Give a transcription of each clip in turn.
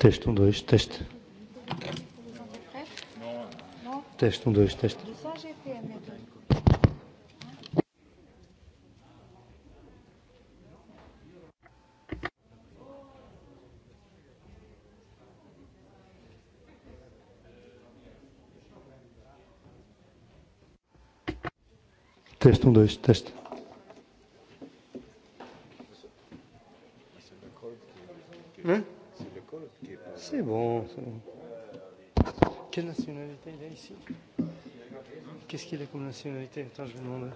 Teste 1, 2, teste. Teste 1, 2, teste. Teste 1, 2, teste. ici. Qu'est-ce qu'il a comme nationalité Attends, je vais demander.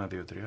1, 2, 3.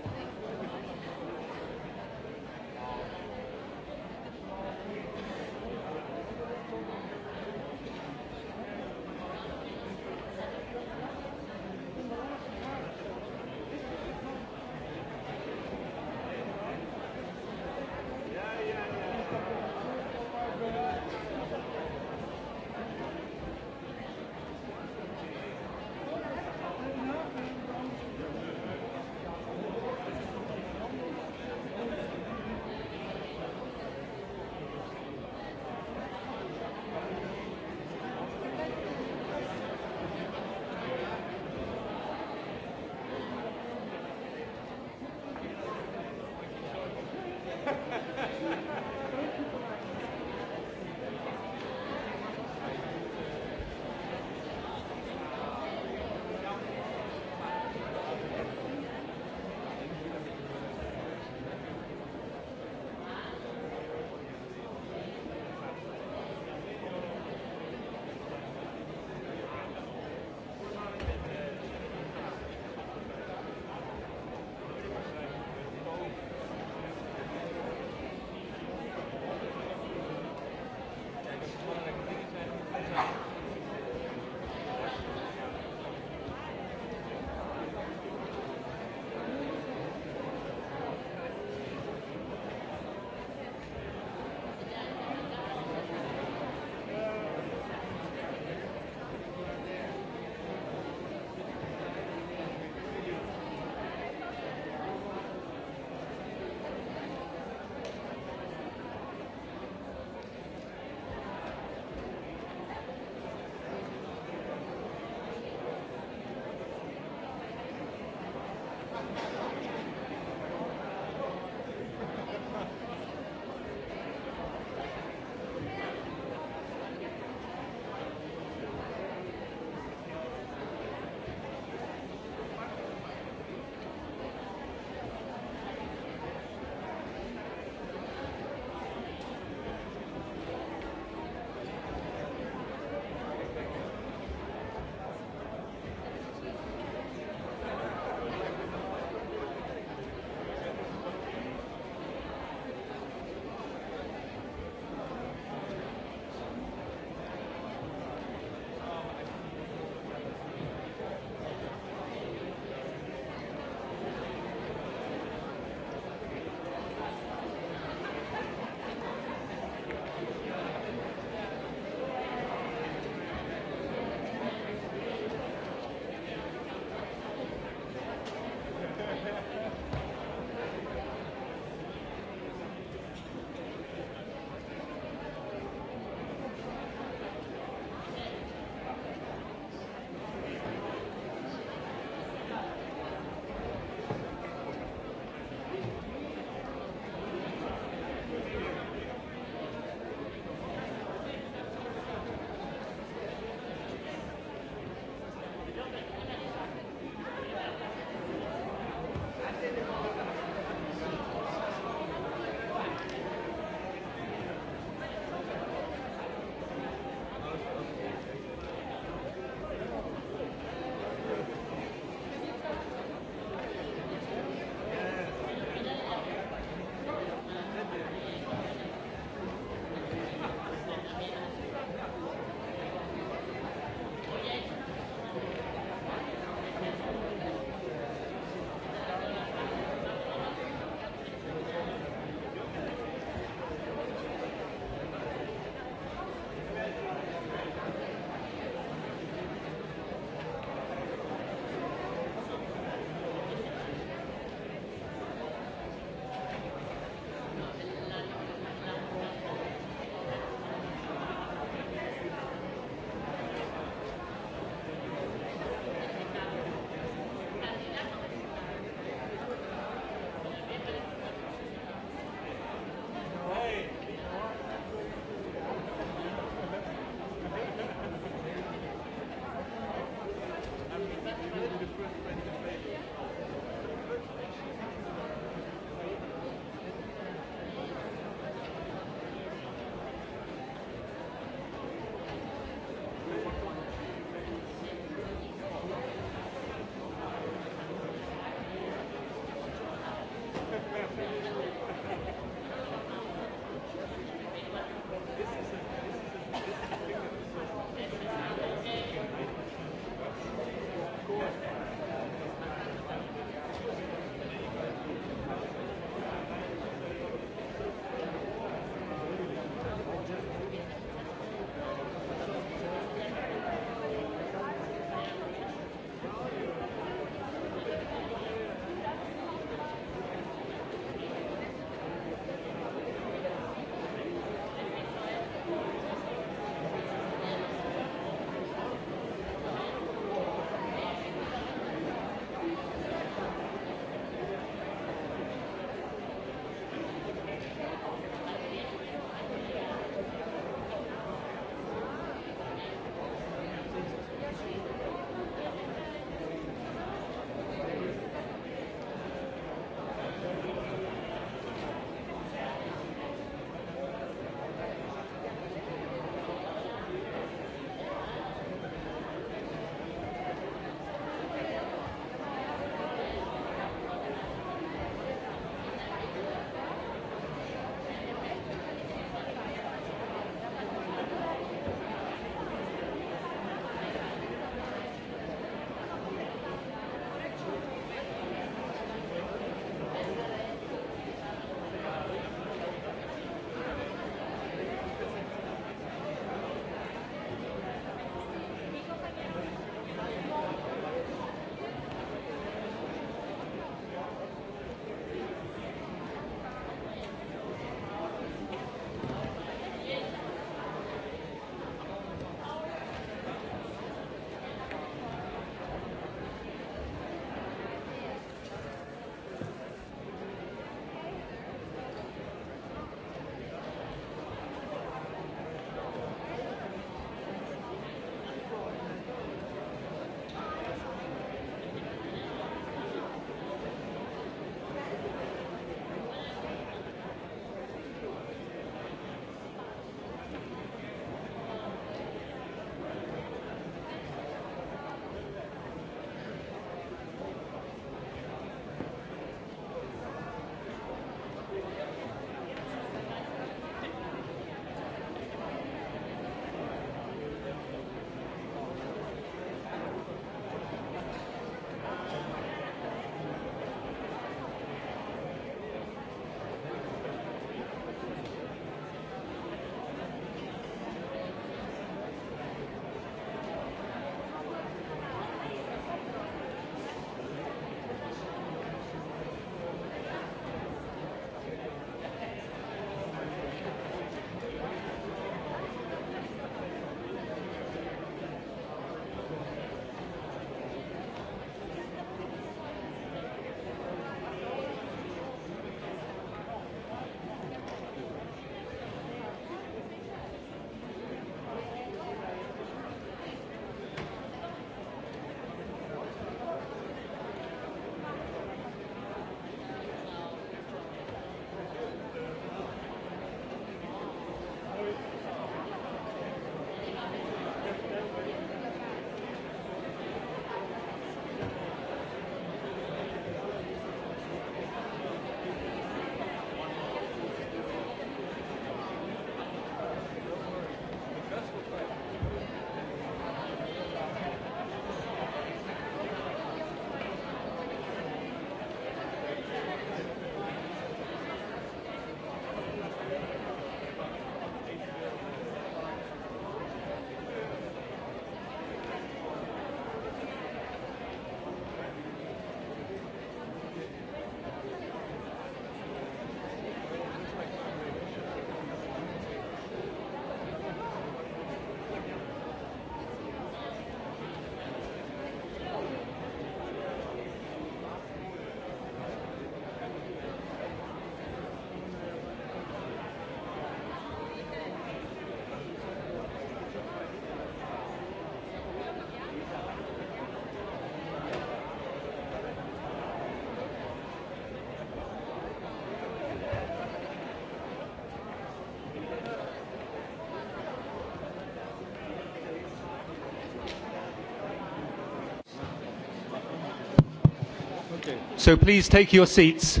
So please take your seats.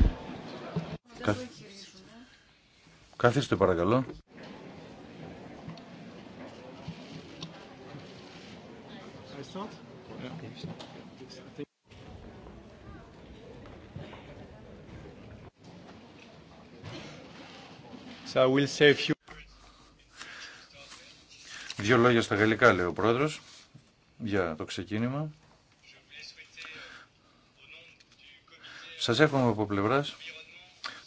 Καθίστε παρακαλώ. So will Δύο λόγια στα γαλλικά λέει ο πρόεδρος για το ξεκίνημα. Σα εύχομαι από πλευράς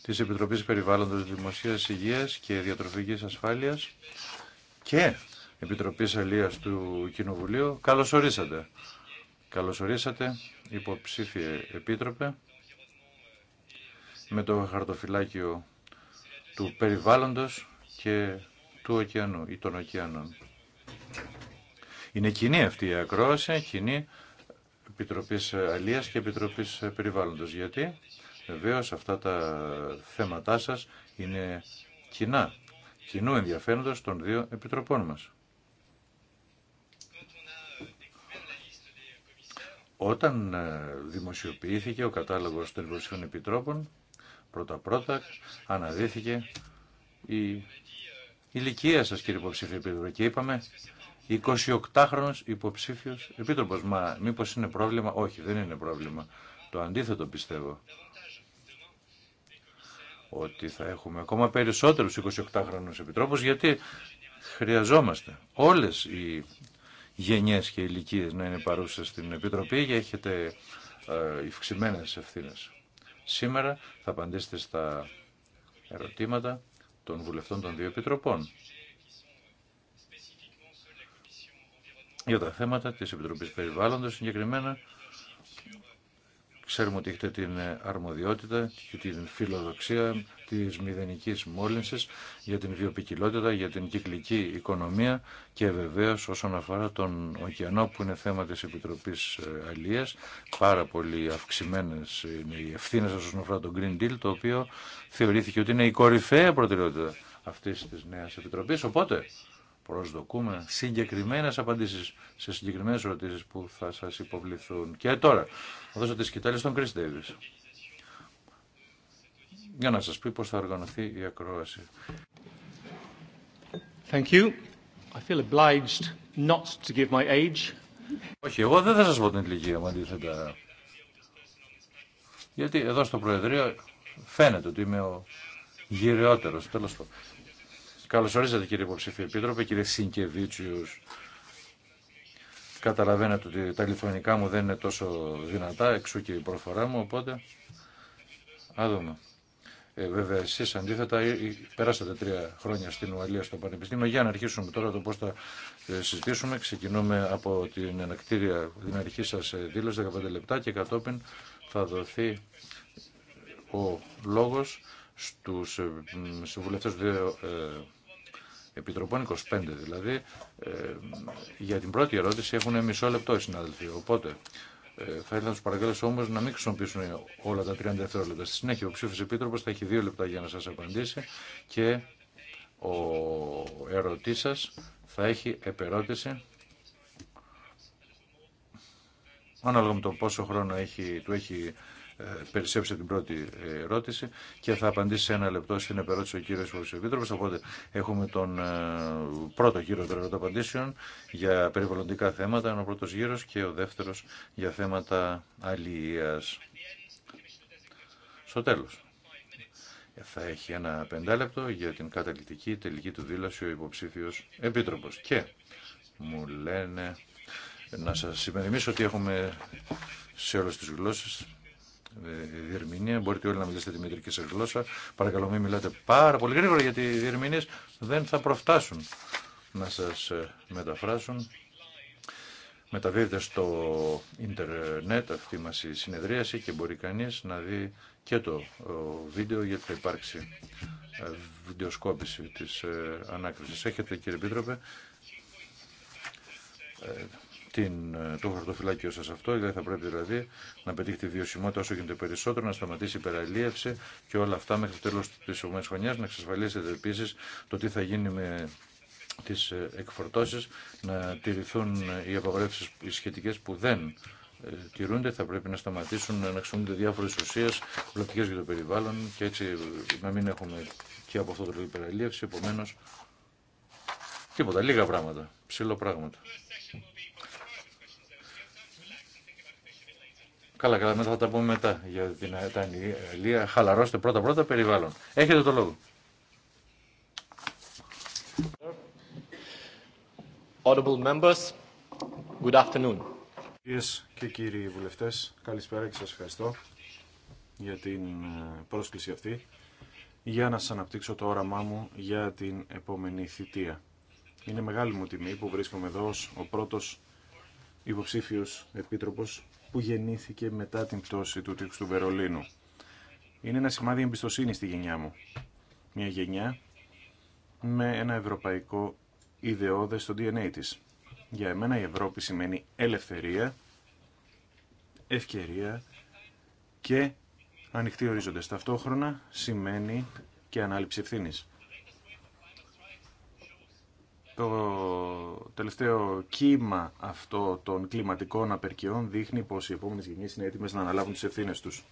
τη Επιτροπή Περιβάλλοντος Δημοσίας Υγείας και διατροφική Ασφάλειας και Επιτροπή Αλίας του Κοινοβουλίου. Καλώς ορίσατε. Καλώς ορίσατε, υποψήφιε επίτροπε, με το χαρτοφυλάκιο του περιβάλλοντος και του ωκεανού ή των ωκεανών. Είναι κοινή αυτή η ακρόαση, κοινή Επιτροπής Αλίας και Επιτροπής Περιβάλλοντος. Γιατί βεβαίω αυτά τα θέματά σας είναι κοινά, κοινού ενδιαφέροντος των δύο επιτροπών μας. Όταν ε, δημοσιοποιήθηκε ο κατάλογος των υπουργικων επιτροπων Επιτρόπων, πρώτα-πρώτα αναδύθηκε η ηλικία σας κύριε υποψήφιε και είπαμε 28χρονος υποψήφιος επίτροπος. Μα μήπως είναι πρόβλημα. Όχι, δεν είναι πρόβλημα. Το αντίθετο πιστεύω. Ότι θα έχουμε ακόμα περισσότερους 28χρονους επιτρόπους γιατί χρειαζόμαστε όλες οι γενιές και ηλικίες να είναι παρούσες στην Επιτροπή και έχετε ευξημένες ευθύνες. Σήμερα θα απαντήσετε στα ερωτήματα των βουλευτών των δύο επιτροπών. για τα θέματα της Επιτροπής Περιβάλλοντος συγκεκριμένα. Ξέρουμε ότι έχετε την αρμοδιότητα και την φιλοδοξία της μηδενικής μόλυνσης για την βιοπικιλότητα, για την κυκλική οικονομία και βεβαίως όσον αφορά τον ωκεανό που είναι θέμα της Επιτροπής ε, Αλίας. Πάρα πολύ αυξημένες είναι οι ευθύνες όσον αφορά τον Green Deal, το οποίο θεωρήθηκε ότι είναι η κορυφαία προτεραιότητα αυτής της νέας Επιτροπής. Οπότε προσδοκούμε συγκεκριμένε απαντήσεις σε συγκεκριμένε ερωτήσει που θα σας υποβληθούν. Και τώρα, θα δώσω τη σκητάλη στον Chris Davis. Για να σας πει πώς θα οργανωθεί η ακρόαση. Thank you. I feel obliged not to give my age. Όχι, εγώ δεν θα σας πω την ηλικία μου αντίθετα. Γιατί εδώ στο Προεδρείο φαίνεται ότι είμαι ο γυρεότερος, τέλος πάντων. Καλώς ορίσατε κύριε υποψήφιο επίτροπε, κύριε Σινκεβίτσιους. Καταλαβαίνετε ότι τα λιθουανικά μου δεν είναι τόσο δυνατά, εξού και η προφορά μου, οπότε... Α Ε, βέβαια, εσεί αντίθετα ε, ε, περάσατε τρία χρόνια στην Ουαλία στο Πανεπιστήμιο. Για να αρχίσουμε τώρα το πώ θα ε, συζητήσουμε. Ξεκινούμε από την ανακτήρια αρχή σα δήλωση, 15 λεπτά και κατόπιν θα δοθεί ο λόγο στου συμβουλευτέ του επιτροπών, 25 δηλαδή, ε, για την πρώτη ερώτηση έχουν μισό λεπτό οι συνάδελφοι. Οπότε ε, θα ήθελα να του παρακαλέσω όμω να μην χρησιμοποιήσουν όλα τα 30 δευτερόλεπτα. Στη συνέχεια, ο ψήφιο επίτροπο θα έχει δύο λεπτά για να σα απαντήσει και ο ερωτή σα θα έχει επερώτηση ανάλογα με το πόσο χρόνο έχει, του έχει ε, περισσέψει την πρώτη ε, ερώτηση και θα απαντήσει σε ένα λεπτό στην επερώτηση ο κύριος Υπουργός Οπότε έχουμε τον ε, πρώτο γύρο των ερωταπαντήσεων για περιβαλλοντικά θέματα, ο πρώτος γύρος και ο δεύτερος για θέματα αλληλείας. Στο τέλος. Θα έχει ένα πεντάλεπτο για την καταληκτική τελική του δήλωση ο υποψήφιος επίτροπος. Και μου λένε να σας υπενθυμίσω ότι έχουμε σε όλες τις γλώσσες διερμηνία. Μπορείτε όλοι να μιλήσετε τη μητρική σα γλώσσα. Παρακαλώ, μην μιλάτε πάρα πολύ γρήγορα γιατί οι διερμηνεί δεν θα προφτάσουν να σα ε, μεταφράσουν. Μεταδίδεται στο ίντερνετ αυτή μας η συνεδρίαση και μπορεί κανείς να δει και το βίντεο γιατί θα υπάρξει ε, βιντεοσκόπηση της ε, ανάκρισης. Έχετε κύριε Πίτροπε την, ε, το χαρτοφυλάκιο σα αυτό, δηλαδή θα πρέπει δηλαδή να πετύχει τη βιωσιμότητα όσο γίνεται περισσότερο, να σταματήσει η υπεραλίευση και όλα αυτά μέχρι το τέλο τη επόμενη χρονιά. να εξασφαλίσετε επίση το τι θα γίνει με τι ε, εκφορτώσει, να τηρηθούν οι απαγορεύσει σχετικέ που δεν ε, τηρούνται, θα πρέπει να σταματήσουν να χρησιμοποιούνται διάφορε ουσίε, βλαπτικέ για το περιβάλλον και έτσι να μην έχουμε και από αυτό το υπεραλίευση, επομένω τίποτα, λίγα πράγματα, ψηλό πράγματα. Καλά, καλά, μετά θα τα πούμε μετά για την Ιταλία. Χαλαρώστε πρώτα-πρώτα περιβάλλον. Έχετε το λόγο. Audible members, good afternoon. Κυρίες και κύριοι βουλευτές, καλησπέρα και σα ευχαριστώ για την ε, πρόσκληση αυτή για να σας αναπτύξω το όραμά μου για την επόμενη θητεία. Είναι μεγάλη μου τιμή που βρίσκομαι εδώ ως ο πρώτος υποψήφιος επίτροπο που γεννήθηκε μετά την πτώση του τείχους του Βερολίνου. Είναι ένα σημάδι εμπιστοσύνη στη γενιά μου. Μια γενιά με ένα ευρωπαϊκό ιδεώδες στο DNA της. Για εμένα η Ευρώπη σημαίνει ελευθερία, ευκαιρία και ανοιχτή ορίζοντες. Ταυτόχρονα σημαίνει και ανάληψη ευθύνης. Το τελευταίο κύμα αυτό των κλιματικών απερκειών δείχνει πως οι επόμενες γενιές είναι έτοιμες να αναλάβουν τις ευθύνες τους.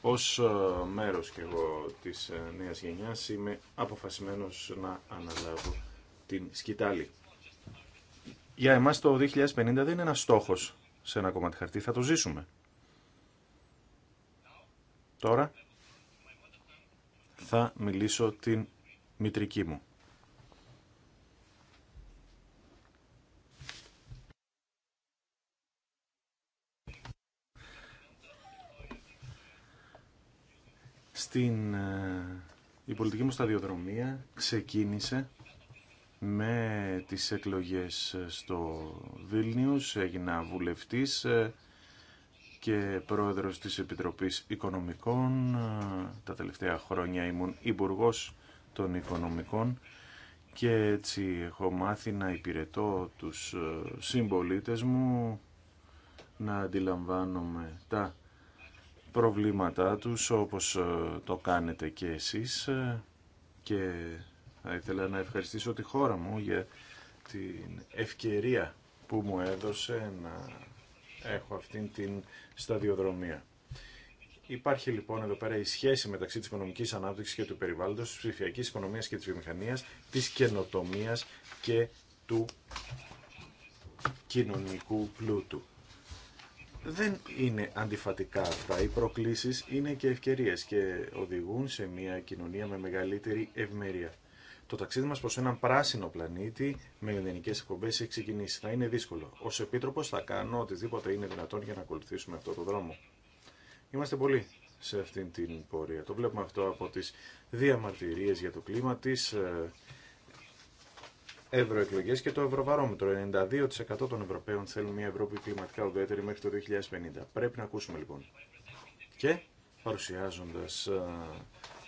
Ως ε, μέρος και εγώ της ε, νέας γενιάς είμαι αποφασισμένος να αναλάβω την σκητάλη. Για εμάς το 2050 δεν είναι ένας στόχος σε ένα κομμάτι χαρτί, θα το ζήσουμε. Τώρα θα μιλήσω την μητρική μου. Ε, η πολιτική μου σταδιοδρομία ξεκίνησε με τις εκλογές ε, στο Βίλνιους, έγινα βουλευτής ε, και πρόεδρος της Επιτροπής Οικονομικών. Τα τελευταία χρόνια ήμουν υπουργό των Οικονομικών και έτσι έχω μάθει να υπηρετώ τους συμπολίτες μου, να αντιλαμβάνομαι τα προβλήματά τους όπως ε, το κάνετε και εσείς ε, και θα ήθελα να ευχαριστήσω τη χώρα μου για την ευκαιρία που μου έδωσε να έχω αυτήν την σταδιοδρομία. Υπάρχει λοιπόν εδώ πέρα η σχέση μεταξύ της οικονομικής ανάπτυξης και του περιβάλλοντος, της ψηφιακής οικονομίας και της βιομηχανίας, της καινοτομίας και του κοινωνικού πλούτου δεν είναι αντιφατικά αυτά. Οι προκλήσεις είναι και ευκαιρίες και οδηγούν σε μια κοινωνία με μεγαλύτερη ευμερία. Το ταξίδι μας προς έναν πράσινο πλανήτη με μηδενικές εκπομπές έχει ξεκινήσει. Θα είναι δύσκολο. Ως Επίτροπος θα κάνω οτιδήποτε είναι δυνατόν για να ακολουθήσουμε αυτό το δρόμο. Είμαστε πολλοί σε αυτήν την πορεία. Το βλέπουμε αυτό από τις διαμαρτυρίες για το κλίμα, τις ε, ευρωεκλογέ και το ευρωβαρόμετρο. 92% των Ευρωπαίων θέλουν μια Ευρώπη κλιματικά ουδέτερη μέχρι το 2050. Πρέπει να ακούσουμε λοιπόν. Και παρουσιάζοντα ε,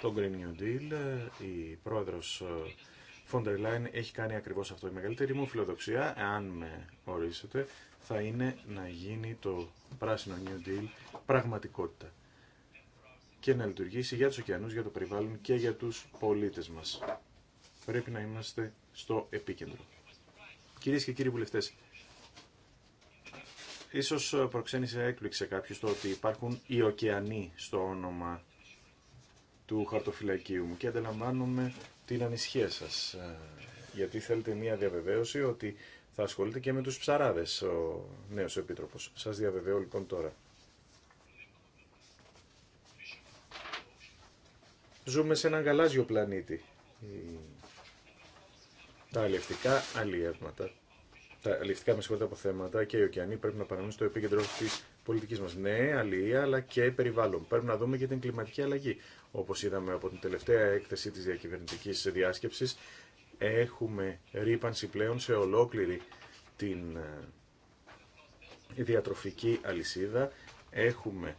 το Green New Deal, ε, η πρόεδρο Φόντερ Λάιν έχει κάνει ακριβώ αυτό. Η μεγαλύτερη μου φιλοδοξία, αν με ορίσετε, θα είναι να γίνει το πράσινο New Deal πραγματικότητα και να λειτουργήσει για τους ωκεανούς, για το περιβάλλον και για τους πολίτες μας. Πρέπει να είμαστε στο επίκεντρο. Κυρίες και κύριοι βουλευτές, ίσως προξένησε έκπληξη κάποιους το ότι υπάρχουν οι ωκεανοί στο όνομα του χαρτοφυλακίου μου και αντιλαμβάνομαι την ανησυχία σας ε, γιατί θέλετε μια διαβεβαίωση ότι θα ασχολείται και με τους ψαράδες ο νέος επίτροπος. Σας διαβεβαιώ λοιπόν τώρα. Ζούμε σε έναν γαλάζιο πλανήτη. Τα αλληλευτικά αλλιεύματα, τα αλληλευτικά με συγχωρείτε από θέματα και οι ωκεανοί πρέπει να παραμείνουν στο επίκεντρο τη πολιτική μα. Ναι, αλληλεία αλλά και περιβάλλον. Πρέπει να δούμε και την κλιματική αλλαγή. Όπω είδαμε από την τελευταία έκθεση τη διακυβερνητική διάσκεψη, έχουμε ρήπανση πλέον σε ολόκληρη την ε, διατροφική αλυσίδα. Έχουμε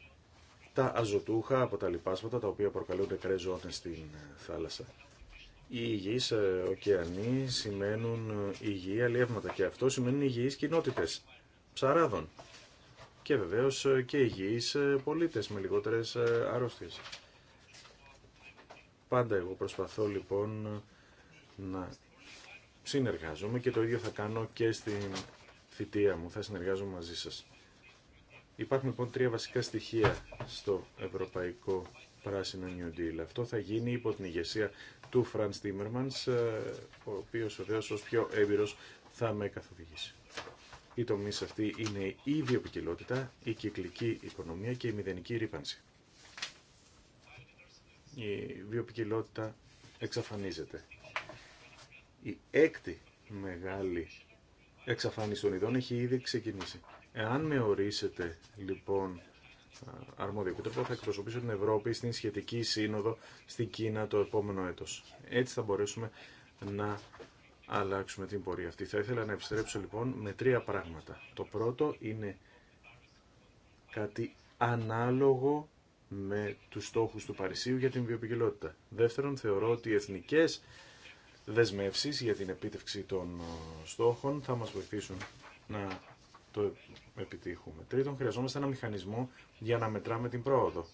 τα αζωτούχα από τα λιπάσματα, τα οποία προκαλούνται κρέζο στην ε, θάλασσα. Οι υγιεί ε, ωκεανοί σημαίνουν ε, υγιή αλλιεύματα και αυτό σημαίνει υγιείς κοινότητε, ψαράδων και βεβαίως ε, και υγιείς πολίτες με λιγότερες αρρώστιε. Πάντα εγώ προσπαθώ λοιπόν να συνεργάζομαι και το ίδιο θα κάνω και στην θητεία μου, θα συνεργάζομαι μαζί σας. Υπάρχουν λοιπόν τρία βασικά στοιχεία στο ευρωπαϊκό πράσινο New Deal. Αυτό θα γίνει υπό την ηγεσία του Φραντ Τίμερμανς, ο οποίος βεβαίω ως πιο έμπειρος θα με καθοδηγήσει. Οι τομεί αυτοί είναι η βιοπικιλότητα, η κυκλική οικονομία και η μηδενική ρήπανση. Η βιοπικιλότητα εξαφανίζεται. Η έκτη μεγάλη εξαφάνιση των ειδών έχει ήδη ξεκινήσει. Εάν με ορίσετε λοιπόν αρμόδιο θα εκπροσωπήσω την Ευρώπη στην σχετική σύνοδο στην Κίνα το επόμενο έτος. Έτσι θα μπορέσουμε να αλλάξουμε την πορεία αυτή. Θα ήθελα να επιστρέψω λοιπόν με τρία πράγματα. Το πρώτο είναι κάτι ανάλογο με τους στόχους του Παρισίου για την βιοπικιλότητα. Δεύτερον, θεωρώ ότι οι εθνικές δεσμεύσεις για την επίτευξη των ε, στόχων θα μας βοηθήσουν να το επιτύχουμε. Τρίτον, χρειαζόμαστε ένα μηχανισμό για να μετράμε την πρόοδο.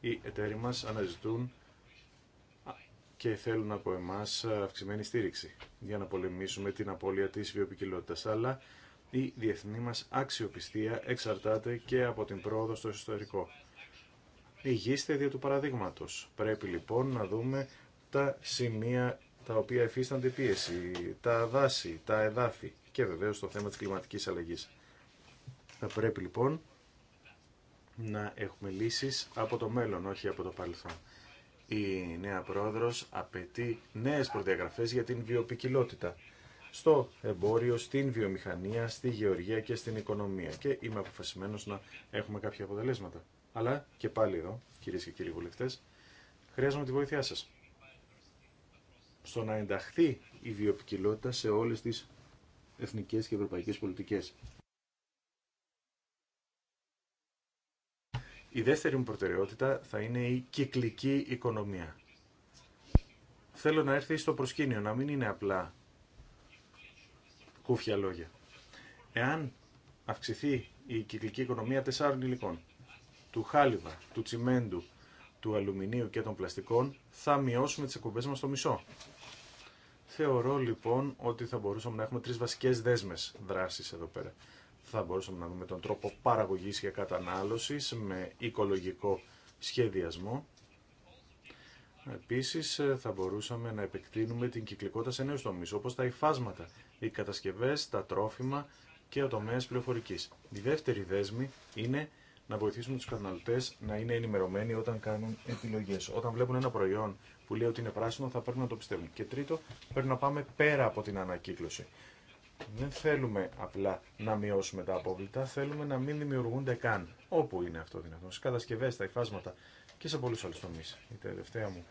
Οι εταίροι μα αναζητούν και θέλουν από εμά αυξημένη στήριξη για να πολεμήσουμε την απώλεια τη βιοπικιλότητα. αλλά η διεθνή μα αξιοπιστία εξαρτάται και από την πρόοδο στο ιστορικό. Υγείστε δια του παραδείγματο. Πρέπει λοιπόν να δούμε τα σημεία τα οποία εφίστανται πίεση, τα δάση, τα εδάφη και βεβαίως το θέμα της κλιματικής αλλαγής. Θα πρέπει λοιπόν να έχουμε λύσεις από το μέλλον, όχι από το παρελθόν. Η νέα πρόεδρος απαιτεί νέες προδιαγραφές για την βιοπικιλότητα στο εμπόριο, στην βιομηχανία, στη γεωργία και στην οικονομία. Και είμαι αποφασισμένος να έχουμε κάποια αποτελέσματα. Αλλά και πάλι εδώ, κυρίες και κύριοι βουλευτές, χρειάζομαι τη βοήθειά σας. Στο να ενταχθεί η βιοπικιλότητα σε όλες τις εθνικές και ευρωπαϊκές πολιτικές. Η δεύτερη μου προτεραιότητα θα είναι η κυκλική οικονομία. Θέλω να έρθει στο προσκήνιο, να μην είναι απλά κούφια λόγια. Εάν αυξηθεί η κυκλική οικονομία τεσσάρων υλικών, του χάλιβα, του τσιμέντου, του αλουμινίου και των πλαστικών, θα μειώσουμε τις εκπομπές μας στο μισό. Θεωρώ λοιπόν ότι θα μπορούσαμε να έχουμε τρεις βασικές δέσμες δράσης εδώ πέρα θα μπορούσαμε να δούμε τον τρόπο παραγωγής και κατανάλωσης με οικολογικό σχεδιασμό. Επίσης θα μπορούσαμε να επεκτείνουμε την κυκλικότητα σε νέους τομείς όπως τα υφάσματα, οι κατασκευές, τα τρόφιμα και ο τομέας πληροφορικής. Η δεύτερη δέσμη είναι να βοηθήσουμε τους καταναλωτές να είναι ενημερωμένοι όταν κάνουν επιλογές. Όταν βλέπουν ένα προϊόν που λέει ότι είναι πράσινο θα πρέπει να το πιστεύουν. Και τρίτο πρέπει να πάμε πέρα από την ανακύκλωση. Δεν θέλουμε απλά να μειώσουμε τα απόβλητα, θέλουμε να μην δημιουργούνται καν. Όπου είναι αυτό δυνατόν, στι κατασκευέ, στα υφάσματα και σε πολλού άλλου τομεί. Η τελευταία μου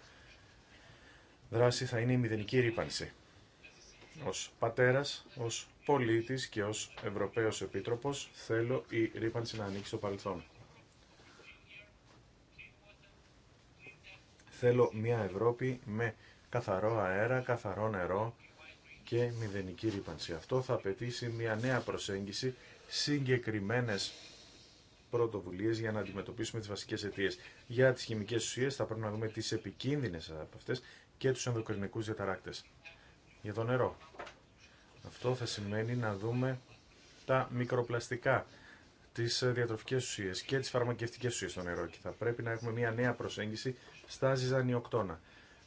δράση θα είναι η μηδενική ρήπανση. Ω πατέρα, ω πολίτη και ω Ευρωπαίο Επίτροπο θέλω η ρήπανση να ανοίξει στο παρελθόν. Θέλω μια Ευρώπη με καθαρό αέρα, καθαρό νερό, και μηδενική ρήπανση. Αυτό θα απαιτήσει μια νέα προσέγγιση, συγκεκριμένες πρωτοβουλίες για να αντιμετωπίσουμε τις βασικές αιτίες. Για τις χημικές ουσίες θα πρέπει να δούμε τις επικίνδυνες από αυτές και τους ενδοκρινικούς διαταράκτες. Για το νερό. Αυτό θα σημαίνει να δούμε τα μικροπλαστικά, τις διατροφικές ουσίες και τις φαρμακευτικές ουσίες στο νερό και θα πρέπει να έχουμε μια νέα προσέγγιση στα ζυζανιοκτώνα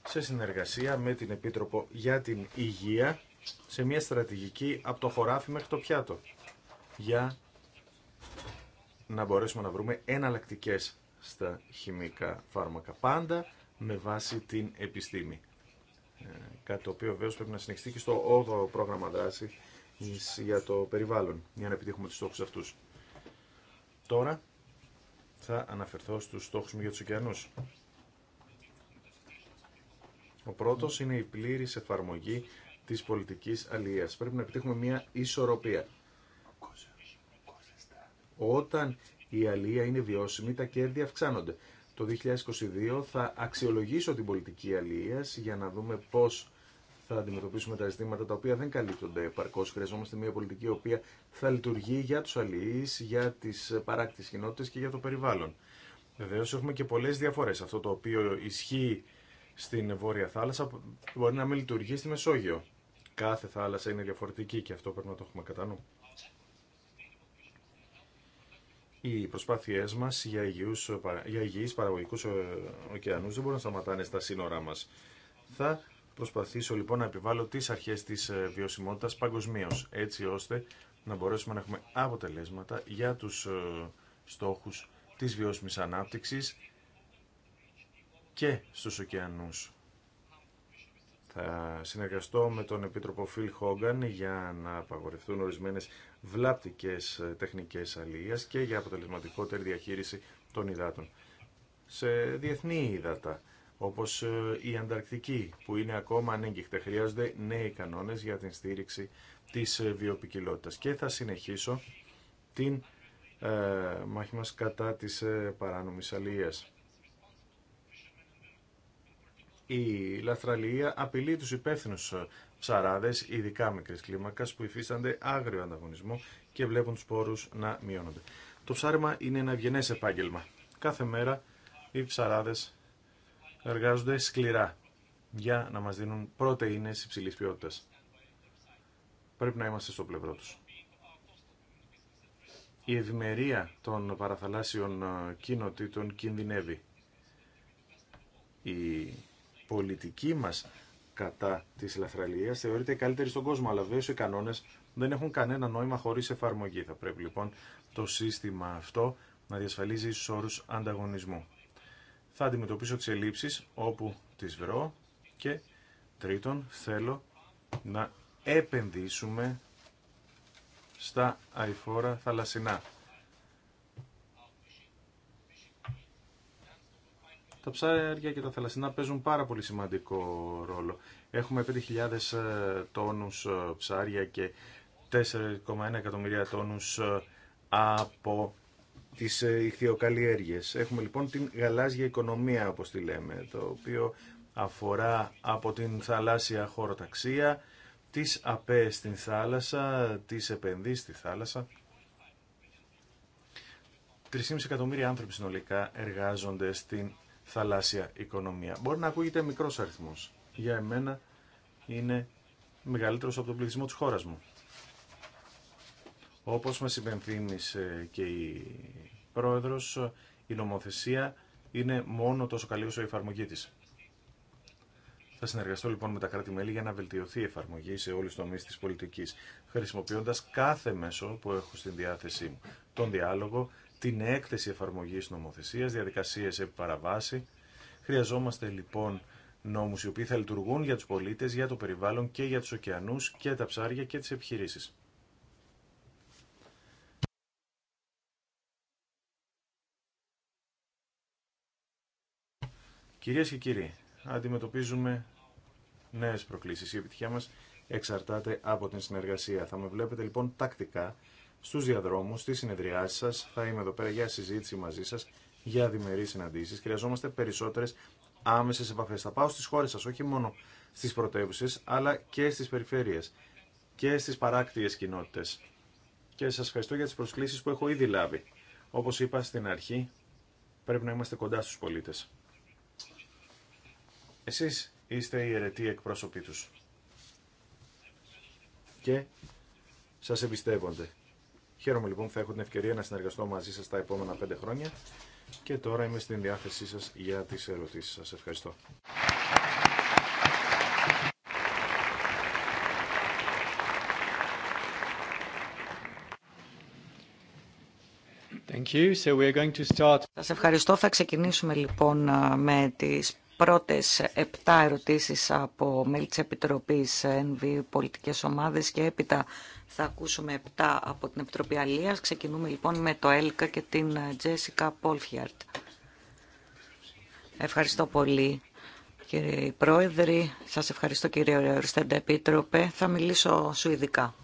σε συνεργασία με την Επίτροπο για την Υγεία σε μια στρατηγική από το χωράφι μέχρι το πιάτο για να μπορέσουμε να βρούμε εναλλακτικέ στα χημικά φάρμακα. Πάντα με βάση την επιστήμη. Ε, κάτι το οποίο βέβαια πρέπει να συνεχιστεί και στο 8 πρόγραμμα δράση για το περιβάλλον, για να επιτύχουμε τους στόχους αυτούς. Τώρα θα αναφερθώ στους στόχους μου για τους ωκεανούς. Ο πρώτος είναι η πλήρης εφαρμογή Τη πολιτική αλληλεία. Πρέπει να επιτύχουμε μια ισορροπία. Όταν η αλληλεία είναι βιώσιμη, τα κέρδη αυξάνονται. Το 2022 θα αξιολογήσω την πολιτική αλληλεία για να δούμε πώ θα αντιμετωπίσουμε τα ζητήματα τα οποία δεν καλύπτονται επαρκώ. Χρειαζόμαστε μια πολιτική η οποία θα λειτουργεί για του αλληλεί, για τι παράκτητε κοινότητε και για το περιβάλλον. Βεβαίω έχουμε και πολλέ διαφορέ Αυτό το οποίο ισχύει στην Βόρεια Θάλασσα μπορεί να μην λειτουργεί στη Μεσόγειο κάθε θάλασσα είναι διαφορετική και αυτό πρέπει να το έχουμε κατά νου. Οι προσπάθειε μας για, υγιούς, για υγιείς παραγωγικούς ε, δεν μπορούν να σταματάνε στα σύνορά μας. Θα προσπαθήσω λοιπόν να επιβάλλω τις αρχές της ε, βιωσιμότητα παγκοσμίω, έτσι ώστε να μπορέσουμε να έχουμε αποτελέσματα για τους ε, στόχους της βιώσιμης ανάπτυξης και στους ωκεανούς. Θα συνεργαστώ με τον Επίτροπο Φιλ Χόγκαν για να απαγορευτούν ορισμένες βλάπτικες τεχνικές αλληλεία και για αποτελεσματικότερη διαχείριση των υδάτων. Σε διεθνή υδάτα, όπως ε, η Ανταρκτική, που είναι ακόμα ανέγκυχτα, χρειάζονται νέοι κανόνες για την στήριξη της ε, βιοπικιλότητα. Και θα συνεχίσω την ε, μάχη μα κατά τη ε, η λαθραλία απειλεί τους υπεύθυνου ψαράδες, ειδικά μικρής κλίμακας, που υφίστανται άγριο ανταγωνισμό και βλέπουν τους πόρους να μειώνονται. Το ψάριμα είναι ένα ευγενές επάγγελμα. Κάθε μέρα οι ψαράδες εργάζονται σκληρά για να μας δίνουν πρωτεΐνες υψηλής ποιότητας. Πρέπει να είμαστε στο πλευρό τους. Η ευημερία των παραθαλάσσιων ε, κοινοτήτων κινδυνεύει. Η πολιτική μας κατά της λαθραλίας θεωρείται καλύτερη στον κόσμο, αλλά βέβαια οι κανόνες δεν έχουν κανένα νόημα χωρίς εφαρμογή. Θα πρέπει λοιπόν το σύστημα αυτό να διασφαλίζει ίσους ανταγωνισμού. Θα αντιμετωπίσω τις ελλείψεις όπου τις βρω και τρίτον θέλω να επενδύσουμε στα αηφόρα θαλασσινά. Τα ψάρια και τα θαλασσινά παίζουν πάρα πολύ σημαντικό ρόλο. Έχουμε 5.000 ε, τόνους ε, ψάρια και 4,1 εκατομμύρια τόνους ε, από τις ηχθειοκαλλιέργειες. Έχουμε λοιπόν την γαλάζια οικονομία όπως τη λέμε, το οποίο αφορά από την θαλάσσια χωροταξία, τις ΑΠΕ στην θάλασσα, τις επενδύσεις στη θάλασσα. 3,5 εκατομμύρια άνθρωποι συνολικά εργάζονται στην θαλάσσια οικονομία. Μπορεί να ακούγεται μικρό αριθμό. Για εμένα είναι μεγαλύτερο από τον πληθυσμό τη χώρα μου. Όπως με υπενθύμησε και η πρόεδρος, η νομοθεσία είναι μόνο τόσο καλή όσο η εφαρμογή τη. Θα συνεργαστώ λοιπόν με τα κράτη-μέλη για να βελτιωθεί η εφαρμογή σε όλου του τομεί τη πολιτική, χρησιμοποιώντα κάθε μέσο που έχω στην διάθεσή μου. Τον διάλογο, την έκθεση εφαρμογής νομοθεσίας, διαδικασίες επί παραβάση. Χρειαζόμαστε λοιπόν νόμους οι οποίοι θα λειτουργούν για τους πολίτες, για το περιβάλλον και για τους ωκεανούς και τα ψάρια και τις επιχειρήσεις. Κυρίε και κύριοι, αντιμετωπίζουμε νέες προκλήσεις. Η επιτυχία μας εξαρτάται από την συνεργασία. Θα με βλέπετε λοιπόν τακτικά στους διαδρόμους, στις συνεδριάσεις σας. Θα είμαι εδώ πέρα για συζήτηση μαζί σας, για διμερείς συναντήσεις. Χρειαζόμαστε περισσότερες άμεσες επαφές. Θα πάω στις χώρες σας, όχι μόνο στις πρωτεύουσε, αλλά και στις περιφέρειες και στις παράκτιες κοινότητε. Και σας ευχαριστώ για τις προσκλήσεις που έχω ήδη λάβει. Όπως είπα στην αρχή, πρέπει να είμαστε κοντά στους πολίτες. Εσείς είστε οι αιρετοί εκπρόσωποι τους. Και σας εμπιστεύονται. Χαίρομαι λοιπόν που θα έχω την ευκαιρία να συνεργαστώ μαζί σας τα επόμενα πέντε χρόνια και τώρα είμαι στην διάθεσή σας για τις ερωτήσεις σας. Ευχαριστώ. Thank Σας ευχαριστώ. Θα ξεκινήσουμε λοιπόν ε, με τις πρώτες επτά ερωτήσεις από μέλη της Επιτροπής ΕΝΒΙΟΥ πολιτικές ομάδες και έπειτα θα ακούσουμε επτά από την Επιτροπή Αλίας. Ξεκινούμε λοιπόν με το ΕΛΚΑ και την Τζέσικα Πολφιαρτ. Ευχαριστώ πολύ. Κύριε Πρόεδρε, σας ευχαριστώ κύριε Ριστέντα Επίτροπε. Θα μιλήσω σου ειδικά.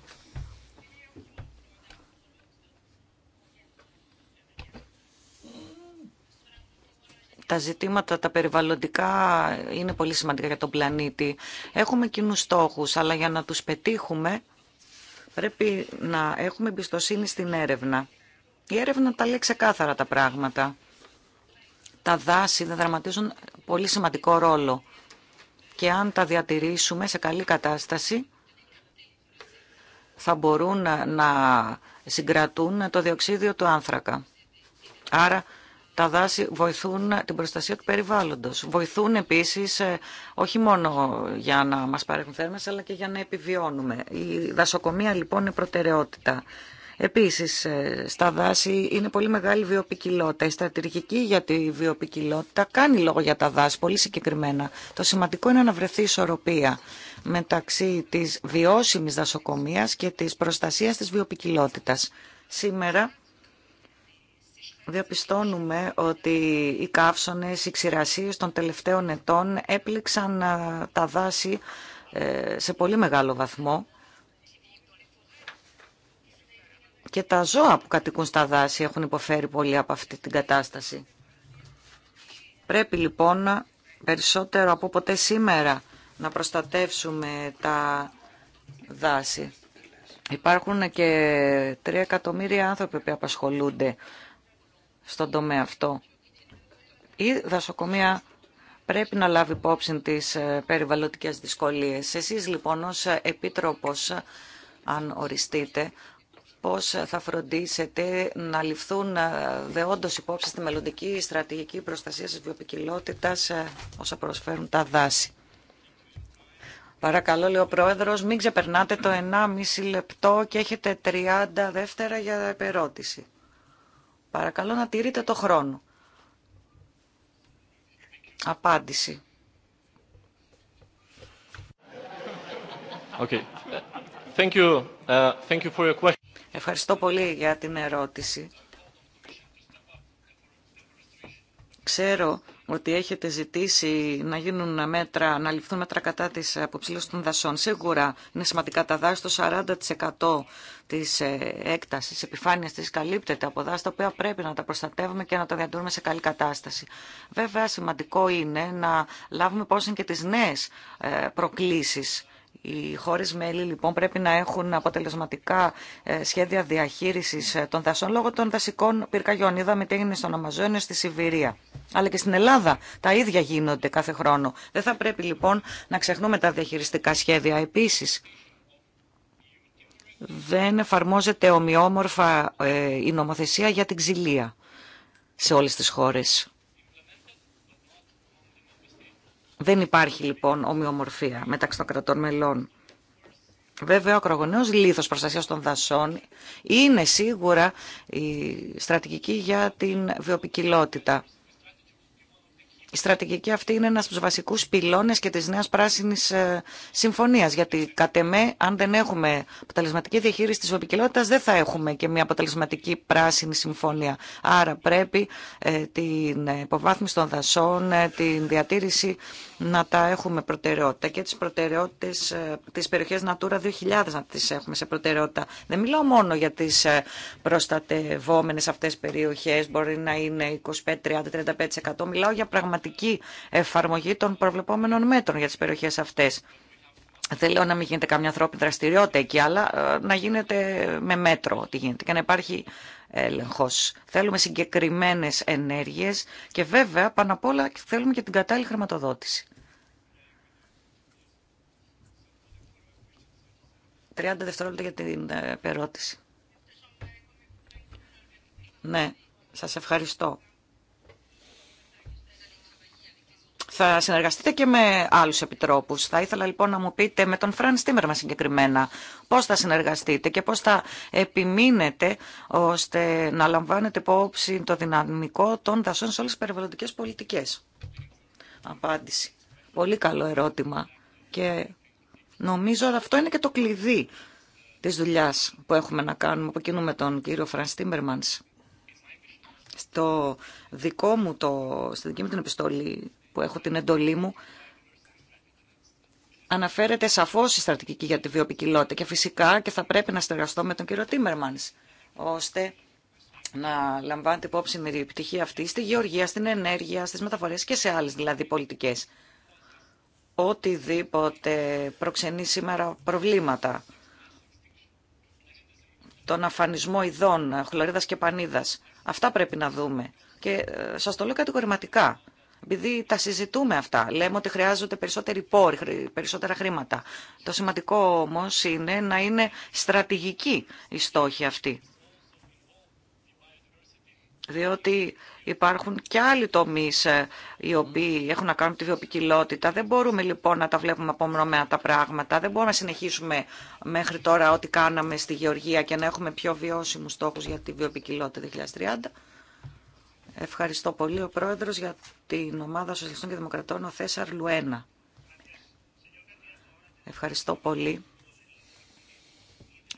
τα ζητήματα τα περιβαλλοντικά είναι πολύ σημαντικά για τον πλανήτη. Έχουμε κοινού στόχους, αλλά για να τους πετύχουμε πρέπει να έχουμε εμπιστοσύνη στην έρευνα. Η έρευνα τα λέει ξεκάθαρα τα πράγματα. Τα δάση δεν δραματίζουν πολύ σημαντικό ρόλο και αν τα διατηρήσουμε σε καλή κατάσταση θα μπορούν να συγκρατούν το διοξίδιο του άνθρακα. Άρα τα δάση βοηθούν την προστασία του περιβάλλοντος. Βοηθούν επίσης ε, όχι μόνο για να μας παρέχουν θέρμες, αλλά και για να επιβιώνουμε. Η δασοκομεία λοιπόν είναι προτεραιότητα. Επίσης, ε, στα δάση είναι πολύ μεγάλη βιοπικιλότητα. Η στρατηγική για τη βιοπικιλότητα κάνει λόγο για τα δάση, πολύ συγκεκριμένα. Το σημαντικό είναι να βρεθεί ισορροπία μεταξύ της βιώσιμης δασοκομείας και της προστασίας της βιοπικιλότητας. Σήμερα διαπιστώνουμε ότι οι καύσονες, οι ξηρασίες των τελευταίων ετών έπληξαν ε, τα δάση ε, σε πολύ μεγάλο βαθμό και τα ζώα που κατοικούν στα δάση έχουν υποφέρει πολύ από αυτή την κατάσταση. Πρέπει λοιπόν περισσότερο από ποτέ σήμερα να προστατεύσουμε τα δάση. Υπάρχουν και τρία εκατομμύρια άνθρωποι που απασχολούνται στον τομέα αυτό. Η δασοκομεία πρέπει να λάβει υπόψη τις ε, περιβαλλοντικές δυσκολίες. Εσείς λοιπόν ως επίτροπος, αν οριστείτε, πώς θα φροντίσετε να ληφθούν ε, δεόντως υπόψη στη μελλοντική στρατηγική προστασία της βιοπικιλότητας ε, όσα προσφέρουν τα δάση. Παρακαλώ, λέει ο Πρόεδρος, μην ξεπερνάτε το 1,5 λεπτό και έχετε 30 δεύτερα για επερώτηση. Παρακαλώ να τηρείτε το χρόνο. Απάντηση. Okay. Thank you. Uh, thank you for your question. Ευχαριστώ πολύ για την ερώτηση. Ξέρω ότι έχετε ζητήσει να γίνουν μέτρα, να ληφθούν μέτρα κατά της αποψήλωση των δασών. Σίγουρα είναι σημαντικά τα δάση, το 40% της ε, έκτασης, επιφάνειας της καλύπτεται από δάση, τα οποία πρέπει να τα προστατεύουμε και να τα διατηρούμε σε καλή κατάσταση. Βέβαια, σημαντικό είναι να λάβουμε είναι και τις νέες ε, προκλήσεις οι χώρες μέλη λοιπόν πρέπει να έχουν αποτελεσματικά ε, σχέδια διαχείρισης ε, των δασών λόγω των δασικών πυρκαγιών. Είδαμε τι έγινε στον Αμαζόνιο, στη Σιβηρία. Αλλά και στην Ελλάδα τα ίδια γίνονται κάθε χρόνο. Δεν θα πρέπει λοιπόν να ξεχνούμε τα διαχειριστικά σχέδια. Επίσης, δεν εφαρμόζεται ομοιόμορφα ε, η νομοθεσία για την ξυλία σε όλες τις χώρες. Δεν υπάρχει λοιπόν ομοιομορφία μεταξύ των κρατών μελών. Βέβαια, ο ακρογωνιαίο λίθο προστασία των δασών είναι σίγουρα η στρατηγική για την βιοπικιλότητα. Η στρατηγική αυτή είναι ένα από του βασικού πυλώνε και τη νέα πράσινη ε, συμφωνία. γιατί κατ' εμέ, αν δεν έχουμε αποτελεσματική διαχείριση τη βιοπικιλότητας, δεν θα έχουμε και μια αποτελεσματική πράσινη συμφωνία. Άρα πρέπει ε, την υποβάθμιση των δασών, ε, την διατήρηση να τα έχουμε προτεραιότητα και τις προτεραιότητες, ε, τις περιοχές Natura 2000 να τις έχουμε σε προτεραιότητα. Δεν μιλάω μόνο για τις ε, προστατευόμενες αυτές περιοχές, μπορεί να είναι 25, 30, 35%. Μιλάω για πραγματική εφαρμογή των προβλεπόμενων μέτρων για τις περιοχές αυτές. Δεν λέω να μην γίνεται καμιά ανθρώπινη δραστηριότητα εκεί, αλλά ε, να γίνεται με μέτρο ότι γίνεται και να υπάρχει έλεγχος. Θέλουμε συγκεκριμένες ενέργειες και βέβαια πάνω απ' όλα θέλουμε και την κατάλληλη χρηματοδότηση. 30 δευτερόλεπτα για την ε, ερώτηση. Ναι, σας ευχαριστώ. Θα συνεργαστείτε και με άλλους επιτρόπους. Θα ήθελα λοιπόν να μου πείτε με τον Φραν Τίμερμα συγκεκριμένα πώς θα συνεργαστείτε και πώς θα επιμείνετε ώστε να λαμβάνετε υπόψη το δυναμικό των δασών σε όλες τις περιβαλλοντικές πολιτικές. Απάντηση. Πολύ καλό ερώτημα και νομίζω αυτό είναι και το κλειδί της δουλειάς που έχουμε να κάνουμε από κοινού με τον κύριο Φραν Τίμερμανς. Στο δικό μου το, στην δική μου την επιστολή που έχω την εντολή μου, αναφέρεται σαφώς η στρατηγική για τη βιοπικιλότητα και φυσικά και θα πρέπει να συνεργαστώ με τον κύριο Τίμερμαν, ώστε να λαμβάνετε υπόψη την επιτυχία αυτή στη γεωργία, στην ενέργεια, στις μεταφορές και σε άλλες δηλαδή πολιτικές. Οτιδήποτε προξενεί σήμερα προβλήματα. Τον αφανισμό ειδών, χλωρίδας και πανίδας. Αυτά πρέπει να δούμε. Και ε, σας το λέω κατηγορηματικά. Επειδή τα συζητούμε αυτά, λέμε ότι χρειάζονται περισσότεροι πόροι, περισσότερα χρήματα. Το σημαντικό όμως είναι να είναι στρατηγική η στόχη αυτή. Διότι υπάρχουν και άλλοι τομείς ε, οι οποίοι έχουν να κάνουν τη βιοπικιλότητα. Δεν μπορούμε λοιπόν να τα βλέπουμε απομονωμένα τα πράγματα. Δεν μπορούμε να συνεχίσουμε μέχρι τώρα ό,τι κάναμε στη Γεωργία και να έχουμε πιο βιώσιμους στόχους για τη βιοπικιλότητα 2030. Ευχαριστώ πολύ. Ο πρόεδρος για την ομάδα Σοσιαλιστών και Δημοκρατών, ο Θέσαρ Λουένα. Ευχαριστώ πολύ.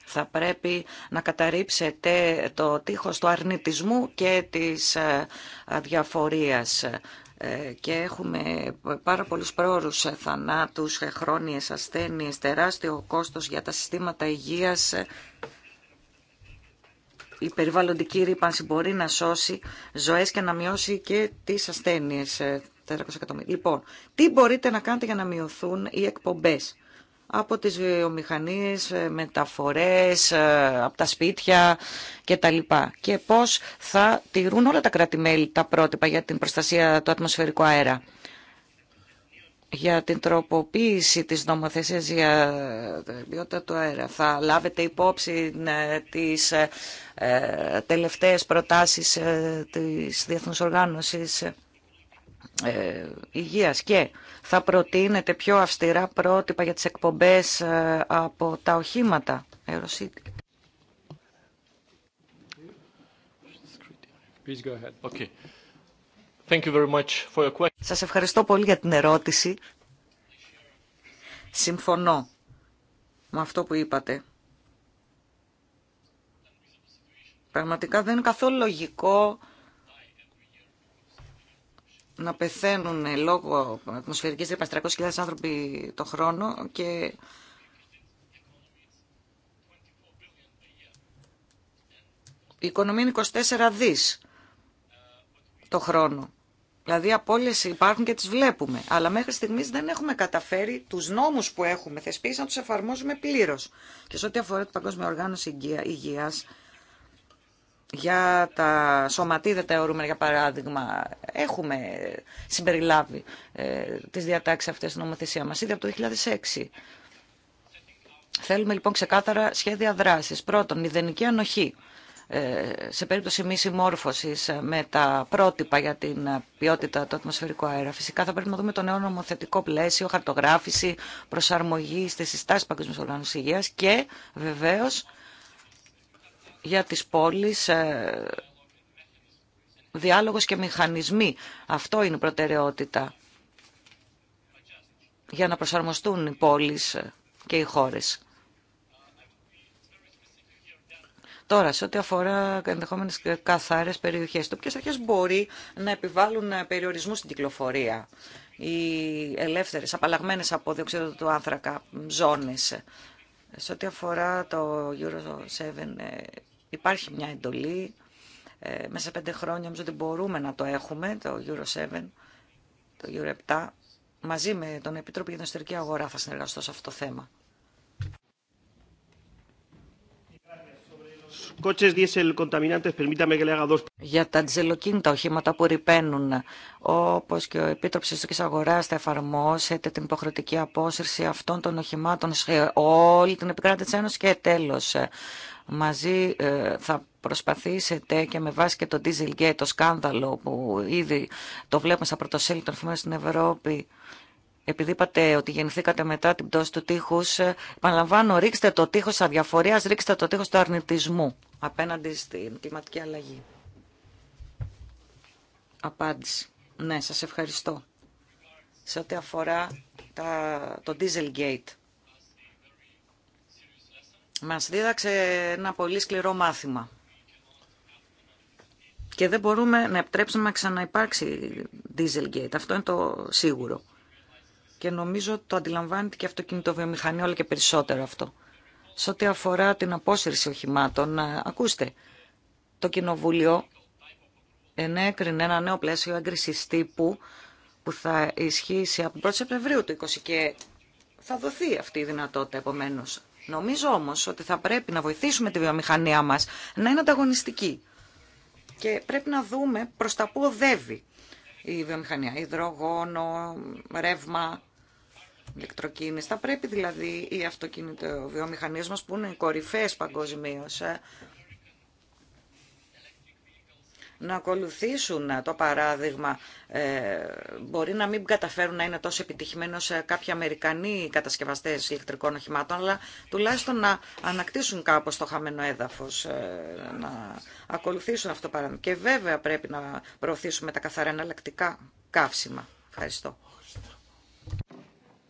Θα πρέπει να καταρρύψετε το τείχος του αρνητισμού και της ε, αδιαφορίας ε, και έχουμε πάρα πολλούς πρόορους θανάτους, ε, χρόνιες ασθένειες, τεράστιο κόστος για τα συστήματα υγείας η περιβαλλοντική ρήπανση μπορεί να σώσει ζωές και να μειώσει και τις ασθένειες. Ε, λοιπόν, τι μπορείτε να κάνετε για να μειωθούν οι εκπομπές από τις βιομηχανίες, ε, μεταφορές, ε, από τα σπίτια κτλ. Και πώς θα τηρούν όλα τα κράτη-μέλη τα πρότυπα για την προστασία του ατμοσφαιρικού αέρα για την τροποποίηση της νομοθεσίας για την ποιότητα του αέρα. Θα λάβετε υπόψη ε, τις ε, τελευταίες προτάσεις ε, της Διεθνούς Οργάνωσης Υγείας και θα προτείνετε πιο αυστηρά πρότυπα για τις εκπομπές από τα οχήματα αεροσύντη. Please go Thank Σας ευχαριστώ πολύ για την ερώτηση. Συμφωνώ με αυτό που είπατε. Πραγματικά δεν είναι καθόλου λογικό να πεθαίνουν λόγω ατμοσφαιρικής ρήπας 300.000 άνθρωποι το χρόνο και η οικονομία είναι 24 δις το χρόνο. Δηλαδή απόλυες υπάρχουν και τις βλέπουμε. Αλλά μέχρι στιγμής δεν έχουμε καταφέρει τους νόμους που έχουμε θεσπίσει να τους εφαρμόζουμε πλήρως. Και σε ό,τι αφορά την Παγκόσμια Οργάνωση Υγείας, για τα σωματίδια τα αιωρούμενα για παράδειγμα έχουμε συμπεριλάβει ε, τις διατάξεις αυτές στην νομοθεσία μας ήδη από το 2006. Θέλουμε λοιπόν ξεκάθαρα σχέδια δράσης. Πρώτον, μηδενική ανοχή ε, σε περίπτωση μη συμμόρφωση ε, με τα πρότυπα για την ε, ποιότητα του ατμοσφαιρικού αέρα. Φυσικά θα πρέπει να δούμε το νέο νομοθετικό πλαίσιο, χαρτογράφηση, προσαρμογή στι συστάσει Παγκοσμίου υγείας Υγεία και βεβαίω για τις πόλεις διάλογος και μηχανισμοί. Αυτό είναι η προτεραιότητα για να προσαρμοστούν οι πόλεις και οι χώρες. Τώρα, σε ό,τι αφορά ενδεχόμενε καθαρέ περιοχέ, ποιε αρχέ μπορεί να επιβάλλουν περιορισμού στην κυκλοφορία ή ελεύθερε, απαλλαγμένε από διοξείδιο του άνθρακα ζώνε. Σε ό,τι αφορά το Euro 7, ε, υπάρχει μια εντολή. Ε, μέσα σε πέντε χρόνια νομίζω ότι μπορούμε να το έχουμε, το Euro 7, το Euro 7. Μαζί με τον Επίτροπο για την Εσωτερική Αγορά θα συνεργαστώ σε αυτό το θέμα. Για τα τζελοκίνητα οχήματα που ρηπαίνουν, όπω και ο Επίτροπο Ιστορική Αγορά θα εφαρμόσετε την υποχρεωτική απόσυρση αυτών των οχημάτων σε όλη την επικράτηση τη Ένωση και τέλο. Ε, μαζί ε, θα προσπαθήσετε και με βάση και το Dieselgate, το σκάνδαλο που ήδη το βλέπουμε στα πρωτοσέλιδα των εφημερίδων στην Ευρώπη, επειδή είπατε ότι γεννηθήκατε μετά την πτώση του τείχου, ε, επαναλαμβάνω, ρίξτε το τείχο τη αδιαφορία, ρίξτε το τείχο του αρνητισμού απέναντι στην κλιματική αλλαγή. Απάντηση. Ναι, σας ευχαριστώ. Σε ό,τι αφορά τα, το Dieselgate. Μας δίδαξε ένα πολύ σκληρό μάθημα. Και δεν μπορούμε να επιτρέψουμε να ξαναυπάρξει Dieselgate. Αυτό είναι το σίγουρο. Και νομίζω το αντιλαμβάνεται και αυτοκινητοβιομηχανία όλο και περισσότερο αυτό σε ό,τι αφορά την απόσυρση οχημάτων. Ε, ακούστε, το Κοινοβούλιο ενέκρινε ένα νέο πλαίσιο έγκριση τύπου που θα ισχύσει από 1 Σεπτεμβρίου του 2020 και θα δοθεί αυτή η δυνατότητα επομένω. Νομίζω όμω ότι θα πρέπει να βοηθήσουμε τη βιομηχανία μα να είναι ανταγωνιστική. Και πρέπει να δούμε προ τα που οδεύει η βιομηχανία. Υδρογόνο, ρεύμα, ηλεκτροκίνηση. Θα πρέπει δηλαδή οι αυτοκινητοβιομηχανίες μας που είναι κορυφαίες παγκοσμίω ε, να ακολουθήσουν το παράδειγμα. Ε, μπορεί να μην καταφέρουν να είναι τόσο επιτυχημένοι σε κάποιοι Αμερικανοί κατασκευαστές ηλεκτρικών οχημάτων, αλλά τουλάχιστον να ανακτήσουν κάπως το χαμένο έδαφος, ε, να ακολουθήσουν αυτό το παράδειγμα. Και βέβαια πρέπει να προωθήσουμε τα καθαρά εναλλακτικά καύσιμα. Ευχαριστώ.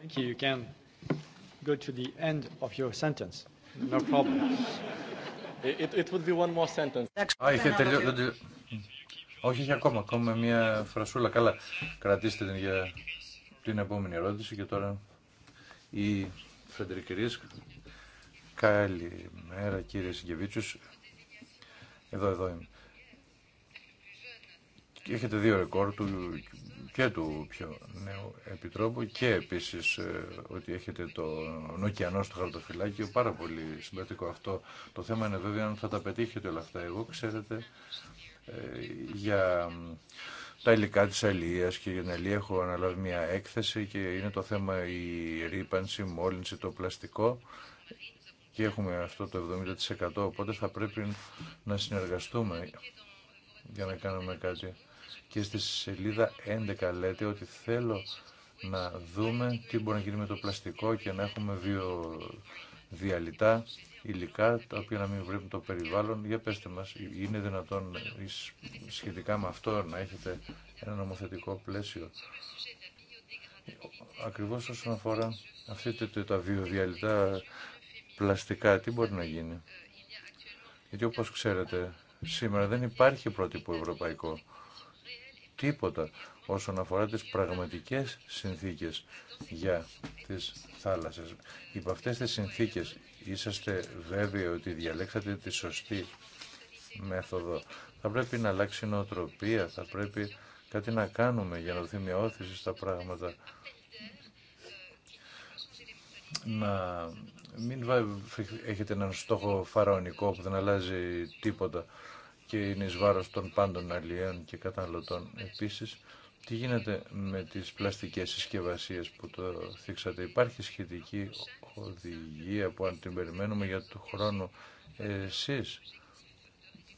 Thank you. You can go to the end of your sentence. No problem. It, it would be one more sentence. Α, είχε Όχι, είχε ακόμα. Ακόμα μια φρασούλα. Καλά. Κρατήστε την για την επόμενη ερώτηση και τώρα η Φρεντερική Ρίσκ. Καλημέρα κύριε Συγκεβίτσιος. Εδώ, εδώ είμαι έχετε δύο ρεκόρ του και του πιο νέου επιτρόπου και επίσης ε, ότι έχετε το νοκιανό στο χαρτοφυλάκιο πάρα πολύ συμπατικό αυτό το θέμα είναι βέβαια αν θα τα πετύχετε όλα αυτά εγώ ξέρετε ε, για τα υλικά της αλίας και για την αλία έχω αναλάβει μια έκθεση και είναι το θέμα η ρήπανση, η μόλυνση, το πλαστικό και έχουμε αυτό το 70% οπότε θα πρέπει να συνεργαστούμε για να κάνουμε κάτι και στη σελίδα 11 λέτε ότι θέλω να δούμε τι μπορεί να γίνει με το πλαστικό και να έχουμε βιοδιαλυτά υλικά τα οποία να μην βλέπουν το περιβάλλον. Για πέστε μας, είναι δυνατόν σχετικά με αυτό να έχετε ένα νομοθετικό πλαίσιο. Ακριβώς όσον αφορά αυτή τα βιοδιαλυτά πλαστικά, τι μπορεί να γίνει. Γιατί όπως ξέρετε, σήμερα δεν υπάρχει πρότυπο ευρωπαϊκό τίποτα όσον αφορά τις πραγματικές συνθήκες για τις θάλασσες. Υπό αυτές τις συνθήκες είσαστε βέβαιοι ότι διαλέξατε τη σωστή μέθοδο. Θα πρέπει να αλλάξει νοοτροπία, θα πρέπει κάτι να κάνουμε για να δοθεί μια όθηση στα πράγματα. Να μην έχετε έναν στόχο φαραωνικό που δεν αλλάζει τίποτα και είναι εις βάρος των πάντων αλλιέων και καταναλωτών. Επίσης, τι γίνεται με τις πλαστικές συσκευασίες που το θίξατε. Υπάρχει σχετική οδηγία που αν την περιμένουμε για του χρόνο εσείς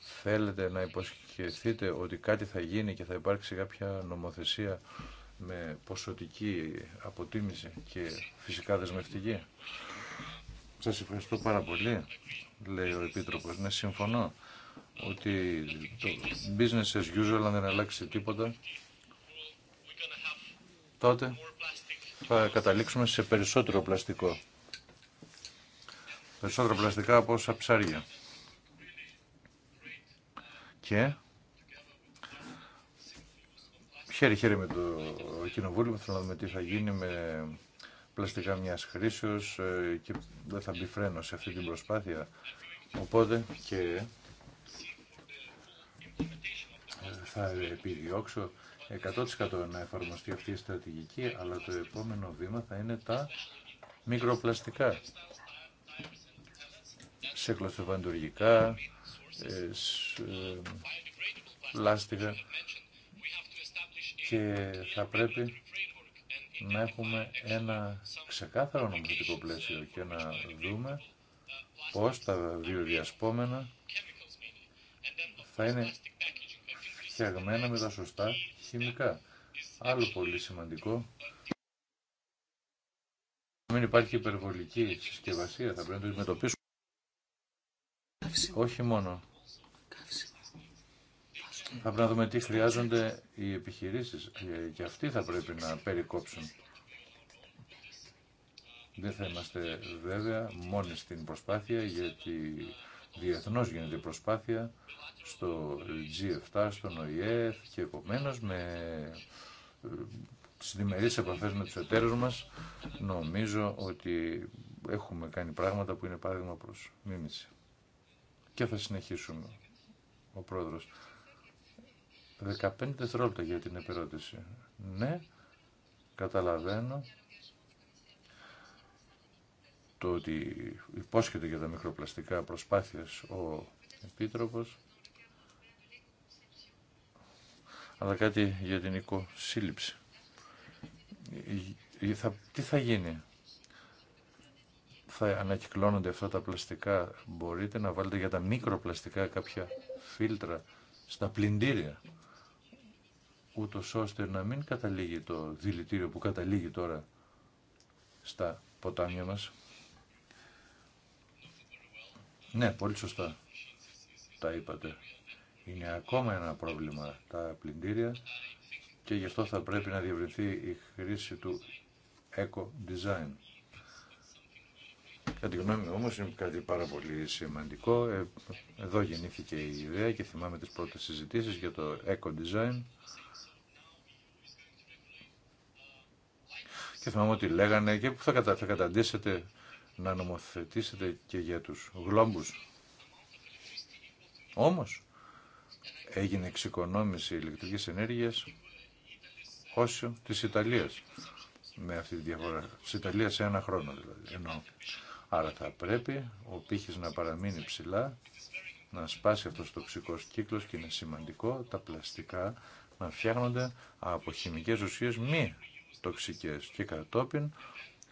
θέλετε να υποσχεθείτε ότι κάτι θα γίνει και θα υπάρξει κάποια νομοθεσία με ποσοτική αποτίμηση και φυσικά δεσμευτική. Σας ευχαριστώ πάρα πολύ, λέει ο Επίτροπος. Ναι, συμφωνώ ότι το business as usual αν δεν αλλάξει τίποτα τότε θα καταλήξουμε σε περισσότερο πλαστικό. Περισσότερο πλαστικά από όσα ψάρια. Και χέρι-χέρι με το κοινοβούλιο, θέλω να δούμε τι θα γίνει με πλαστικά μιας χρήσεως ε, και δεν θα μπει φρένο σε αυτή την προσπάθεια. Οπότε και θα επιδιώξω 100% να εφαρμοστεί αυτή η στρατηγική, αλλά το επόμενο βήμα θα είναι τα μικροπλαστικά. Σε κλωστοφαντουργικά, ε, σε πλάστικα και θα πρέπει να έχουμε ένα ξεκάθαρο νομοθετικό πλαίσιο και να δούμε πώς τα βιοδιασπόμενα θα είναι φτιαγμένα με τα σωστά χημικά. Άλλο πολύ σημαντικό. Μην υπάρχει υπερβολική συσκευασία, θα πρέπει να το αντιμετωπίσουμε. Όχι μόνο. Θα πρέπει να δούμε τι χρειάζονται οι επιχειρήσεις ε, και αυτοί θα πρέπει να περικόψουν. Δεν θα είμαστε βέβαια μόνοι στην προσπάθεια γιατί Διεθνώς γίνεται προσπάθεια στο G7, στον ΟΗΕ και επομένω με τις ε, διμερείς επαφές με τους εταίρους μας νομίζω ότι έχουμε κάνει πράγματα που είναι παράδειγμα προς μίμηση. Και θα συνεχίσουμε. Ο πρόεδρος. 15 δευτερόλεπτα για την επερώτηση. Ναι, καταλαβαίνω το ότι υπόσχεται για τα μικροπλαστικά προσπάθειες ο Επίτροπος, αλλά κάτι για την οικοσύλληψη. Ε, τι θα γίνει, θα ανακυκλώνονται αυτά τα πλαστικά, μπορείτε να βάλετε για τα μικροπλαστικά κάποια φίλτρα στα πλυντήρια, ούτω ώστε να μην καταλήγει το δηλητήριο που καταλήγει τώρα στα ποτάμια μας. Ναι, πολύ σωστά τα είπατε. Είναι ακόμα ένα πρόβλημα τα πλυντήρια και γι' αυτό θα πρέπει να διευρυνθεί η χρήση του eco design. Κατά τη γνώμη μου όμως είναι κάτι πάρα πολύ σημαντικό. Ε, εδώ γεννήθηκε η ιδέα και θυμάμαι τις πρώτες συζητήσεις για το eco design. Και θυμάμαι ότι λέγανε και που θα, κατα... θα καταντήσετε να νομοθετήσετε και για τους γλόμπους. Όμως, έγινε εξοικονόμηση ηλεκτρικής ενέργειας όσο της Ιταλίας. Με αυτή τη διαφορά. Στην Ιταλία σε ένα χρόνο δηλαδή. Ενώ, άρα θα πρέπει ο πύχης να παραμείνει ψηλά, να σπάσει αυτός το τοξικός κύκλος και είναι σημαντικό τα πλαστικά να φτιάχνονται από χημικές ουσίες μη τοξικές και κατόπιν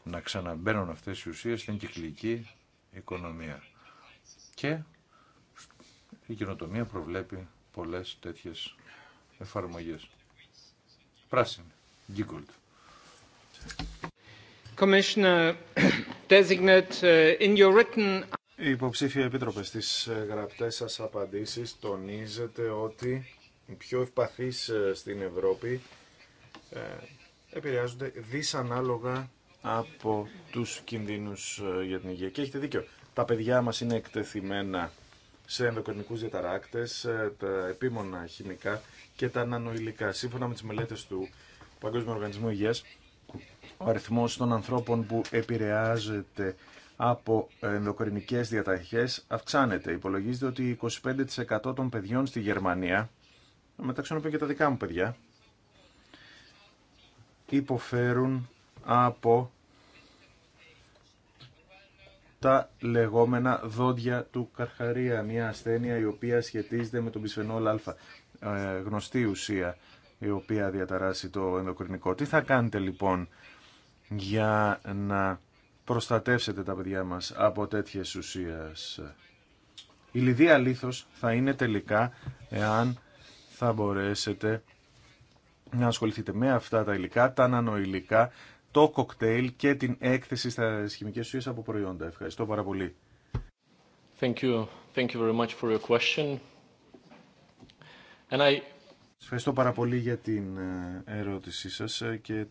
να ξαναμπαίνουν αυτές οι ουσίες στην κυκλική οικονομία. Και η κοινοτομία προβλέπει πολλές τέτοιες εφαρμογές. Πράσινη. Γκίγκολτ. Η υποψήφια uh, in your written... Οι υποψήφοι ε, τονίζεται γραπτές ότι οι πιο ευπαθείς ε, στην Ευρώπη ε, επηρεάζονται δυσανάλογα από τους κινδύνους ε, για την υγεία. Και έχετε δίκιο. Τα παιδιά μας είναι εκτεθειμένα σε ενδοκρινικούς διαταράκτες, ε, τα επίμονα χημικά και τα νανοηλικά. Σύμφωνα με τις μελέτες του Παγκόσμιου Οργανισμού Υγείας, ο αριθμό των ανθρώπων που επηρεάζεται από ενδοκρινικές διαταχές αυξάνεται. Υπολογίζεται ότι 25% των παιδιών στη Γερμανία, μεταξύ των οποίων και τα δικά μου παιδιά, υποφέρουν από τα λεγόμενα δόντια του καρχαρία, μια ασθένεια η οποία σχετίζεται με τον πισφενόλ α, ε, γνωστή ουσία η οποία διαταράσσει το ενδοκρινικό. Τι θα κάνετε λοιπόν για να προστατεύσετε τα παιδιά μας από τέτοιες ουσίες. Η λιδία λίθος θα είναι τελικά εάν θα μπορέσετε να ασχοληθείτε με αυτά τα υλικά, τα νανοηλικά, το κοκτέιλ και την έκθεση στα χημικές ουσίες από προϊόντα. Ευχαριστώ πάρα πολύ. Thank you. Thank you very much for your question. And I... Ευχαριστώ πάρα πολύ για την ε, ερώτησή σας ε, και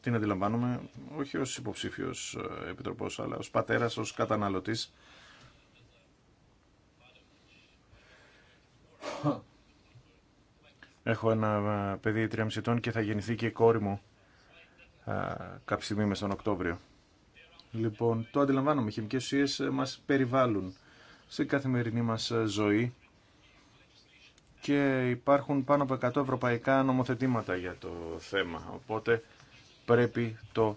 την αντιλαμβάνομαι όχι ως υποψήφιος ε, επιτροπός αλλά ως πατέρας, ως καταναλωτής. Έχω ένα ε, παιδί 3,5 ετών και θα γεννηθεί και η κόρη μου ε, κάποια στιγμή μες τον Οκτώβριο. Λοιπόν, το αντιλαμβάνομαι. Οι χημικές ουσίες ε, μας περιβάλλουν στην καθημερινή μας ζωή και υπάρχουν πάνω από 100 ευρωπαϊκά νομοθετήματα για το θέμα. Οπότε πρέπει το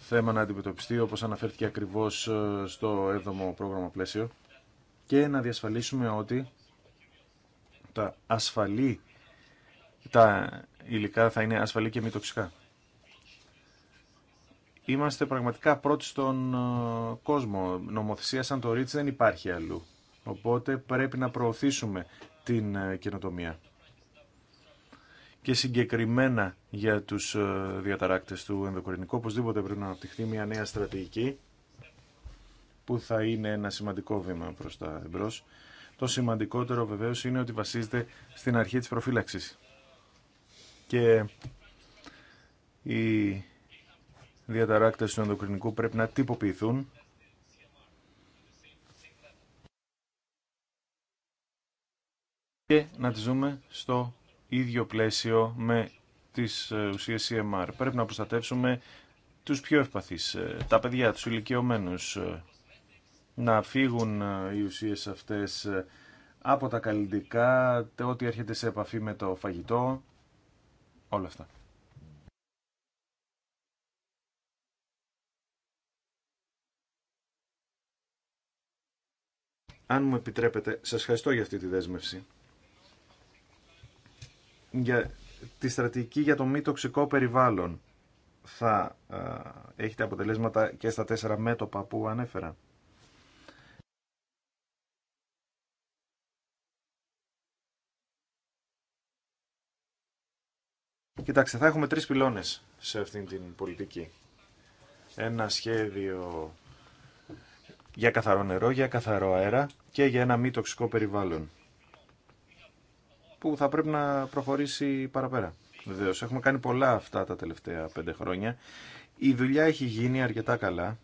θέμα να αντιμετωπιστεί όπως αναφέρθηκε ακριβώς στο 7ο πρόγραμμα πλαίσιο και να διασφαλίσουμε ότι τα ασφαλή τα υλικά θα είναι ασφαλή και μη τοξικά. Είμαστε πραγματικά πρώτοι στον ε, κόσμο. Νομοθεσία σαν το ρίτσι δεν υπάρχει αλλού. Οπότε πρέπει να προωθήσουμε την ε, καινοτομία. Και συγκεκριμένα για τους ε, διαταράκτες του ενδοκρινικού, οπωσδήποτε πρέπει να αναπτυχθεί μια νέα στρατηγική που θα είναι ένα σημαντικό βήμα προς τα εμπρός. Το σημαντικότερο βεβαίως είναι ότι βασίζεται στην αρχή της προφύλαξης και οι διαταράκτες του ενδοκρινικού πρέπει να τυποποιηθούν και να τις δούμε στο ίδιο πλαίσιο με τις ε, ουσίες CMR. Πρέπει να προστατεύσουμε τους πιο ευπαθείς, ε, τα παιδιά, τους ηλικιωμένους, ε, να φύγουν οι ουσίες αυτές από τα καλλιντικά, ό,τι έρχεται σε επαφή με το φαγητό όλα αυτά. Αν μου επιτρέπετε, σας ευχαριστώ για αυτή τη δέσμευση. Για τη στρατηγική για το μη τοξικό περιβάλλον θα ε, έχετε αποτελέσματα και στα τέσσερα μέτωπα που ανέφερα. Κοιτάξτε, θα έχουμε τρεις πυλώνες σε αυτήν την πολιτική. Ένα σχέδιο για καθαρό νερό, για καθαρό αέρα και για ένα μη τοξικό περιβάλλον που θα πρέπει να προχωρήσει παραπέρα. Βεβαίω, έχουμε κάνει πολλά αυτά τα τελευταία πέντε χρόνια. Η δουλειά έχει γίνει αρκετά καλά.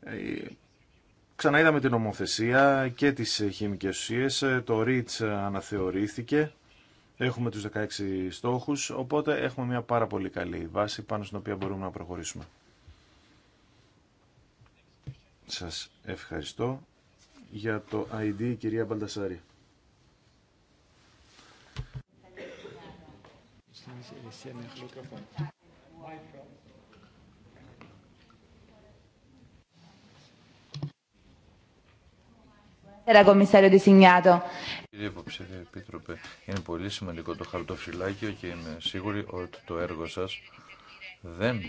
Ε, Ξαναείδαμε την ομοθεσία και τις χημικές ουσίες. Το REACH αναθεωρήθηκε. Έχουμε τους 16 στόχους, οπότε έχουμε μια πάρα πολύ καλή βάση πάνω στην οποία μπορούμε να προχωρήσουμε. Σας ευχαριστώ για το ID, κυρία Μπαλτασάρη. Κύριε Υποψήφια Επίτροπε, είναι πολύ σημαντικό το χαρτοφυλάκιο και είμαι σίγουρη ότι το έργο σας δεν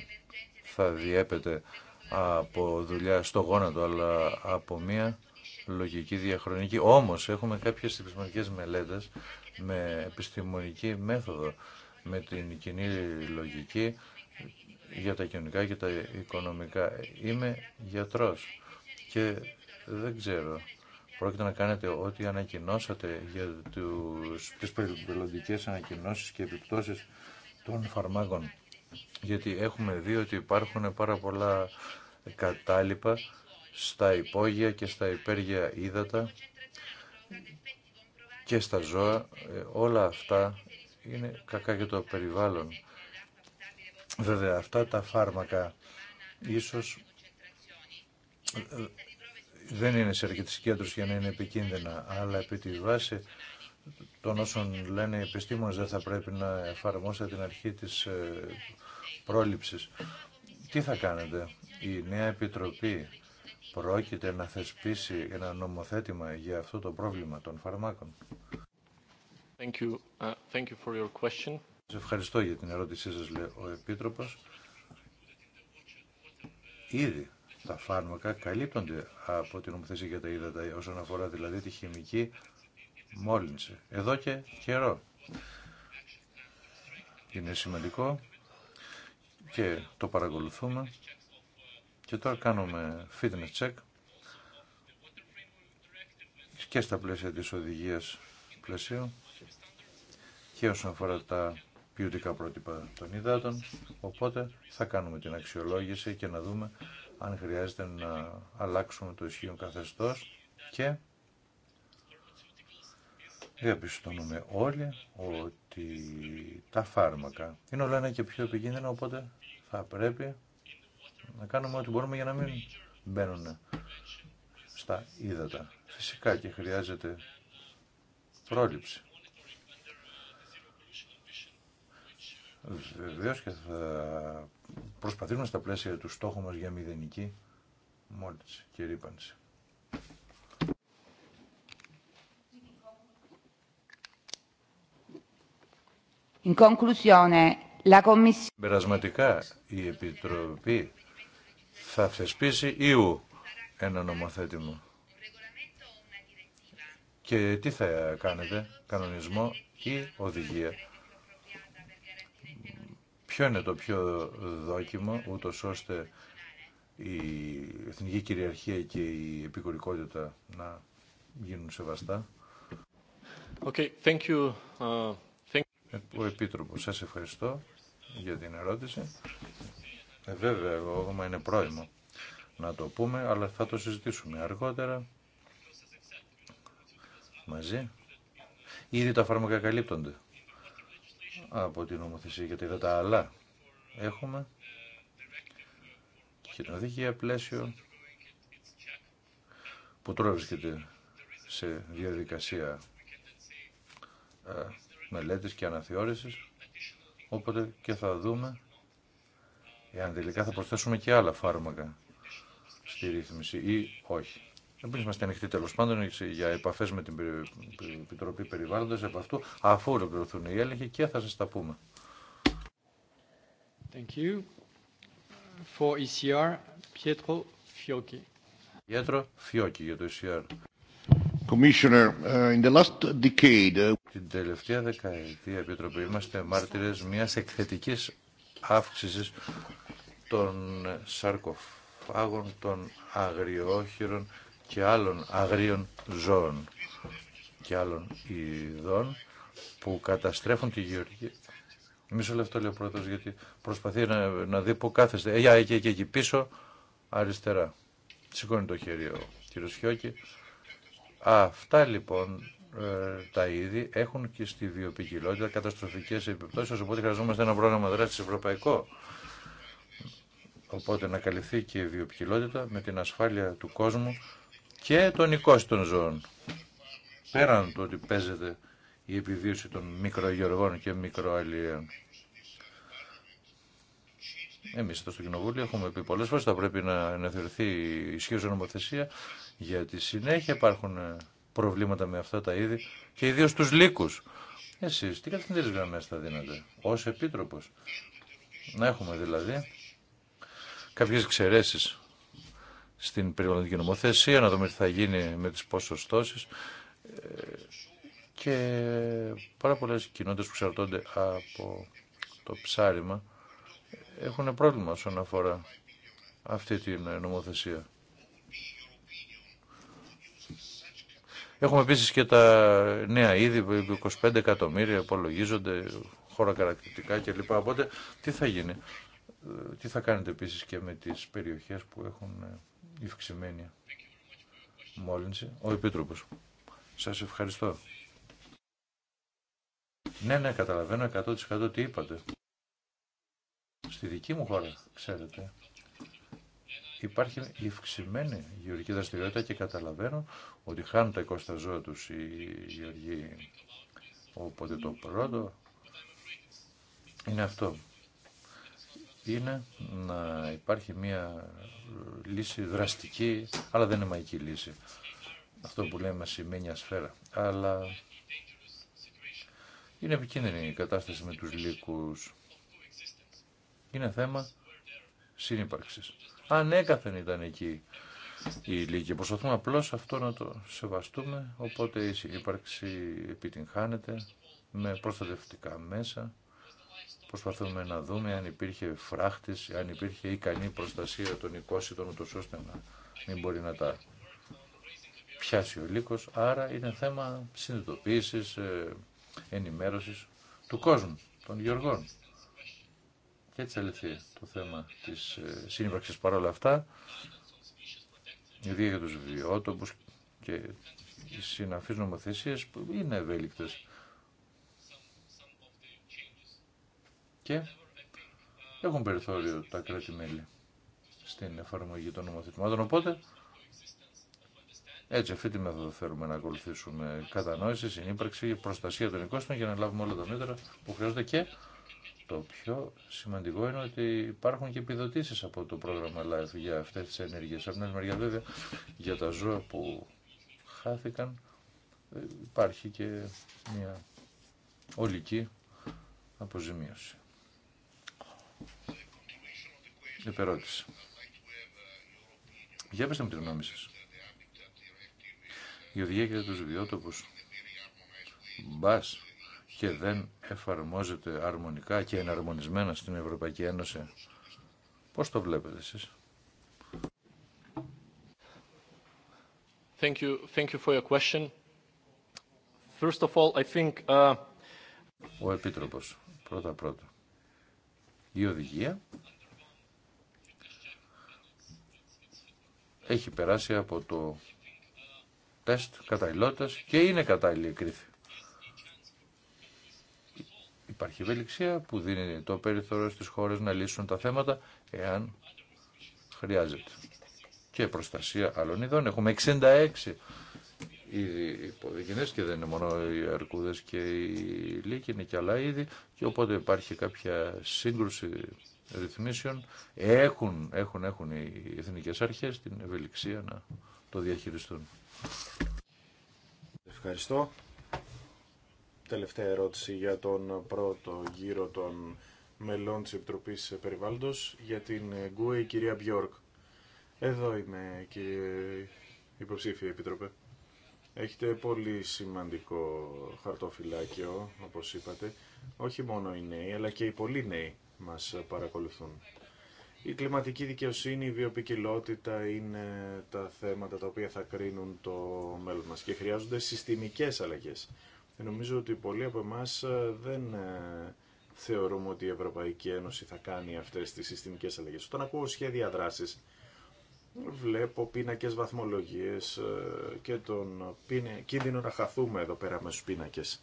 θα διέπεται από δουλειά στο γόνατο, αλλά από μία λογική διαχρονική. Όμως έχουμε κάποιες επιστημονικές μελέτες με επιστημονική μέθοδο, με την κοινή λογική για τα κοινωνικά και τα οικονομικά. Είμαι γιατρός και δεν ξέρω πρόκειται να κάνετε ό,τι ανακοινώσατε για τους, τις περιβαλλοντικές ανακοινώσεις και επιπτώσεις των φαρμάκων. Γιατί έχουμε δει ότι υπάρχουν πάρα πολλά κατάλοιπα στα υπόγεια και στα υπέργεια ύδατα και στα ζώα. Ε, όλα αυτά είναι κακά για το περιβάλλον. Βέβαια, αυτά τα φάρμακα ίσως δεν είναι σε αρκετή συγκέντρωση για να είναι επικίνδυνα, αλλά επί τη βάση των όσων λένε οι επιστήμονες δεν θα πρέπει να εφαρμόσετε την αρχή της ε, πρόληψης. Τι θα κάνετε, η νέα Επιτροπή πρόκειται να θεσπίσει ένα νομοθέτημα για αυτό το πρόβλημα των φαρμάκων. Thank you. Uh, thank you for your question. ευχαριστώ για την ερώτησή σας, λέει ο Επίτροπος. Ήδη τα φάρμακα καλύπτονται από την νομοθεσία για τα ύδατα όσον αφορά δηλαδή τη χημική μόλυνση. Εδώ και καιρό. Είναι σημαντικό και το παρακολουθούμε και τώρα κάνουμε fitness check και στα πλαίσια της οδηγίας πλαισίου και όσον αφορά τα ποιοτικά πρότυπα των υδάτων, οπότε θα κάνουμε την αξιολόγηση και να δούμε αν χρειάζεται να αλλάξουμε το ισχύον καθεστώς και διαπιστώνουμε όλοι ότι τα φάρμακα είναι όλα ένα και πιο επικίνδυνα οπότε θα πρέπει να κάνουμε ό,τι μπορούμε για να μην μπαίνουν στα ύδατα. Φυσικά και χρειάζεται πρόληψη. Βεβαίως και θα προσπαθήσουμε στα πλαίσια του στόχου μας για μηδενική μόλυνση και ρήπανση. In conclusione, la Περασματικά, η Επιτροπή θα θεσπίσει ήου ένα νομοθέτημα. Και τι θα κάνετε, κανονισμό ή οδηγία ποιο είναι το πιο δόκιμο, ούτω ώστε η εθνική κυριαρχία και η επικουρικότητα να γίνουν σεβαστά. Okay, thank you. Uh, thank ε, Ο Επίτροπος, σας ευχαριστώ για την ερώτηση. Ε, βέβαια, εγώ είναι πρόημο να το πούμε, αλλά θα το συζητήσουμε αργότερα μαζί. Ήδη τα φάρμακα από την νομοθεσία για τα υδατά, αλλά έχουμε και την οδηγία πλαίσιο που τώρα σε διαδικασία ε, μελέτης και αναθεώρησης, οπότε και θα δούμε εάν τελικά θα προσθέσουμε και άλλα φάρμακα στη ρύθμιση ή όχι. Εμεί είμαστε ανοιχτοί τέλο πάντων για επαφέ με την Επιτροπή Περιβάλλοντο επ' αυτού, αφού ολοκληρωθούν οι έλεγχοι και θα σα τα πούμε. Thank you. E για το ECR. Commissioner, uh, in the last decade... Uh, την τελευταία δεκαετία, Επιτροπή, είμαστε μάρτυρες μια εκθετική αύξηση των σαρκοφάγων, των αγριόχειρων και άλλων αγρίων ζώων και άλλων ειδών που καταστρέφουν τη γεωργία. Μισό λεπτό λέει ο πρώτος γιατί προσπαθεί να, δει που κάθεστε. Ε, εκεί, εκεί, εκεί πίσω, αριστερά. Σηκώνει το χέρι ο κύριο Χιώκη. Αυτά λοιπόν ε, τα είδη έχουν και στη βιοπικιλότητα καταστροφικές επιπτώσεις, οπότε χρειαζόμαστε ένα πρόγραμμα δράσης ευρωπαϊκό. Οπότε να καλυφθεί και η βιοπικιλότητα με την ασφάλεια του κόσμου και τον οικόση των ζώων. Πέραν το ότι παίζεται η επιβίωση των μικρογεωργών και μικροαλλιέων. Εμείς εδώ στο Κοινοβούλιο έχουμε πει πολλές φορές θα πρέπει να αναθεωρηθεί η ισχύουσα νομοθεσία γιατί συνέχεια υπάρχουν ε, προβλήματα με αυτά τα είδη και ιδίως τους λύκους. Εσείς τι καθημερινές γραμμές θα δίνετε ως επίτροπος. Να έχουμε δηλαδή κάποιες εξαιρέσει στην περιβαλλοντική νομοθεσία, να δούμε τι θα γίνει με τις ποσοστώσεις ε, και πάρα πολλέ κοινότητε που εξαρτώνται από το ψάριμα έχουν πρόβλημα όσον αφορά αυτή την νομοθεσία. Έχουμε επίσης και τα νέα είδη, 25 εκατομμύρια υπολογίζονται, χώρα χαρακτηριστικά κλπ. Οπότε τι θα γίνει, ε, τι θα κάνετε επίσης και με τις περιοχές που έχουν ε, η μόλυνση. Ο Επίτροπος. Σας ευχαριστώ. Ναι, ναι, καταλαβαίνω 100% τι είπατε. Στη δική μου χώρα, ξέρετε, υπάρχει η γεωργική δραστηριότητα και καταλαβαίνω ότι χάνουν τα κόστα ζώα τους οι γεωργοί. Οπότε το πρώτο είναι αυτό είναι να υπάρχει μια λύση δραστική, αλλά δεν είναι μαϊκή λύση. Αυτό που λέμε σημαίνει ασφαίρα. Αλλά είναι επικίνδυνη η κατάσταση με τους λύκους. Είναι θέμα συνύπαρξης. έκαθεν ήταν εκεί η λύκη. Προσπαθούμε απλώς αυτό να το σεβαστούμε, οπότε η συνύπαρξη επιτυγχάνεται με προστατευτικά μέσα. Προσπαθούμε να δούμε αν υπήρχε φράχτης, αν υπήρχε ικανή προστασία των οικόσιτων, ούτως ώστε να μην μπορεί να τα πιάσει ο λύκος. Άρα είναι θέμα συνειδητοποίησης, ε, ενημέρωσης του κόσμου, των γεωργών. Και έτσι θα το θέμα της ε, σύμπραξης παρόλα αυτά, ιδίως για τους βιότοπους και οι συναφείς που είναι ευέλικτες και έχουν περιθώριο τα κράτη-μέλη στην εφαρμογή των νομοθετημάτων. Οπότε, έτσι αυτή τη μέθοδο θέλουμε να ακολουθήσουμε κατανόηση, συνύπαρξη, προστασία των οικόστων για να λάβουμε όλα τα μέτρα που χρειάζονται και το πιο σημαντικό είναι ότι υπάρχουν και επιδοτήσεις από το πρόγραμμα LIFE για αυτές τις ενέργειες. Από την άλλη μεριά βέβαια για τα ζώα που χάθηκαν υπάρχει και μια ολική αποζημίωση επερώτηση. Για πετε μου τη γνώμη σας. Η οδηγία για τους βιότοπους μπας και δεν εφαρμόζεται αρμονικά και εναρμονισμένα στην Ευρωπαϊκή Ένωση. Πώς το βλέπετε εσείς. Thank you, thank you for your question. First of all, I think, uh... Ο Επίτροπος, πρώτα-πρώτα. Η οδηγία έχει περάσει από το τεστ καταλληλότητας και είναι κατάλληλη η κρίθη. Υπάρχει ευελιξία που δίνει το περιθώριο στις χώρες να λύσουν τα θέματα εάν χρειάζεται. Και προστασία άλλων ειδών. Έχουμε 66 ήδη υποδικινές και δεν είναι μόνο οι αρκούδες και οι λύκοι, είναι και άλλα είδη και οπότε υπάρχει κάποια σύγκρουση ρυθμίσεων έχουν, έχουν, έχουν οι εθνικές αρχές την ευελιξία να το διαχειριστούν. Ευχαριστώ. Τελευταία ερώτηση για τον πρώτο γύρο των μελών της Επιτροπής Περιβάλλοντος για την ΓΚΟΕ η κυρία Μπιόρκ. Εδώ είμαι κύριε υποψήφια Επιτροπέ. Έχετε πολύ σημαντικό χαρτοφυλάκιο, όπως είπατε. Όχι μόνο οι νέοι, αλλά και οι πολύ νέοι μας παρακολουθούν. Η κλιματική δικαιοσύνη, η βιοπικιλότητα είναι τα θέματα τα οποία θα κρίνουν το μέλλον μας και χρειάζονται συστημικές αλλαγές. Νομίζω ότι πολλοί από εμά ε, δεν ε, θεωρούμε ότι η Ευρωπαϊκή Ένωση θα κάνει αυτές τις συστημικές αλλαγές. Όταν ακούω σχέδια δράσης, βλέπω πίνακες βαθμολογίες ε, και τον κίνδυνο να χαθούμε εδώ πέρα με στους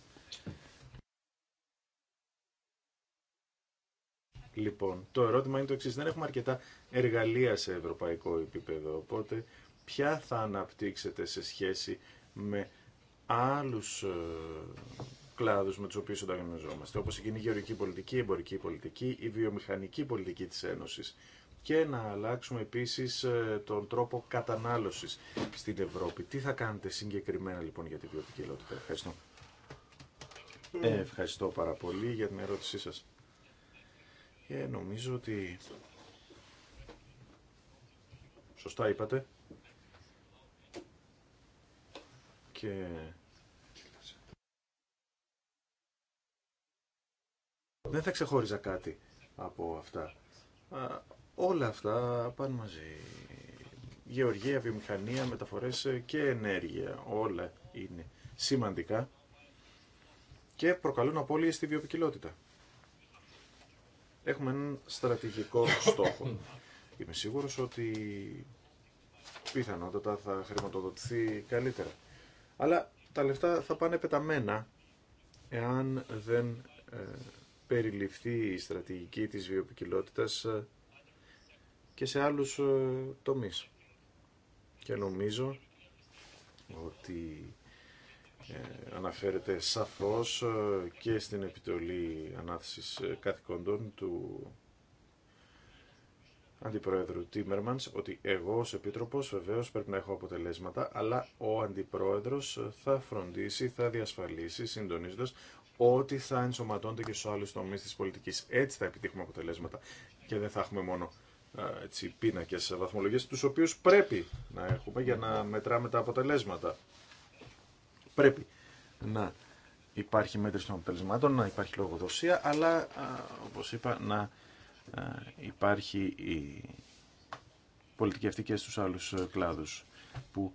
λοιπόν. Το ερώτημα είναι το εξή. Δεν έχουμε αρκετά εργαλεία σε ευρωπαϊκό επίπεδο. Οπότε, ποια θα αναπτύξετε σε σχέση με άλλους ε, κλάδους με τους οποίου ανταγωνιζόμαστε, όπως η κοινή γεωργική πολιτική, η εμπορική πολιτική, η βιομηχανική πολιτική τη Ένωση. και να αλλάξουμε επίσης ε, τον τρόπο κατανάλωσης στην Ευρώπη. Τι θα κάνετε συγκεκριμένα λοιπόν για τη βιοποικιλότητα. Ευχαριστώ. Ε, ευχαριστώ πάρα πολύ για την ερώτησή σας και νομίζω ότι σωστά είπατε και δεν θα ξεχώριζα κάτι από αυτά. Όλα αυτά πάνε μαζί. Γεωργία, βιομηχανία, μεταφορές και ενέργεια. Όλα είναι σημαντικά και προκαλούν απώλειες στη βιοποικιλότητα έχουμε έναν στρατηγικό στόχο. Είμαι σίγουρος ότι πιθανότατα θα χρηματοδοτηθεί καλύτερα. Αλλά τα λεφτά θα πάνε πεταμένα εάν δεν ε, περιληφθεί η στρατηγική της βιοπικιλότητας ε, και σε άλλους ε, τομείς. Και νομίζω ότι ε, αναφέρεται σαφώς ε, και στην επιτολή ανάθεσης ε, καθηκόντων του Αντιπρόεδρου Τίμερμανς ότι εγώ ως Επίτροπος βεβαίως πρέπει να έχω αποτελέσματα αλλά ο Αντιπρόεδρος θα φροντίσει, θα διασφαλίσει συντονίζοντας ότι θα ενσωματώνται και στους άλλους τομείς της πολιτικής. Έτσι θα επιτύχουμε αποτελέσματα και δεν θα έχουμε μόνο έτσι, πίνακες βαθμολογίες τους οποίους πρέπει να έχουμε για να μετράμε τα αποτελέσματα πρέπει να υπάρχει μέτρηση των αποτελεσμάτων, να υπάρχει λογοδοσία, αλλά όπως είπα να υπάρχει η πολιτική αυτή και στους άλλους ε, κλάδους που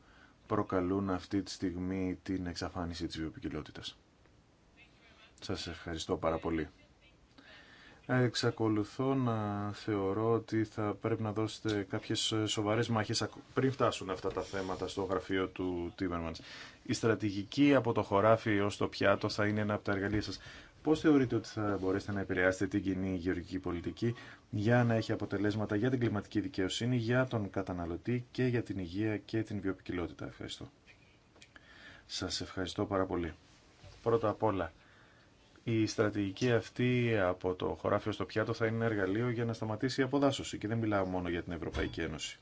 προκαλούν αυτή τη στιγμή την εξαφάνιση της βιοποικιλότητας. Σας ευχαριστώ πάρα πολύ. Εξακολουθώ να θεωρώ ότι θα πρέπει να δώσετε κάποιες σοβαρές μάχες πριν φτάσουν αυτά τα θέματα στο γραφείο του Τίμερμαντς. Η στρατηγική από το χωράφι ως το πιάτο θα είναι ένα από τα εργαλεία σας. Πώς θεωρείτε ότι θα μπορέσετε να επηρεάσετε την κοινή γεωργική πολιτική για να έχει αποτελέσματα για την κλιματική δικαιοσύνη, για τον καταναλωτή και για την υγεία και την βιοποικιλότητα. Ευχαριστώ. Σας ευχαριστώ πάρα πολύ. Πρώτα απ' όλα η στρατηγική αυτή από το χωράφιο στο πιάτο θα είναι εργαλείο για να σταματήσει η αποδάσωση και δεν μιλάω μόνο για την Ευρωπαϊκή Ένωση.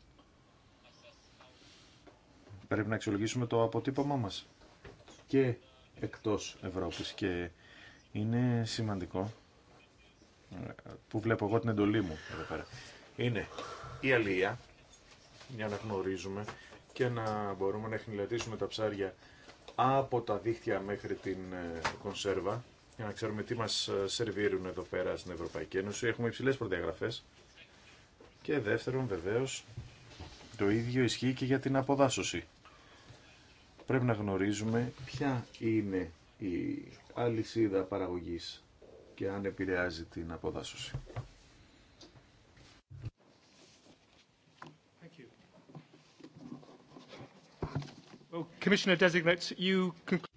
Πρέπει να αξιολογήσουμε το αποτύπωμά μας και εκτός Ευρώπης και είναι σημαντικό που βλέπω εγώ την εντολή μου εδώ πέρα. Είναι η αλία για να γνωρίζουμε και να μπορούμε να εχνηλατήσουμε τα ψάρια από τα δίχτυα μέχρι την ε, κονσέρβα για να ξέρουμε τι μας ε, σερβίρουν εδώ πέρα στην Ευρωπαϊκή Ένωση. Έχουμε υψηλές προδιαγραφές. Και δεύτερον βεβαίως το ίδιο ισχύει και για την αποδάσωση. Πρέπει να γνωρίζουμε ποια είναι η αλυσίδα παραγωγής και αν επηρεάζει την αποδάσωση.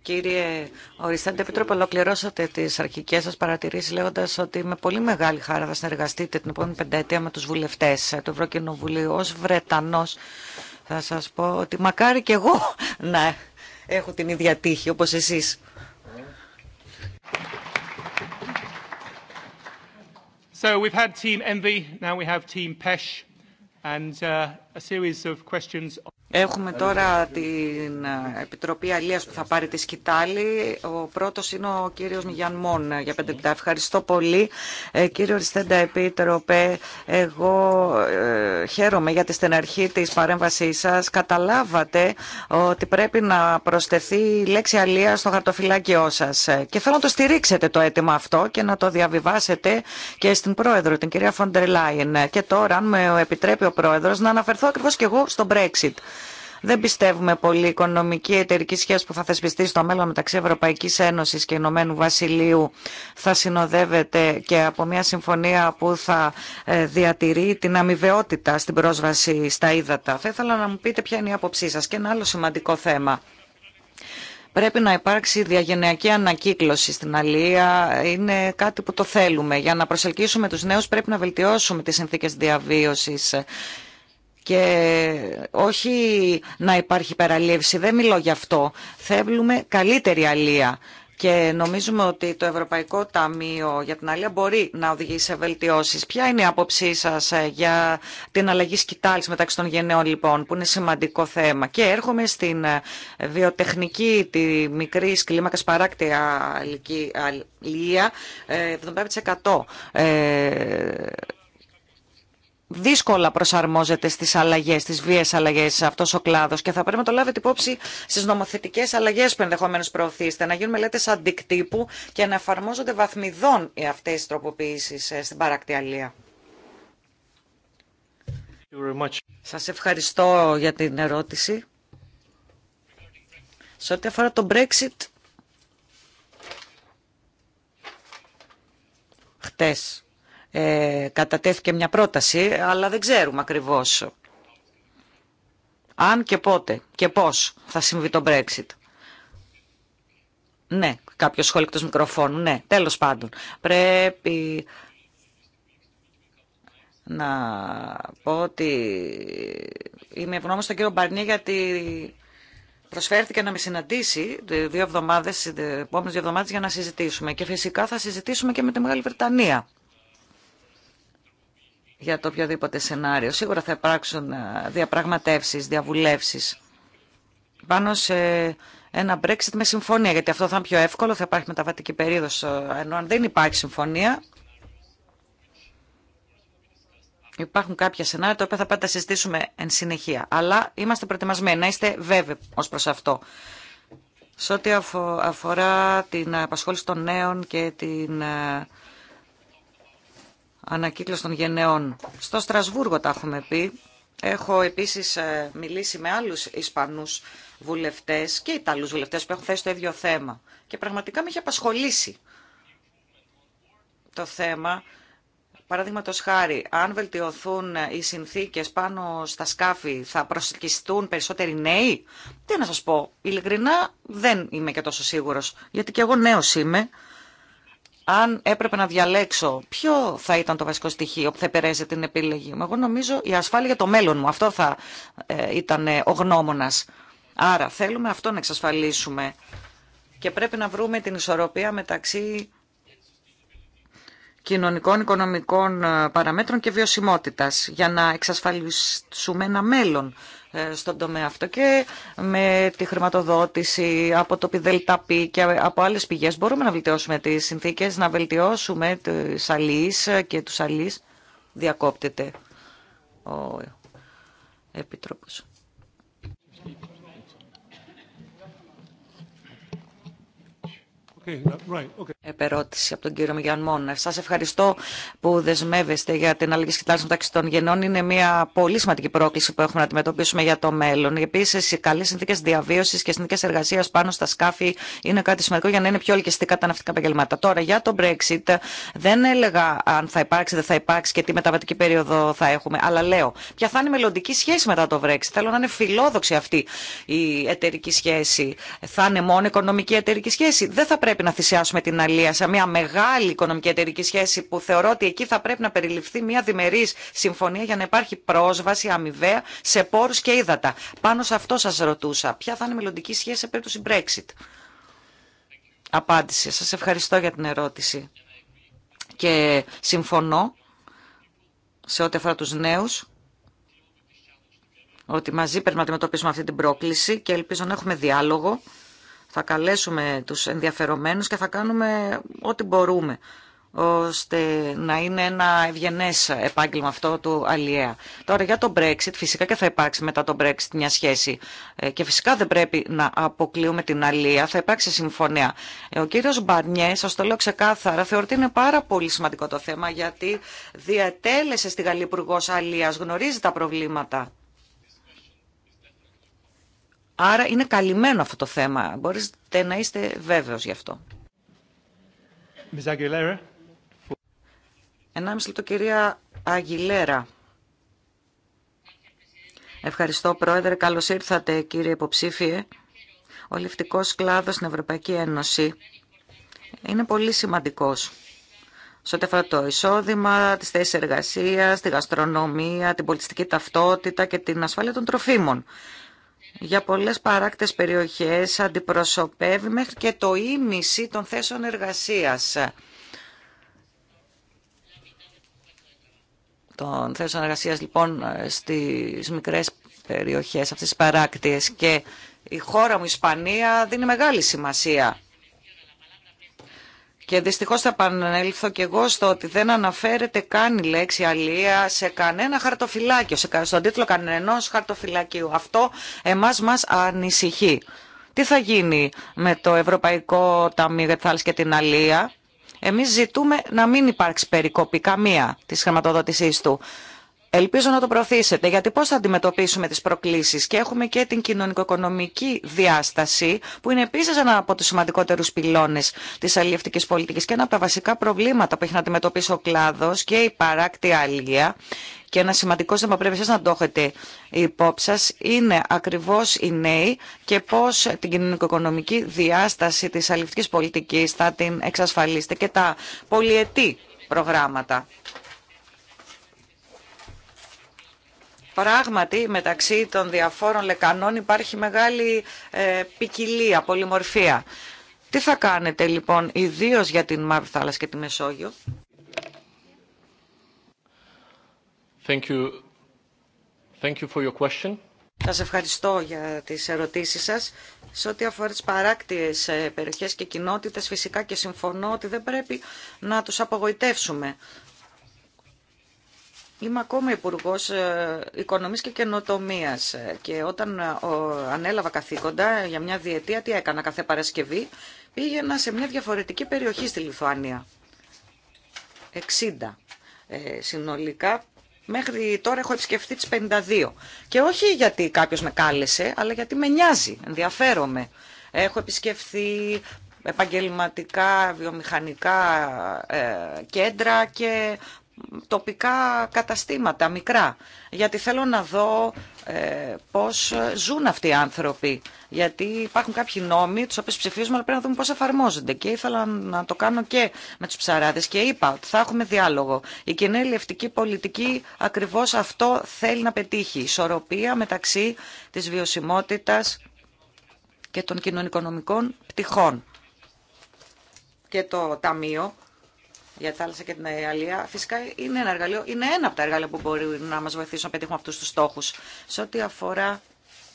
Κύριε Οριστάντε Επίτροπε, ολοκληρώσατε τι αρχικέ σα παρατηρήσει λέγοντα ότι με πολύ μεγάλη χάρα θα συνεργαστείτε την επόμενη πενταετία με του βουλευτέ του Ευρωκοινοβουλίου. Ω Βρετανό, θα σα πω ότι μακάρι και εγώ να έχω την ίδια τύχη όπω εσεί. Έχουμε τώρα την ε, Επιτροπή Αλίας που θα πάρει τη σκητάλη. Ο πρώτος είναι ο κύριος Μιγιάν ε, για πέντε λεπτά. Ευχαριστώ πολύ. Ε, κύριο Ριστέντα Επίτροπε, εγώ ε, χαίρομαι για στην αρχή της παρέμβασής σας. Καταλάβατε ότι πρέπει να προσθεθεί η λέξη αλία στο χαρτοφυλάκιό σας. Και θέλω να το στηρίξετε το αίτημα αυτό και να το διαβιβάσετε και στην Πρόεδρο, την κυρία Φοντερ Και τώρα, αν με επιτρέπει ο Πρόεδρος, να αναφερθώ ακριβώς και εγώ στο Brexit. Δεν πιστεύουμε πολύ η οικονομική εταιρική σχέση που θα θεσπιστεί στο μέλλον μεταξύ Ευρωπαϊκή Ένωση και Ηνωμένου Βασιλείου θα συνοδεύεται και από μια συμφωνία που θα ε, διατηρεί την αμοιβαιότητα στην πρόσβαση στα ύδατα. Θα ήθελα να μου πείτε ποια είναι η άποψή σα. Και ένα άλλο σημαντικό θέμα. Πρέπει να υπάρξει διαγενειακή ανακύκλωση στην Αλία. Είναι κάτι που το θέλουμε. Για να προσελκύσουμε τους νέους πρέπει να βελτιώσουμε τις συνθήκες διαβίωσης και όχι να υπάρχει υπεραλίευση. Δεν μιλώ γι' αυτό. Θέλουμε καλύτερη αλία. Και νομίζουμε ότι το Ευρωπαϊκό Ταμείο για την Αλία μπορεί να οδηγήσει σε βελτιώσεις. Ποια είναι η άποψή σας ε, για την αλλαγή σκητάλης μεταξύ των γενναιών λοιπόν, που είναι σημαντικό θέμα. Και έρχομαι στην ε, βιοτεχνική, τη μικρή κλίμακα παράκτη αλία, 75% ε, δύσκολα προσαρμόζεται στις αλλαγές, στις βίες αλλαγές αυτός ο κλάδος και θα πρέπει να το λάβετε υπόψη στις νομοθετικές αλλαγές που ενδεχομένως προωθήσετε, να γίνουν μελέτες αντικτύπου και να εφαρμόζονται βαθμιδών αυτές οι τροποποιήσεις ε, στην παρακτιαλία. Σας ευχαριστώ για την ερώτηση. Σε ό,τι αφορά το Brexit, χτες ε, κατατέθηκε μια πρόταση, αλλά δεν ξέρουμε ακριβώς αν και πότε και πώς θα συμβεί το Brexit. Ναι, κάποιο σχόλιο εκτός μικροφώνου, ναι, τέλος πάντων. Πρέπει να πω ότι είμαι ευγνώμων στον κύριο Μπαρνί γιατί προσφέρθηκε να με συναντήσει δύο εβδομάδες, επόμενες δύο εβδομάδες για να συζητήσουμε. Και φυσικά θα συζητήσουμε και με τη Μεγάλη Βρετανία για το οποιοδήποτε σενάριο. Σίγουρα θα υπάρξουν ε, διαπραγματεύσεις, διαβουλεύσεις πάνω σε ένα Brexit με συμφωνία, γιατί αυτό θα είναι πιο εύκολο, θα υπάρχει μεταβατική περίοδος, ε, ενώ αν δεν υπάρχει συμφωνία, υπάρχουν κάποια σενάρια τα οποία θα να συζητήσουμε εν συνεχεία. Αλλά είμαστε προετοιμασμένοι, να είστε βέβαιοι ω προ αυτό. Σε ό,τι αφορά την απασχόληση των νέων και την ε, ανακύκλωση των γενεών. Στο Στρασβούργο τα έχουμε πει. Έχω επίσης ε, μιλήσει με άλλους Ισπανούς βουλευτές και Ιταλούς βουλευτές που έχουν θέσει το ίδιο θέμα. Και πραγματικά με έχει απασχολήσει το θέμα. Παραδείγματο χάρη, αν βελτιωθούν ε, οι συνθήκε πάνω στα σκάφη, θα προσελκυστούν περισσότεροι νέοι. Τι να σα πω, ειλικρινά δεν είμαι και τόσο σίγουρο. Γιατί και εγώ νέο είμαι αν έπρεπε να διαλέξω ποιο θα ήταν το βασικό στοιχείο που θα επηρέαζε την επιλογή μου, εγώ νομίζω η ασφάλεια για το μέλλον μου. Αυτό θα ε, ήταν ε, ο γνώμονας. Άρα θέλουμε αυτό να εξασφαλίσουμε και πρέπει να βρούμε την ισορροπία μεταξύ κοινωνικών, οικονομικών ε, παραμέτρων και βιωσιμότητας για να εξασφαλίσουμε ένα μέλλον στον τομέα αυτό και με τη χρηματοδότηση από το ΠΙΔΕΛΤΑΠΗ και από άλλες πηγές μπορούμε να βελτιώσουμε τις συνθήκες, να βελτιώσουμε τις αλείς και τους αλείς διακόπτεται ο Επιτρόπος. Uh, Επερώτηση από τον κύριο Μιγιάν Σα ευχαριστώ που δεσμεύεστε για την αλλαγή σκητάλη μεταξύ των γενών. Είναι μια πολύ σημαντική πρόκληση που έχουμε να αντιμετωπίσουμε για το μέλλον. Επίση, οι καλέ συνθήκε διαβίωση και συνθήκε εργασία πάνω στα σκάφη είναι κάτι σημαντικό για να είναι πιο ελκυστικά τα ναυτικά επαγγελμάτα. Τώρα, για το Brexit, δεν έλεγα αν θα υπάρξει, δεν θα υπάρξει και τι μεταβατική περίοδο θα έχουμε. Αλλά λέω, ποια θα είναι η μελλοντική σχέση μετά το Brexit. Θέλω να είναι φιλόδοξη αυτή η εταιρική σχέση. Θα είναι μόνο οικονομική εταιρική σχέση. Δεν θα πρέπει πρέπει να θυσιάσουμε την αλία σε μια μεγάλη οικονομική εταιρική σχέση που θεωρώ ότι εκεί θα πρέπει να περιληφθεί μια διμερής συμφωνία για να υπάρχει πρόσβαση αμοιβαία σε πόρου και ύδατα. Πάνω σε αυτό σα ρωτούσα. Ποια θα είναι η μελλοντική σχέση σε περίπτωση Brexit. Απάντηση. Σας ευχαριστώ για την ερώτηση. Και συμφωνώ σε ό,τι αφορά τους νέους ότι μαζί πρέπει να αντιμετωπίσουμε αυτή την πρόκληση και ελπίζω να έχουμε διάλογο θα καλέσουμε τους ενδιαφερομένους και θα κάνουμε ό,τι μπορούμε ώστε να είναι ένα ευγενές επάγγελμα αυτό του Αλιέα. Τώρα για το Brexit, φυσικά και θα υπάρξει μετά το Brexit μια σχέση ε, και φυσικά δεν πρέπει να αποκλείουμε την Αλία, θα υπάρξει συμφωνία. Ε, ο κύριος Μπαρνιέ, σα το λέω ξεκάθαρα, θεωρεί είναι πάρα πολύ σημαντικό το θέμα γιατί διατέλεσε στη Γαλλία Υπουργός Αλίας, γνωρίζει τα προβλήματα Άρα είναι καλυμμένο αυτό το θέμα. Μπορείτε να είστε βέβαιος γι' αυτό. Ενάμιση λεπτό κυρία Αγγιλέρα. Ευχαριστώ πρόεδρε. Καλώς ήρθατε κύριε υποψήφιε. Ο ληφτικός κλάδος στην Ευρωπαϊκή Ένωση είναι πολύ σημαντικός σε ό,τι αφορά το εισόδημα, τις θέσεις εργασίας, τη γαστρονομία, την πολιτιστική ταυτότητα και την ασφάλεια των τροφίμων για πολλές παράκτες περιοχές αντιπροσωπεύει μέχρι και το ίμιση των θέσεων εργασίας. Των θέσεων εργασίας λοιπόν στις μικρές περιοχές αυτές τις παράκτες και η χώρα μου η Ισπανία δίνει μεγάλη σημασία και δυστυχώς θα επανέλθω και εγώ στο ότι δεν αναφέρεται καν η λέξη αλία σε κανένα χαρτοφυλάκιο, σε, στον τίτλο κανενός χαρτοφυλακίου. Αυτό εμάς μας ανησυχεί. Τι θα γίνει με το Ευρωπαϊκό Ταμείο για και την Αλία. Εμείς ζητούμε να μην υπάρξει περικοπή καμία της χρηματοδότησής του. Ελπίζω να το προωθήσετε, γιατί πώς θα αντιμετωπίσουμε τις προκλήσεις και έχουμε και την κοινωνικο-οικονομική διάσταση, που είναι επίσης ένα από τους σημαντικότερους πυλώνες της αλληλευτικής πολιτικής και ένα από τα βασικά προβλήματα που έχει να αντιμετωπίσει ο κλάδος και η παράκτη αλληλεία. Και ένα σημαντικό θέμα που πρέπει εσείς να το έχετε υπόψη σα είναι ακριβώ οι νέοι και πώ την κοινωνικο-οικονομική διάσταση τη αλληλευτική πολιτική θα την εξασφαλίσετε και τα πολυετή προγράμματα. Πράγματι, μεταξύ των διαφόρων λεκανών υπάρχει μεγάλη ε, ποικιλία, πολυμορφία. Τι θα κάνετε λοιπόν, ιδίω για την Μαύρη Θάλασσα και τη Μεσόγειο. Thank Thank you for your question. Σας ευχαριστώ για τις ερωτήσεις σας. Σε ό,τι αφορά τις παράκτιες ε, περιοχές και κοινότητες, φυσικά και συμφωνώ ότι δεν πρέπει να τους απογοητεύσουμε. Είμαι ακόμα υπουργό ε, Οικονομής και Καινοτομία ε, και όταν ε, ανέλαβα καθήκοντα για μια διετία, τι έκανα κάθε Παρασκευή, πήγαινα σε μια διαφορετική περιοχή στη Λιθουανία. 60 συνολικά. Μέχρι τώρα έχω επισκεφθεί τις 52. Και όχι γιατί κάποιος με κάλεσε, αλλά γιατί με νοιάζει, ενδιαφέρομαι. Έχω επισκεφθεί επαγγελματικά, βιομηχανικά κέντρα και τοπικά καταστήματα, μικρά. Γιατί θέλω να δω ε, πώς ζουν αυτοί οι άνθρωποι. Γιατί υπάρχουν κάποιοι νόμοι, τους οποίους ψηφίζουμε, αλλά πρέπει να δούμε πώς εφαρμόζονται. Και ήθελα να το κάνω και με τους ψαράδες και είπα ότι θα έχουμε διάλογο. Η κοινή ελευτική πολιτική ακριβώς αυτό θέλει να πετύχει. Ισορροπία μεταξύ της βιωσιμότητας και των κοινωνικονομικών πτυχών. Και το Ταμείο για τη θάλασσα και την Αλία, φυσικά είναι ένα εργαλείο, είναι ένα από τα εργαλεία που μπορεί να μας βοηθήσουν να πετύχουμε αυτούς τους στόχους. Σε ό,τι αφορά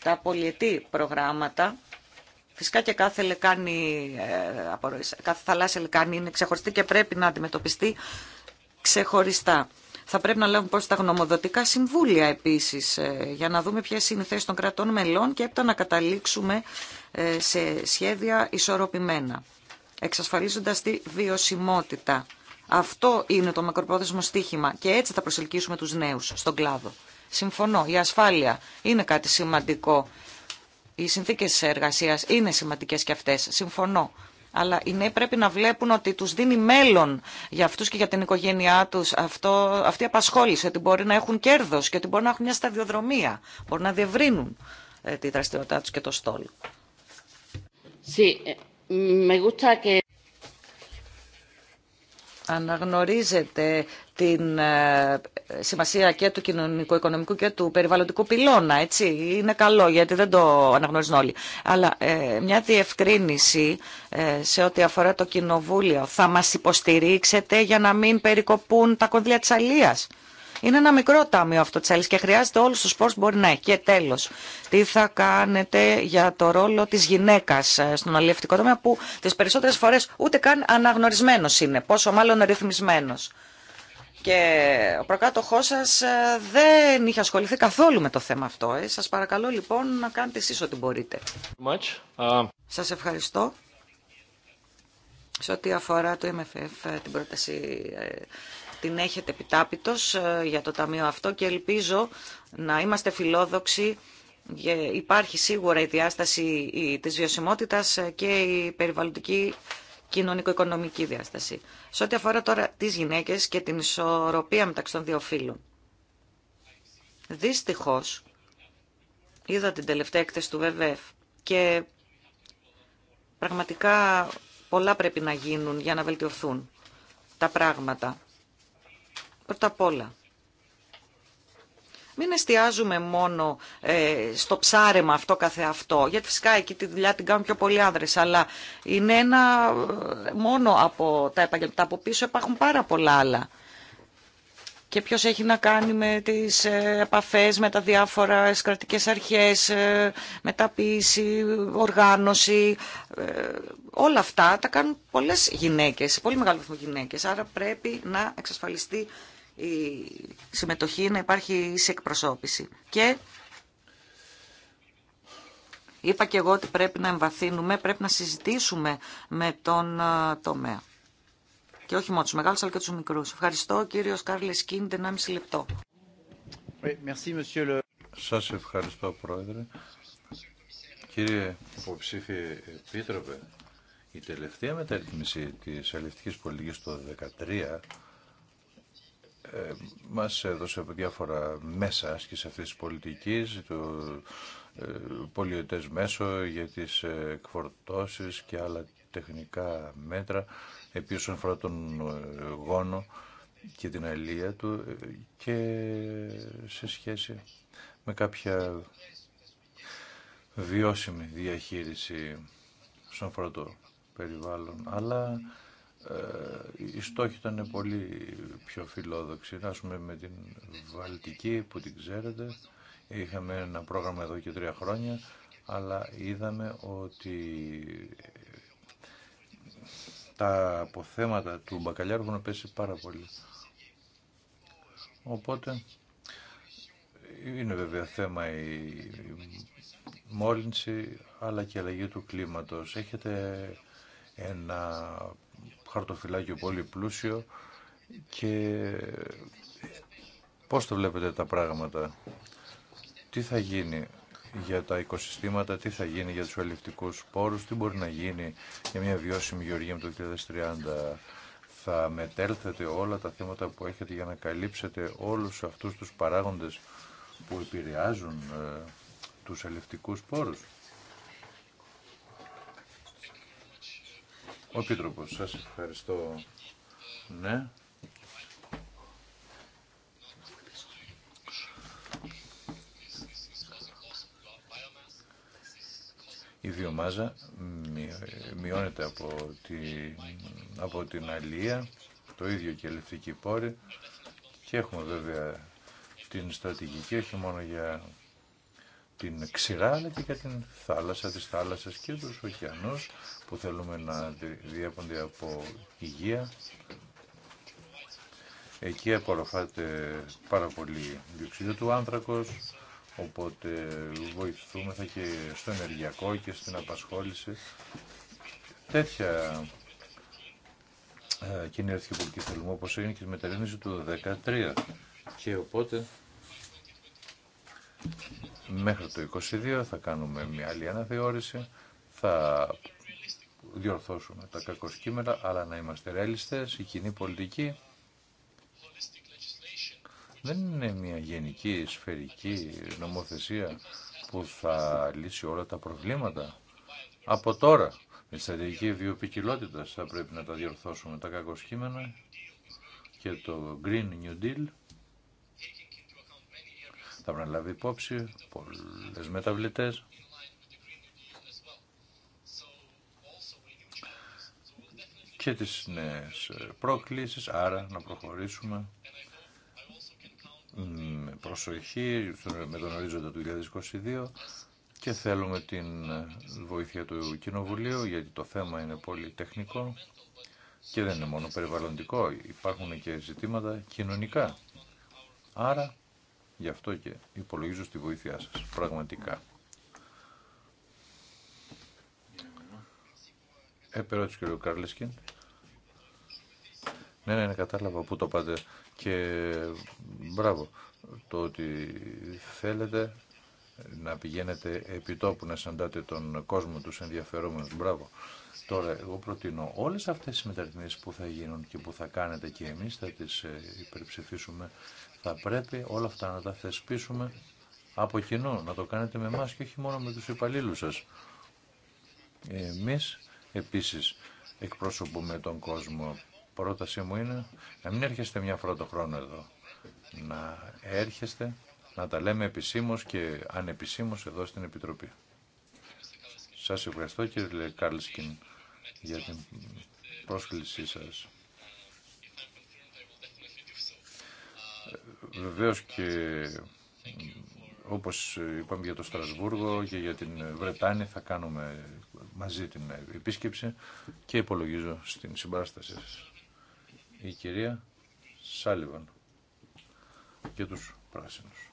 τα πολιετή προγράμματα, Φυσικά και κάθε, λεκάνη, ε, κάθε θαλάσσια λεκάνη είναι ξεχωριστή και πρέπει να αντιμετωπιστεί ξεχωριστά. Θα πρέπει να λάβουν πώ τα γνωμοδοτικά συμβούλια επίση, ε, για να δούμε ποιε είναι οι θέσει των κρατών μελών και έπειτα να καταλήξουμε ε, σε σχέδια ισορροπημένα, εξασφαλίζοντα τη βιωσιμότητα αυτό είναι το μακροπρόθεσμο στίχημα και έτσι θα προσελκύσουμε τους νέους στον κλάδο. Συμφωνώ, η ασφάλεια είναι κάτι σημαντικό. Οι συνθήκες εργασίας είναι σημαντικές και αυτές. Συμφωνώ. Αλλά οι νέοι πρέπει να βλέπουν ότι τους δίνει μέλλον για αυτούς και για την οικογένειά τους αυτό, αυτή η απασχόληση, ότι μπορεί να έχουν κέρδος και ότι μπορεί να έχουν μια σταδιοδρομία, μπορεί να διευρύνουν ε, τη δραστηριότητά τους και το στόλο. Sí, me gusta que αναγνωρίζετε την ε, σημασία και του κοινωνικού, οικονομικού και του περιβαλλοντικού πυλώνα, έτσι. Είναι καλό γιατί δεν το αναγνωρίζουν όλοι. Αλλά ε, μια διευκρίνηση ε, σε ό,τι αφορά το κοινοβούλιο. Θα μας υποστηρίξετε για να μην περικοπούν τα κονδύλια της αλίας. Είναι ένα μικρό τάμιο αυτό τη και χρειάζεται όλου του πόρου που μπορεί να έχει. Και τέλο, τι θα κάνετε για το ρόλο τη γυναίκα ε, στον αλληλευτικό τομέα που τι περισσότερε φορέ ούτε καν αναγνωρισμένο είναι, πόσο μάλλον ρυθμισμένο. Και ο προκάτοχό σα ε, δεν είχε ασχοληθεί καθόλου με το θέμα αυτό. Ε. Σα παρακαλώ λοιπόν να κάνετε εσεί ό,τι μπορείτε. Uh... Σα ευχαριστώ. Σε ό,τι αφορά το MFF, ε, την πρόταση την έχετε επιτάπητος ε, για το Ταμείο αυτό και ελπίζω να είμαστε φιλόδοξοι. Ε, υπάρχει σίγουρα η διάσταση της βιωσιμότητας ε, και η περιβαλλοντική κοινωνικο-οικονομική διάσταση. Σε ό,τι αφορά τώρα τις γυναίκες και την ισορροπία μεταξύ των δύο φύλων. Δυστυχώς, είδα την τελευταία έκθεση του ΒΒΕΦ και πραγματικά πολλά πρέπει να γίνουν για να βελτιωθούν τα πράγματα. Πρώτα απ' όλα, μην εστιάζουμε μόνο ε, στο ψάρεμα αυτό καθεαυτό, γιατί φυσικά εκεί τη δουλειά την κάνουν πιο πολλοί άνδρες, αλλά είναι ένα ε, μόνο από τα επαγγελματά από πίσω, υπάρχουν πάρα πολλά άλλα. Και ποιος έχει να κάνει με τις ε, επαφές, με τα διάφορα κρατικές αρχές, με τα οργάνωση. Όλα αυτά τα κάνουν πολλές γυναίκες, πολύ μεγάλο βαθμό γυναίκες. Άρα πρέπει να εξασφαλιστεί η συμμετοχή, να υπάρχει σε εκπροσώπηση. Και είπα και εγώ ότι πρέπει να εμβαθύνουμε, πρέπει να συζητήσουμε με τον τομέα. Και όχι μόνο του μεγάλους, αλλά και τους μικρούς. Ευχαριστώ, κύριο Κάρλες Κίντ, 1,5 λεπτό. Ε, Σα ευχαριστώ, Πρόεδρε. Κύριε υποψήφιε επίτροπε, η τελευταία μεταρρύθμιση της αλληλευτικής πολιτικής το 2013 μας έδωσε διάφορα μέσα άσκηση αυτής της πολιτικής, του ε, μέσο για τις εκφορτώσεις και άλλα τεχνικά μέτρα, επί όσον αφορά τον ε, γόνο και την αλία του ε, και σε σχέση με κάποια βιώσιμη διαχείριση στον αφορά περιβάλλον, αλλά ε, οι στόχοι ήταν πολύ πιο φιλόδοξοι. Να με την Βαλτική που την ξέρετε. Είχαμε ένα πρόγραμμα εδώ και τρία χρόνια, αλλά είδαμε ότι τα αποθέματα του μπακαλιάρου έχουν πέσει πάρα πολύ. Οπότε είναι βέβαια θέμα η μόλυνση αλλά και η αλλαγή του κλίματος. Έχετε ένα χαρτοφυλάκιο πολύ πλούσιο και πώς το βλέπετε τα πράγματα, τι θα γίνει για τα οικοσυστήματα, τι θα γίνει για τους ελληνικούς πόρους, τι μπορεί να γίνει για μια βιώσιμη γεωργία με το 2030. Θα μετέλθετε όλα τα θέματα που έχετε για να καλύψετε όλους αυτούς τους παράγοντες που επηρεάζουν ε, τους αλληλευτικούς πόρους. Ο Επίτροπος, σας ευχαριστώ. Ναι. Η βιομάζα μειώνεται από, τη, από την αλία, το ίδιο και η ελευθερική πόρη και έχουμε βέβαια την στρατηγική όχι μόνο για την ξηρά αλλά και για την θάλασσα της θάλασσας και τους ωκεανούς που θέλουμε να διέπονται από υγεία. Εκεί απορροφάται πάρα πολύ διοξείδιο του άνθρακος, οπότε βοηθούμεθα και στο ενεργειακό και στην απασχόληση. Τέτοια ε, κοινή πολιτική θέλουμε, όπως έγινε και η μεταρρύνηση του 13 Και οπότε Μέχρι το 22 θα κάνουμε μια άλλη αναθεώρηση, θα διορθώσουμε τα κακοσκήμενα, αλλά να είμαστε ρεαλιστές, η κοινή πολιτική δεν είναι μια γενική σφαιρική νομοθεσία που θα λύσει όλα τα προβλήματα. Από τώρα, με στρατηγική βιοπικιλότητα θα πρέπει να τα διορθώσουμε τα κακοσκήμενα και το Green New Deal θα πρέπει να λάβει υπόψη πολλές μεταβλητές. και τις νέες πρόκλησεις, άρα να προχωρήσουμε με προσοχή με τον ορίζοντα του 2022 και θέλουμε την βοήθεια του Κοινοβουλίου γιατί το θέμα είναι πολύ τεχνικό και δεν είναι μόνο περιβαλλοντικό, υπάρχουν και ζητήματα κοινωνικά. Άρα Γι' αυτό και υπολογίζω στη βοήθειά σας, πραγματικά. Έπερα του κ. Καρλίσκιν... Ναι, ναι, ναι, κατάλαβα που το πάτε και μπράβο το ότι θέλετε να πηγαίνετε επί τόπου να συναντάτε τον κόσμο τους ενδιαφερόμενους. Μπράβο. Τώρα, εγώ προτείνω όλες αυτές τις μεταρρυθμίσεις που θα γίνουν και που θα κάνετε και εμείς θα τις ε, υπερψηφίσουμε θα πρέπει όλα αυτά να τα θεσπίσουμε από κοινού, να το κάνετε με εμά και όχι μόνο με τους υπαλλήλους σας. Εμείς επίσης εκπροσωπούμε τον κόσμο. Πρότασή μου είναι να μην έρχεστε μια φορά το χρόνο εδώ. Να έρχεστε να τα λέμε επισήμως και ανεπισήμως εδώ στην Επιτροπή. Σας ευχαριστώ κύριε Κάρλσκιν για την πρόσκλησή σας. βεβαίως και όπως είπαμε για το Στρασβούργο και για την Βρετάνη θα κάνουμε μαζί την επίσκεψη και υπολογίζω στην συμπαράσταση σας. Η κυρία Σάλιβαν και τους πράσινους.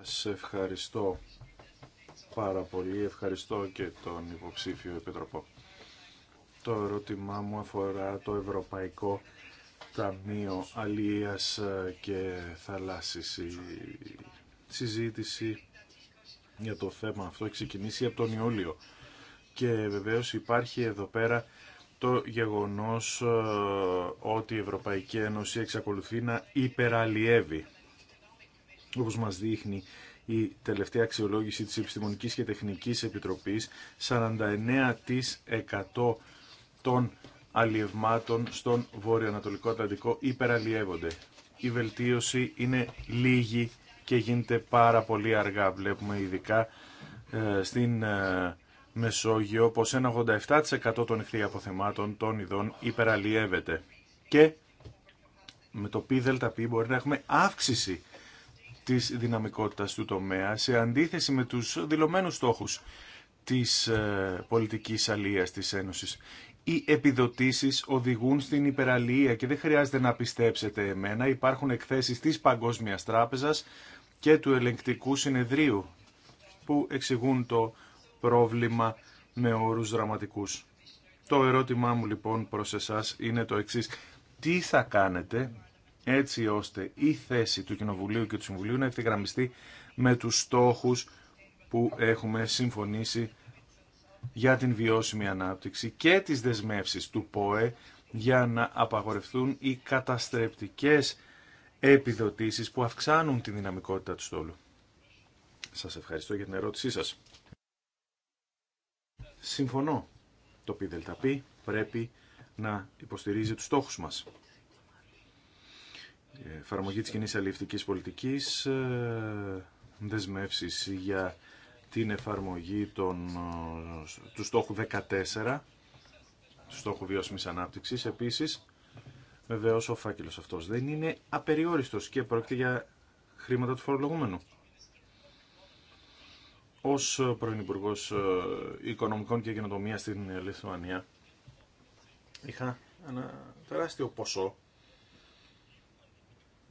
Σας ευχαριστώ πάρα πολύ. Ευχαριστώ και τον υποψήφιο Επιτροπό. Το ερώτημά μου αφορά το Ευρωπαϊκό Ταμείο Αλίας ε, και Θαλάσσης. Η συζήτηση για το θέμα αυτό έχει ξεκινήσει από τον Ιούλιο και βεβαίως υπάρχει εδώ πέρα το γεγονός ε, ότι η Ευρωπαϊκή Ένωση εξακολουθεί να υπεραλλιεύει όπως μας δείχνει η τελευταία αξιολόγηση της Επιστημονικής και Τεχνικής Επιτροπής 49% των αλλιευμάτων στον Βόρειο-Ανατολικό Ατλαντικό υπεραλλιεύονται. Η βελτίωση είναι λίγη και γίνεται πάρα πολύ αργά. Βλέπουμε ειδικά ε, στην ε, Μεσόγειο πως ένα 87% των ηχθείων αποθεμάτων των ειδών υπεραλλιεύεται. Και με το πι μπορεί να έχουμε αύξηση της δυναμικότητας του τομέα σε αντίθεση με τους δηλωμένους στόχους της ε, πολιτικής αλίας της Ένωσης οι επιδοτήσεις οδηγούν στην υπεραλία και δεν χρειάζεται να πιστέψετε εμένα. Υπάρχουν εκθέσεις της Παγκόσμιας Τράπεζας και του Ελεγκτικού Συνεδρίου που εξηγούν το πρόβλημα με όρους δραματικούς. Το ερώτημά μου λοιπόν προς εσάς είναι το εξής. Τι θα κάνετε έτσι ώστε η θέση του Κοινοβουλίου και του Συμβουλίου να ευθυγραμμιστεί με τους στόχους που έχουμε συμφωνήσει για την βιώσιμη ανάπτυξη και τις δεσμεύσεις του ΠΟΕ για να απαγορευθούν οι καταστρεπτικές επιδοτήσεις που αυξάνουν τη δυναμικότητα του στόλου. Σας ευχαριστώ για την ερώτησή σας. Συμφωνώ. Το ΠΔΠ πρέπει να υποστηρίζει τους στόχους μας. Ε, εφαρμογή της κοινής αλληλευτικής πολιτικής, ε, δεσμεύσεις για την εφαρμογή των, ε, του στόχου 14, του στόχου βιώσιμης ανάπτυξης. Επίσης, βεβαίω ο φάκελος αυτός δεν είναι απεριόριστος και πρόκειται για χρήματα του φορολογούμενου. Ως πρώην Υπουργός ε, Οικονομικών και Γενοτομία στην Λιθουανία, είχα ένα τεράστιο ποσό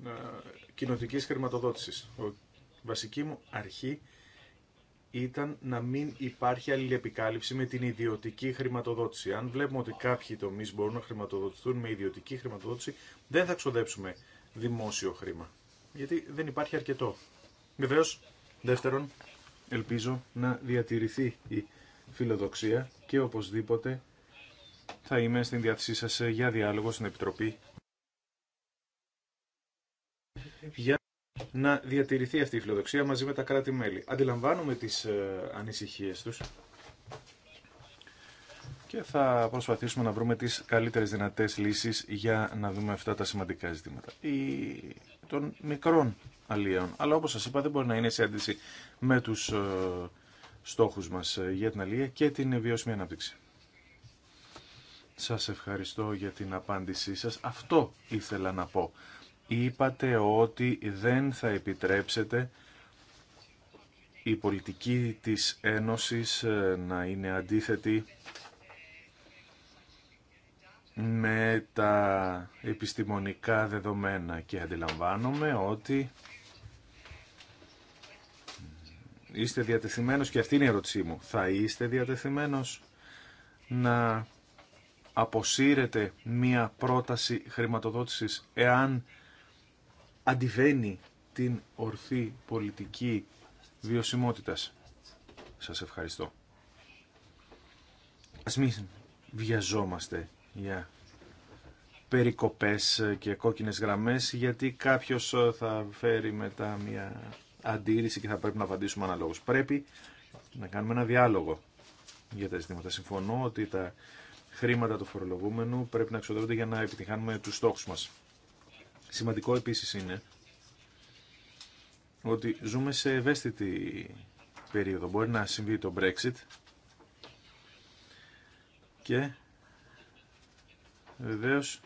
ε, κοινοτικής χρηματοδότησης. Ο βασική μου αρχή ήταν να μην υπάρχει αλληλεπικάλυψη με την ιδιωτική χρηματοδότηση. Αν βλέπουμε ότι κάποιοι τομεί μπορούν να χρηματοδοτηθούν με ιδιωτική χρηματοδότηση, δεν θα ξοδέψουμε δημόσιο χρήμα. Γιατί δεν υπάρχει αρκετό. Βεβαίω, δεύτερον, ελπίζω να διατηρηθεί η φιλοδοξία και οπωσδήποτε θα είμαι στην διάθεσή σας για διάλογο στην Επιτροπή να διατηρηθεί αυτή η φιλοδοξία μαζί με τα κράτη-μέλη. Αντιλαμβάνομαι τις ε, ανησυχίες τους και θα προσπαθήσουμε να βρούμε τις καλύτερες δυνατές λύσεις για να δούμε αυτά τα σημαντικά ζητήματα. Η... των μικρών αλλιέων. Αλλά όπως σας είπα δεν μπορεί να είναι σε αντίση με τους ε, στόχους μας ε, για την αλληλεία και την βιώσιμη ανάπτυξη. Σας ευχαριστώ για την απάντησή σας. Αυτό ήθελα να πω είπατε ότι δεν θα επιτρέψετε η πολιτική της Ένωσης ε, να είναι αντίθετη με τα επιστημονικά δεδομένα και αντιλαμβάνομαι ότι είστε διατεθειμένος και αυτή είναι η ερώτησή μου θα είστε διατεθειμένος να αποσύρετε μία πρόταση χρηματοδότησης εάν αντιβαίνει την ορθή πολιτική βιωσιμότητας. Σας ευχαριστώ. Ας μην βιαζόμαστε για περικοπές και κόκκινες γραμμές γιατί κάποιος ε, θα φέρει μετά μια αντίρρηση και θα πρέπει να απαντήσουμε αναλόγως. Πρέπει να κάνουμε ένα διάλογο για τα ζητήματα. Συμφωνώ ότι τα χρήματα του φορολογούμενου πρέπει να εξοδεύονται για να επιτυχάνουμε τους στόχους μας. Σημαντικό επίσης είναι ότι ζούμε σε ευαίσθητη περίοδο. Μπορεί να συμβεί το Brexit και βεβαίως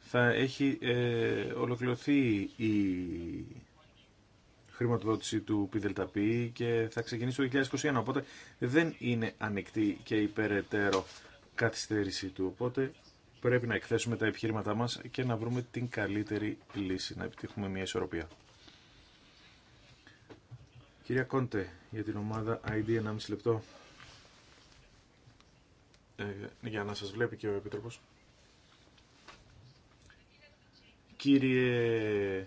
θα έχει ε, ολοκληρωθεί η χρηματοδότηση του ΠΙΔΕΛΤΑΠΗ και θα ξεκινήσει το 2021. Οπότε δεν είναι ανοιχτή και υπεραιτέρω καθυστέρηση του. Οπότε Πρέπει να εκθέσουμε τα επιχείρηματά μας και να βρούμε την καλύτερη λύση, να επιτύχουμε μια ισορροπία. Κυρία Κόντε, για την ομάδα ID 1,5 λεπτό. Ε, για να σας βλέπει και ο Επίτροπος. Κύριε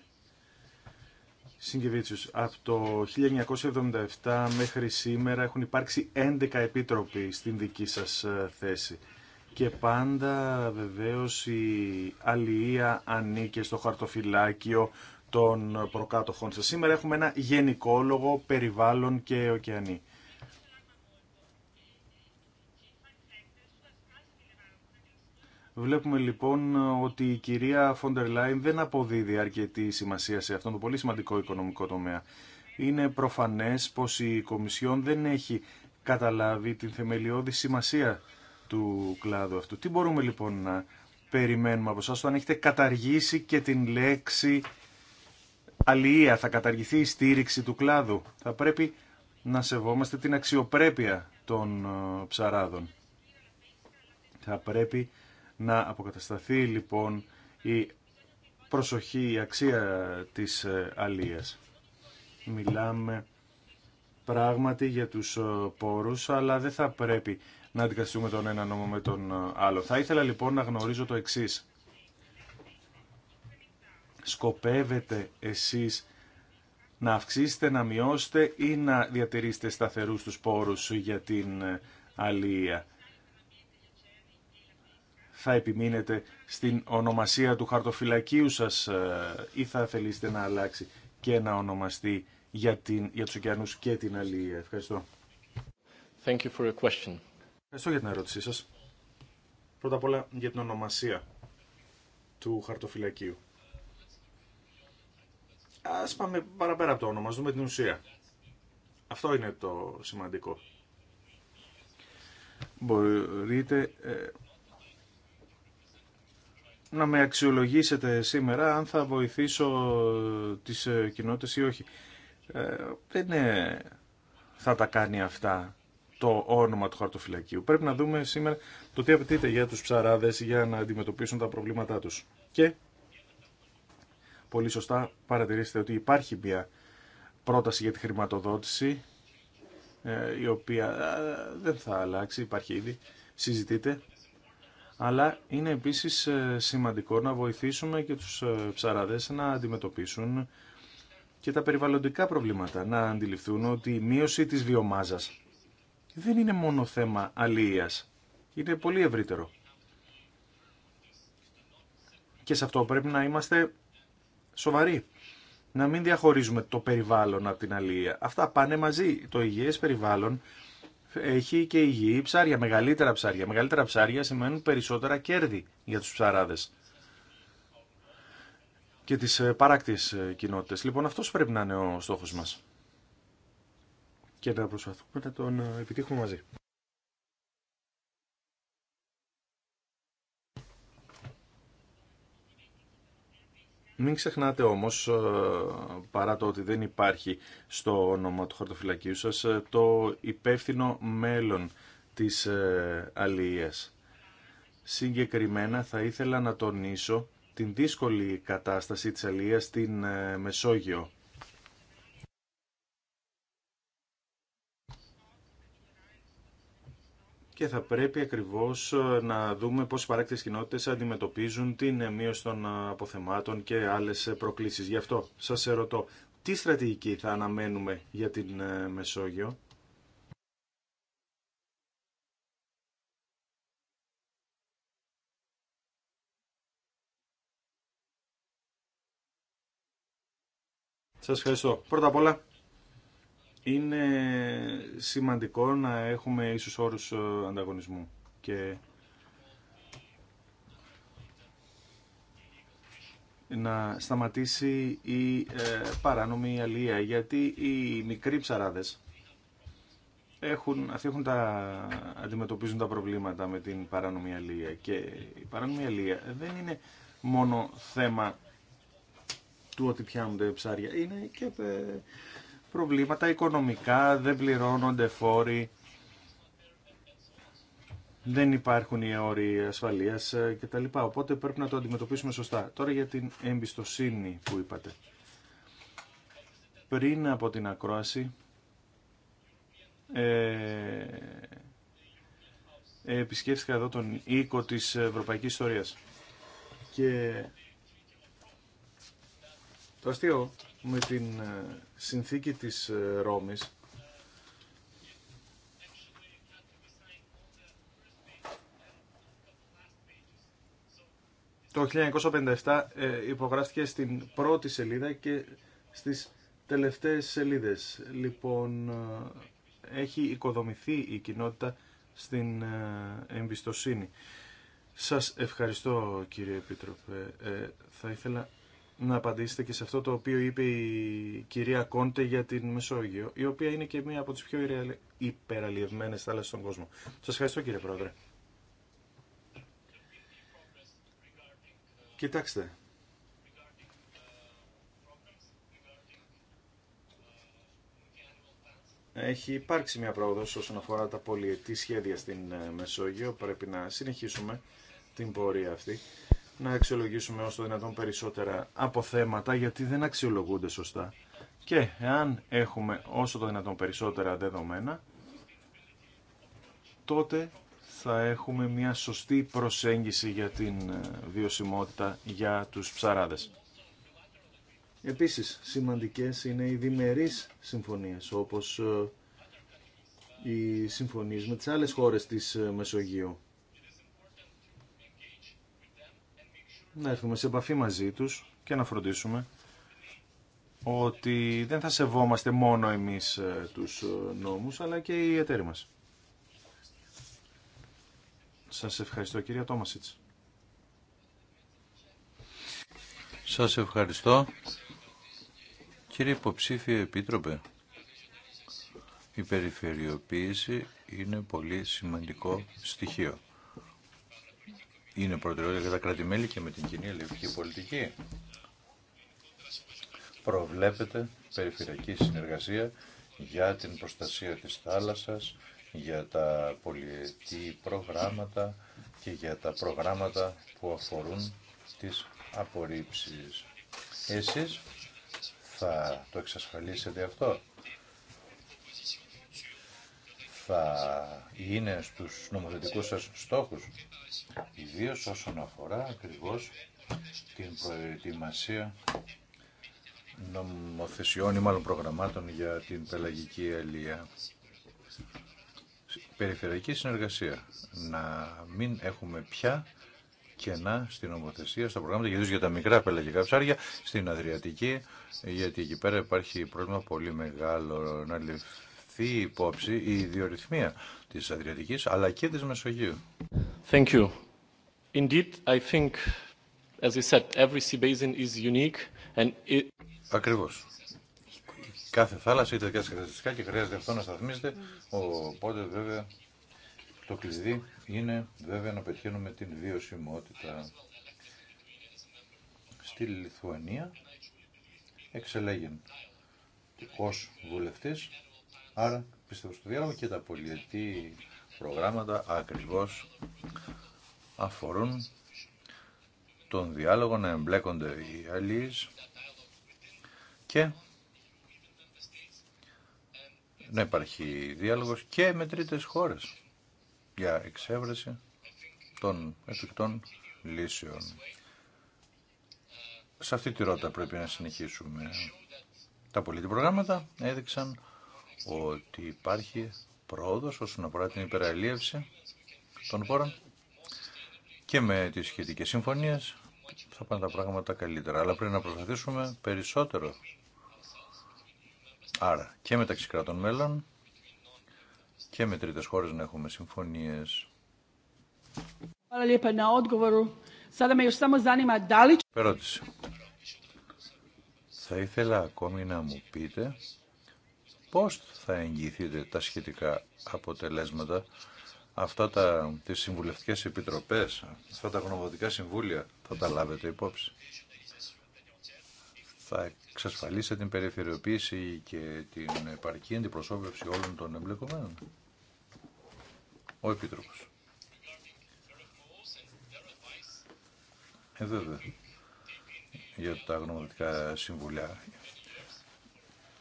Συγκεβίτσιους, από το 1977 μέχρι σήμερα έχουν υπάρξει 11 επίτροποι στην δική σας ε, θέση και πάντα βεβαίως η αλληλεία ανήκε στο χαρτοφυλάκιο των προκάτοχων σας. Σήμερα έχουμε ένα γενικόλογο περιβάλλον και ωκεανή. Βλέπουμε λοιπόν ότι η κυρία Φόντερ Λάιν δεν αποδίδει αρκετή σημασία σε αυτόν τον πολύ σημαντικό οικονομικό τομέα. Είναι προφανές πως η Κομισιόν δεν έχει καταλάβει την θεμελιώδη σημασία του κλάδου αυτού. Τι μπορούμε λοιπόν να περιμένουμε από εσάς, όταν έχετε καταργήσει και την λέξη αλληλεία, θα καταργηθεί η στήριξη του κλάδου. Θα πρέπει να σεβόμαστε την αξιοπρέπεια των ε, ψαράδων. Θα πρέπει να αποκατασταθεί λοιπόν η προσοχή, η αξία της ε, αλίας. Μιλάμε πράγματι για τους ε, πόρους, αλλά δεν θα πρέπει να αντικαστούμε τον ένα νόμο με τον ε, άλλο. Θα ήθελα λοιπόν να γνωρίζω το εξή: Σκοπεύετε εσείς να αυξήσετε, να μειώσετε ή να διατηρήσετε σταθερούς τους πόρους για την ε, αλληλεία. Θα επιμείνετε στην ονομασία του χαρτοφυλακίου σας ε, ή θα θελήσετε να αλλάξει και να ονομαστεί για, την, για τους ωκεανούς και την αλληλεία. Ευχαριστώ. Thank you for your Ευχαριστώ για την ερώτησή σας. Πρώτα απ' όλα για την ονομασία του χαρτοφυλακίου. Ας πάμε παραπέρα από το όνομα, ας δούμε την ουσία. Αυτό είναι το σημαντικό. Μπορείτε ε, να με αξιολογήσετε σήμερα αν θα βοηθήσω τις ε, κοινότητες ή όχι. Ε, δεν ε, θα τα κάνει αυτά το όνομα του χαρτοφυλακίου. Πρέπει να δούμε σήμερα το τι απαιτείται για τους ψαράδες για να αντιμετωπίσουν τα προβλήματά τους. Και πολύ σωστά παρατηρήσετε ότι υπάρχει μια πρόταση για τη χρηματοδότηση ε, η οποία ε, δεν θα αλλάξει, υπάρχει ήδη, συζητείτε. Αλλά είναι επίσης ε, σημαντικό να βοηθήσουμε και τους ψαράδες να αντιμετωπίσουν και τα περιβαλλοντικά προβλήματα, να αντιληφθούν ότι η μείωση της βιομάζας δεν είναι μόνο θέμα αλίας, Είναι πολύ ευρύτερο. Και σε αυτό πρέπει να είμαστε σοβαροί. Να μην διαχωρίζουμε το περιβάλλον από την αλία. Αυτά πάνε μαζί. Το υγιές περιβάλλον έχει και υγιή ψάρια, μεγαλύτερα ψάρια. Μεγαλύτερα ψάρια σημαίνουν περισσότερα κέρδη για τους ψαράδες και τις παράκτης κοινότητες. Λοιπόν, αυτός πρέπει να είναι ο στόχος μας και να προσπαθούμε να τον ε, επιτύχουμε μαζί. Μην ξεχνάτε όμως, ε, παρά το ότι δεν υπάρχει στο όνομα του χαρτοφυλακίου σας, ε, το υπεύθυνο μέλλον της αλληλείας. Συγκεκριμένα θα ήθελα να τονίσω την δύσκολη κατάσταση της αλληλείας στην Μεσόγειο. και θα πρέπει ακριβώς ε, να δούμε πώς οι παράκτητες κοινότητες αντιμετωπίζουν την μείωση των ε, αποθεμάτων και άλλες ε, προκλήσεις. Γι' αυτό σας ερωτώ, τι στρατηγική θα αναμένουμε για την Μεσόγειο. Σας ευχαριστώ. Πρώτα απ' όλα είναι σημαντικό να έχουμε ίσους όρους ε, ανταγωνισμού και να σταματήσει η ε, παράνομη αλία γιατί οι μικροί ψαράδες έχουν, αυτοί έχουν τα, αντιμετωπίζουν τα προβλήματα με την παράνομη αλία και η παράνομη αλία δεν είναι μόνο θέμα του ότι πιάνονται ψάρια είναι και ε, προβλήματα οικονομικά, δεν πληρώνονται φόροι, δεν υπάρχουν οι όροι ασφαλείας ε, κτλ. Οπότε πρέπει να το αντιμετωπίσουμε σωστά. Τώρα για την εμπιστοσύνη που είπατε. Πριν από την ακρόαση, ε, επισκέφθηκα εδώ τον οίκο της Ευρωπαϊκής Ιστορίας και το αστείο με την ε, συνθήκη της ε, Ρώμης το 1957 ε, υπογράφηκε στην πρώτη σελίδα και στις τελευταίες σελίδες. Λοιπόν, έχει οικοδομηθεί η κοινότητα στην εμπιστοσύνη. Σας ευχαριστώ κύριε Επίτροπε. θα ήθελα να απαντήσετε και σε αυτό το οποίο είπε η κυρία Κόντε για την Μεσόγειο, η οποία είναι και μία από τις πιο υπεραλλιευμένες θάλασσες στον κόσμο. Σας ευχαριστώ κύριε Πρόεδρε. Κοιτάξτε. Έχει υπάρξει μια πρόοδος όσον αφορά τα πολιετή σχέδια στην ε, Μεσόγειο. Πρέπει να συνεχίσουμε την πορεία αυτή να αξιολογήσουμε όσο δυνατόν περισσότερα από θέματα γιατί δεν αξιολογούνται σωστά. Και αν έχουμε όσο το δυνατόν περισσότερα δεδομένα, τότε θα έχουμε μια σωστή προσέγγιση για την ε, βιωσιμότητα για τους ψαράδες. Επίσης, σημαντικές είναι οι διμερείς συμφωνίες, όπως ε, οι συμφωνίες με τις άλλες χώρες της ε, Μεσογείου. να έρθουμε σε επαφή μαζί τους και να φροντίσουμε ότι δεν θα σεβόμαστε μόνο εμείς ε, τους ε, νόμους, αλλά και οι εταίροι μας. Σας ευχαριστώ κυρία Τόμασιτς. Σας ευχαριστώ. Κύριε υποψήφιο επίτροπε, η περιφερειοποίηση είναι πολύ σημαντικό στοιχείο είναι προτεραιότητα για τα κράτη-μέλη και με την κοινή ελληνική πολιτική. Προβλέπεται περιφερειακή συνεργασία για την προστασία της θάλασσας, για τα πολιετή προγράμματα και για τα προγράμματα που αφορούν τις απορρίψεις. Εσείς θα το εξασφαλίσετε αυτό θα είναι στους νομοθετικούς σας στόχους, ιδίω όσον αφορά ακριβώς την προετοιμασία νομοθεσιών ή μάλλον προγραμμάτων για την πελαγική αλληλεία. Περιφερειακή συνεργασία. Να μην έχουμε πια κενά στην νομοθεσία, στα προγράμματα, γιατί για τα μικρά πελαγικά ψάρια, στην Αδριατική, γιατί εκεί πέρα υπάρχει πρόβλημα πολύ μεγάλο να λαμβανθεί υπόψη η ιδιορυθμία της Αδριατικής αλλά και της Μεσογείου. Thank you. Indeed, I think, as you said, every sea basin is unique and it... Ακριβώς. Κάθε θάλασσα έχει τα χαρακτηριστικά και χρειάζεται αυτό να σταθμίζεται, οπότε βέβαια το κλειδί είναι βέβαια να πετυχαίνουμε την βιωσιμότητα. Στη Λιθουανία εξελέγει ω βουλευτή. Άρα πιστεύω στο διάλογο και τα πολιετή προγράμματα ακριβώς αφορούν τον διάλογο να εμπλέκονται οι αλλοίς και να υπάρχει διάλογος και με τρίτες χώρες για εξέβρεση των εφικτών λύσεων. Σε αυτή τη ρότα πρέπει να συνεχίσουμε. Τα πολιτικά προγράμματα έδειξαν ότι υπάρχει πρόοδος όσον αφορά την υπεραλίευση των πόρων και με τις σχετικές συμφωνίες θα πάνε τα πράγματα καλύτερα. Αλλά πρέπει να προσπαθήσουμε περισσότερο. Άρα και μεταξύ κρατών μέλων και με τρίτες χώρες να έχουμε συμφωνίες. Ερώτηση. Θα ήθελα ακόμη να μου πείτε πώς θα εγγυηθείτε τα σχετικά αποτελέσματα αυτά τα, τις συμβουλευτικές επιτροπές, αυτά τα γνωμοδοτικά συμβούλια θα τα λάβετε υπόψη. Θα εξασφαλίσετε την περιφερειοποίηση και την επαρκή αντιπροσώπευση όλων των εμπλεκομένων. Ο Επίτροπος. Ε, βέβαια. Για τα γνωμοδοτικά συμβουλιά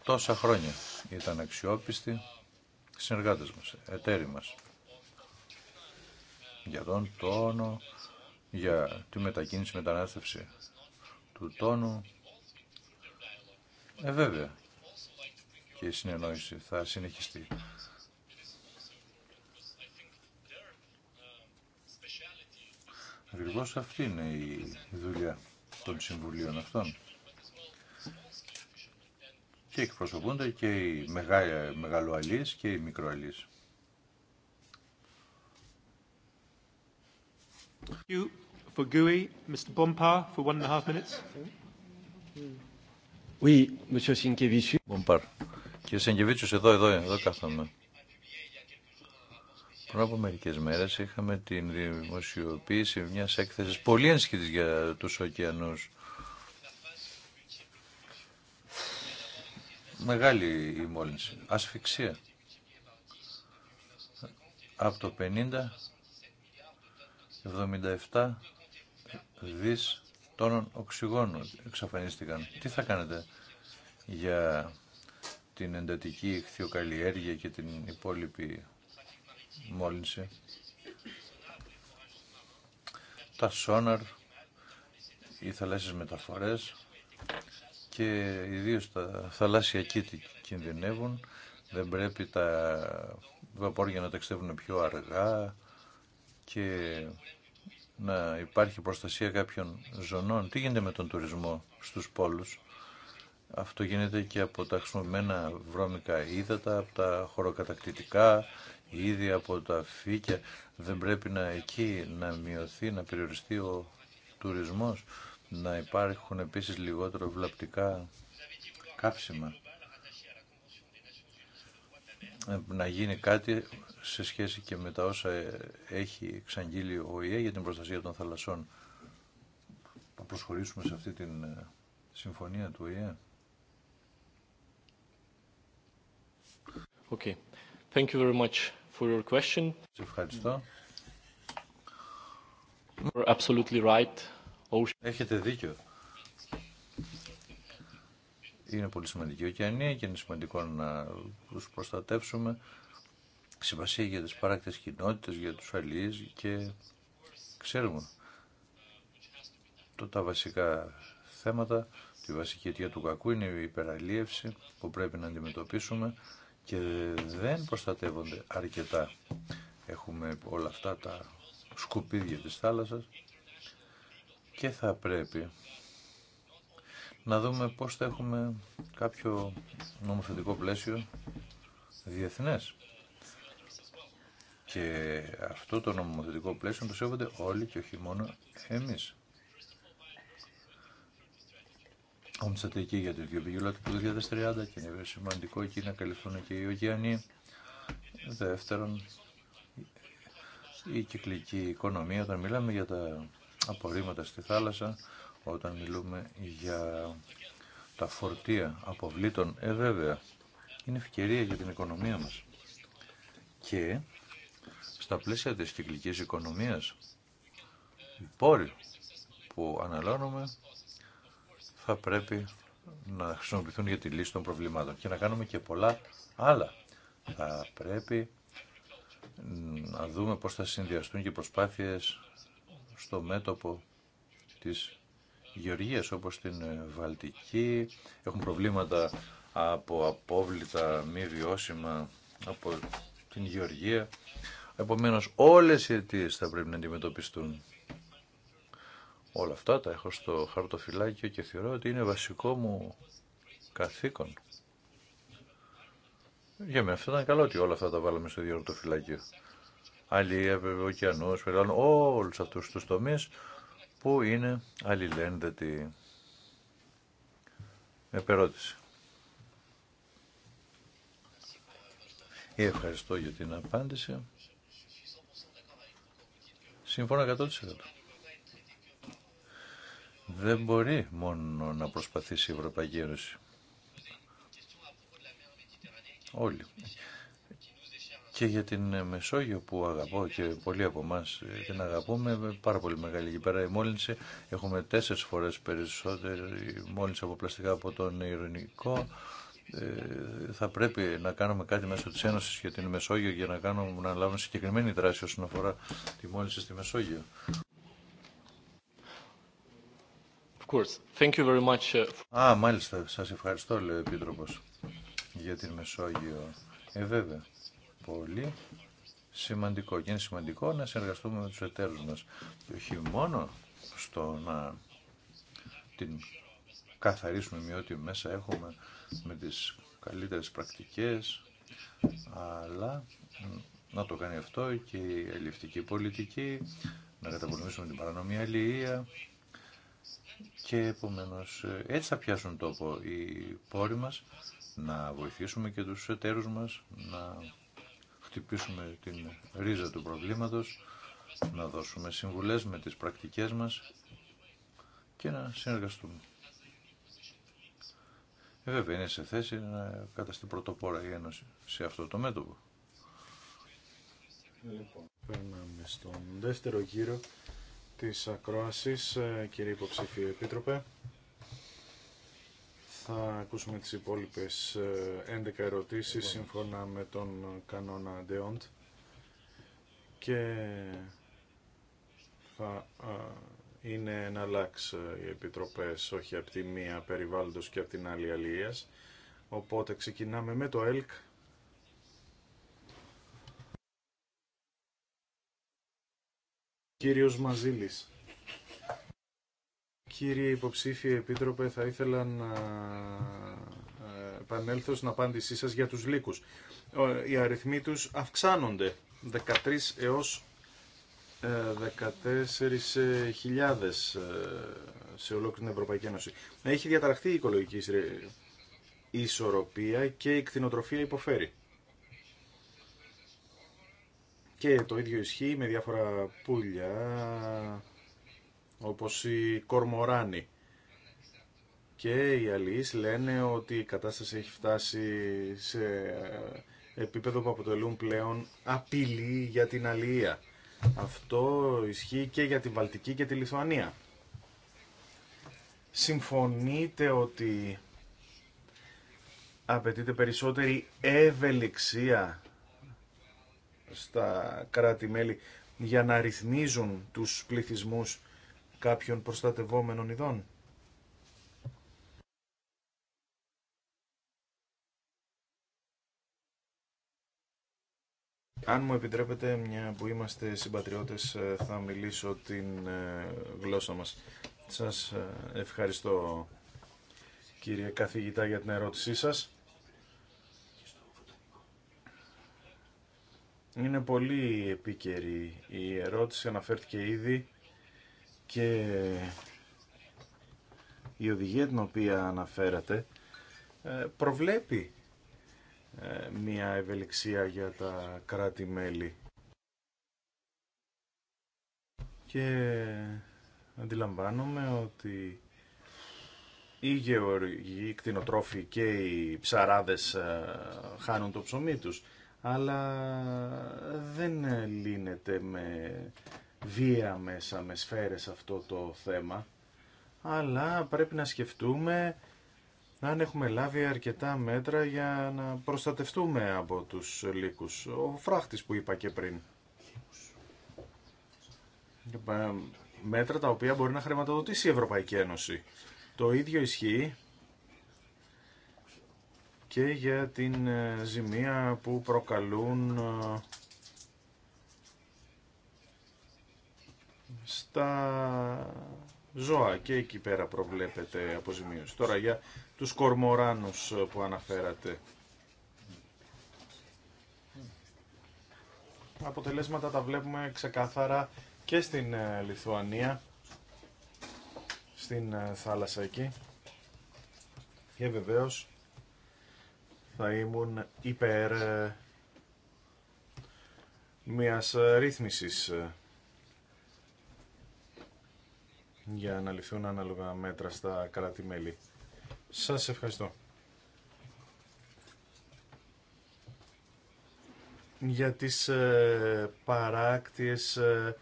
τόσα χρόνια. Ήταν αξιόπιστοι συνεργάτες μας, εταίροι μας. Για τον τόνο, για τη μετακίνηση, μετανάστευση του τόνου. Ε, βέβαια. Και η συνεννόηση θα συνεχιστεί. Ακριβώ αυτή είναι η δουλειά των συμβουλίων αυτών και εκπροσωπούνται και οι μεγαλοαλείς και οι μικροαλείς. Κύριε Σενκεβίτσιος, εδώ, εδώ, εδώ κάθομαι. Πριν από μερικέ μέρε είχαμε την δημοσιοποίηση μια έκθεση πολύ ενισχυτή για του ωκεανού. μεγάλη η μόλυνση, ασφυξία. Από το 50, 77 δις τόνων οξυγόνου εξαφανίστηκαν. Τι θα κάνετε για την εντατική χθιοκαλλιέργεια και την υπόλοιπη μόλυνση. Τα σόναρ, οι θαλάσσιες μεταφορές, και ιδίως τα θαλάσσια κήτη κινδυνεύουν. Δεν πρέπει τα βαπόρια να ταξιδεύουν πιο αργά και να υπάρχει προστασία κάποιων ζωνών. Τι γίνεται με τον τουρισμό στους πόλους. Αυτό γίνεται και από τα χρησιμοποιημένα βρώμικα ύδατα, από τα χωροκατακτητικά, ήδη από τα φύκια. Δεν πρέπει να εκεί να μειωθεί, να περιοριστεί ο τουρισμός να υπάρχουν επίσης λιγότερο βλαπτικά κάψιμα. Να γίνει κάτι σε σχέση και με τα όσα έχει εξαγγείλει ο ΙΕ για την προστασία των θαλασσών. Να προσχωρήσουμε σε αυτή την ε, συμφωνία του ΙΕ. Okay. Thank you very much for your question. ευχαριστώ. You're absolutely right. Έχετε δίκιο. Είναι πολύ σημαντική η ωκεανία και είναι σημαντικό να του προστατεύσουμε. Σημασία για τι παράκτε κοινότητε, για τους αλληλείς και ξέρουμε το τα βασικά θέματα, τη βασική αιτία του κακού είναι η υπεραλίευση που πρέπει να αντιμετωπίσουμε και δεν προστατεύονται αρκετά. Έχουμε όλα αυτά τα σκουπίδια της θάλασσας και θα πρέπει να δούμε πώς θα έχουμε κάποιο νομοθετικό πλαίσιο διεθνές. Και αυτό το νομοθετικό πλαίσιο το σέβονται όλοι και όχι μόνο εμείς. θα εκεί για την βιοπηγηλότητα του 2030 και είναι σημαντικό εκεί να καλυφθούν και οι ωκεανοί. Δεύτερον, η κυκλική οικονομία, όταν μιλάμε για τα απορρίμματα στη θάλασσα, όταν μιλούμε για τα φορτία αποβλήτων, ε βέβαια, είναι ευκαιρία για την οικονομία μας. Και στα πλαίσια της κυκλικής οικονομίας, οι πόροι που αναλώνουμε θα πρέπει να χρησιμοποιηθούν για τη λύση των προβλημάτων και να κάνουμε και πολλά άλλα. Θα πρέπει να δούμε πώς θα συνδυαστούν και οι προσπάθειες στο μέτωπο της γεωργίας όπως την ε, Βαλτική. Έχουν προβλήματα από απόβλητα μη βιώσιμα από την γεωργία. Επομένως όλες οι αιτίες θα πρέπει να αντιμετωπιστούν. Όλα αυτά τα έχω στο χαρτοφυλάκιο και θεωρώ ότι είναι βασικό μου καθήκον. Για μένα αυτό ήταν καλό ότι όλα αυτά τα βάλαμε στο ίδιο χαρτοφυλάκιο αλληλεία, ωκεανούς, περιβάλλον, όλου αυτού τους τομείς που είναι αλληλένδετοι. Επερώτηση. Ευχαριστώ για την απάντηση. Συμφωνώ 100%. Δεν μπορεί μόνο να προσπαθήσει η Ευρωπαϊκή Ένωση. Όλοι και για την Μεσόγειο που αγαπώ και πολλοί από εμά την αγαπούμε, πάρα πολύ μεγάλη εκεί πέρα η μόλυνση. Έχουμε τέσσερις φορές περισσότερη μόλυνση από πλαστικά από τον ειρηνικό. Ε, θα πρέπει να κάνουμε κάτι μέσω τη Ένωση για την Μεσόγειο για να, κάνουμε, να λάβουμε συγκεκριμένη δράση όσον αφορά τη μόλυνση στη Μεσόγειο. Thank you very much. Uh, Α, μάλιστα. Σας ευχαριστώ, λέει ο Επίτροπος, για την Μεσόγειο. Ε, βέβαια πολύ σημαντικό και είναι σημαντικό να συνεργαστούμε με τους εταίρους μας και όχι μόνο στο να την καθαρίσουμε με ό,τι μέσα έχουμε με τις καλύτερες πρακτικές αλλά να το κάνει αυτό και η ελληνική πολιτική να καταπολεμήσουμε την παρανομία αλληλεία και επομένως έτσι θα πιάσουν τόπο οι πόροι μας να βοηθήσουμε και τους εταίρους μας να χτυπήσουμε την ρίζα του προβλήματος, να δώσουμε συμβουλές με τις πρακτικές μας και να συνεργαστούμε. Ε, βέβαια είναι σε θέση να καταστεί πρωτοπόρα η Ένωση σε αυτό το μέτωπο. Λοιπόν, περνάμε στον δεύτερο γύρο της ακρόασης, ε, κύριε υποψηφίου επίτροπε θα ακούσουμε τις υπόλοιπες 11 ε, ερωτήσεις σύμφωνα με τον κανόνα Ντεόντ και θα ε, είναι αλλάξει οι επιτροπές όχι από τη μία περιβάλλοντος και από την άλλη αλληλείας. Οπότε ξεκινάμε με το ΕΛΚ. Κύριος Μαζίλης. Κύριε Υποψήφιε Επίτροπε, θα ήθελα να ε, επανέλθω στην απάντησή σας για τους λύκους. Οι αριθμοί τους αυξάνονται 13 έως 14.000 ε, ε, σε ολόκληρη την Ευρωπαϊκή Ένωση. Έχει διαταραχθεί η οικολογική ισορροπία και η κτηνοτροφία υποφέρει. Και το ίδιο ισχύει με διάφορα πουλιά, όπως η Κορμοράνη. Και οι αλληλείς λένε ότι η κατάσταση έχει φτάσει σε επίπεδο που αποτελούν πλέον απειλή για την αλληλεία. Αυτό ισχύει και για την Βαλτική και τη Λιθουανία. Συμφωνείτε ότι απαιτείται περισσότερη ευελιξία στα κράτη-μέλη για να ρυθμίζουν τους πληθυσμούς κάποιων προστατευόμενων ειδών. Αν μου επιτρέπετε, μια που είμαστε συμπατριώτες, ε, θα μιλήσω την ε, γλώσσα μας. Σας ε, ευχαριστώ κύριε καθηγητά για την ερώτησή σας. Είναι πολύ επίκαιρη η ερώτηση, αναφέρθηκε ήδη. Και η οδηγία την οποία αναφέρατε ε, προβλέπει ε, μια ευελιξία για τα κράτη-μέλη. Και αντιλαμβάνομαι ότι οι γεωργοί, οι κτηνοτρόφοι και οι ψαράδες ε, χάνουν το ψωμί τους, αλλά δεν λύνεται με βία μέσα με σφαίρες αυτό το θέμα, αλλά πρέπει να σκεφτούμε αν έχουμε λάβει αρκετά μέτρα για να προστατευτούμε από τους λύκους. Ο φράχτης που είπα και πριν. Ε, μέτρα τα οποία μπορεί να χρηματοδοτήσει η Ευρωπαϊκή Ένωση. Το ίδιο ισχύει και για την ε, ζημία που προκαλούν ε, στα ζώα και εκεί πέρα προβλέπεται αποζημίωση. Τώρα για τους κορμοράνους που αναφέρατε. Αποτελέσματα τα βλέπουμε ξεκάθαρα και στην ε, Λιθουανία, στην ε, θάλασσα εκεί. Και βεβαίως θα ήμουν υπέρ ε, μιας ρύθμισης για να ληφθούν ανάλογα μέτρα στα κράτη-μέλη. Σας ευχαριστώ. Για τις ε, παράκτιες ε,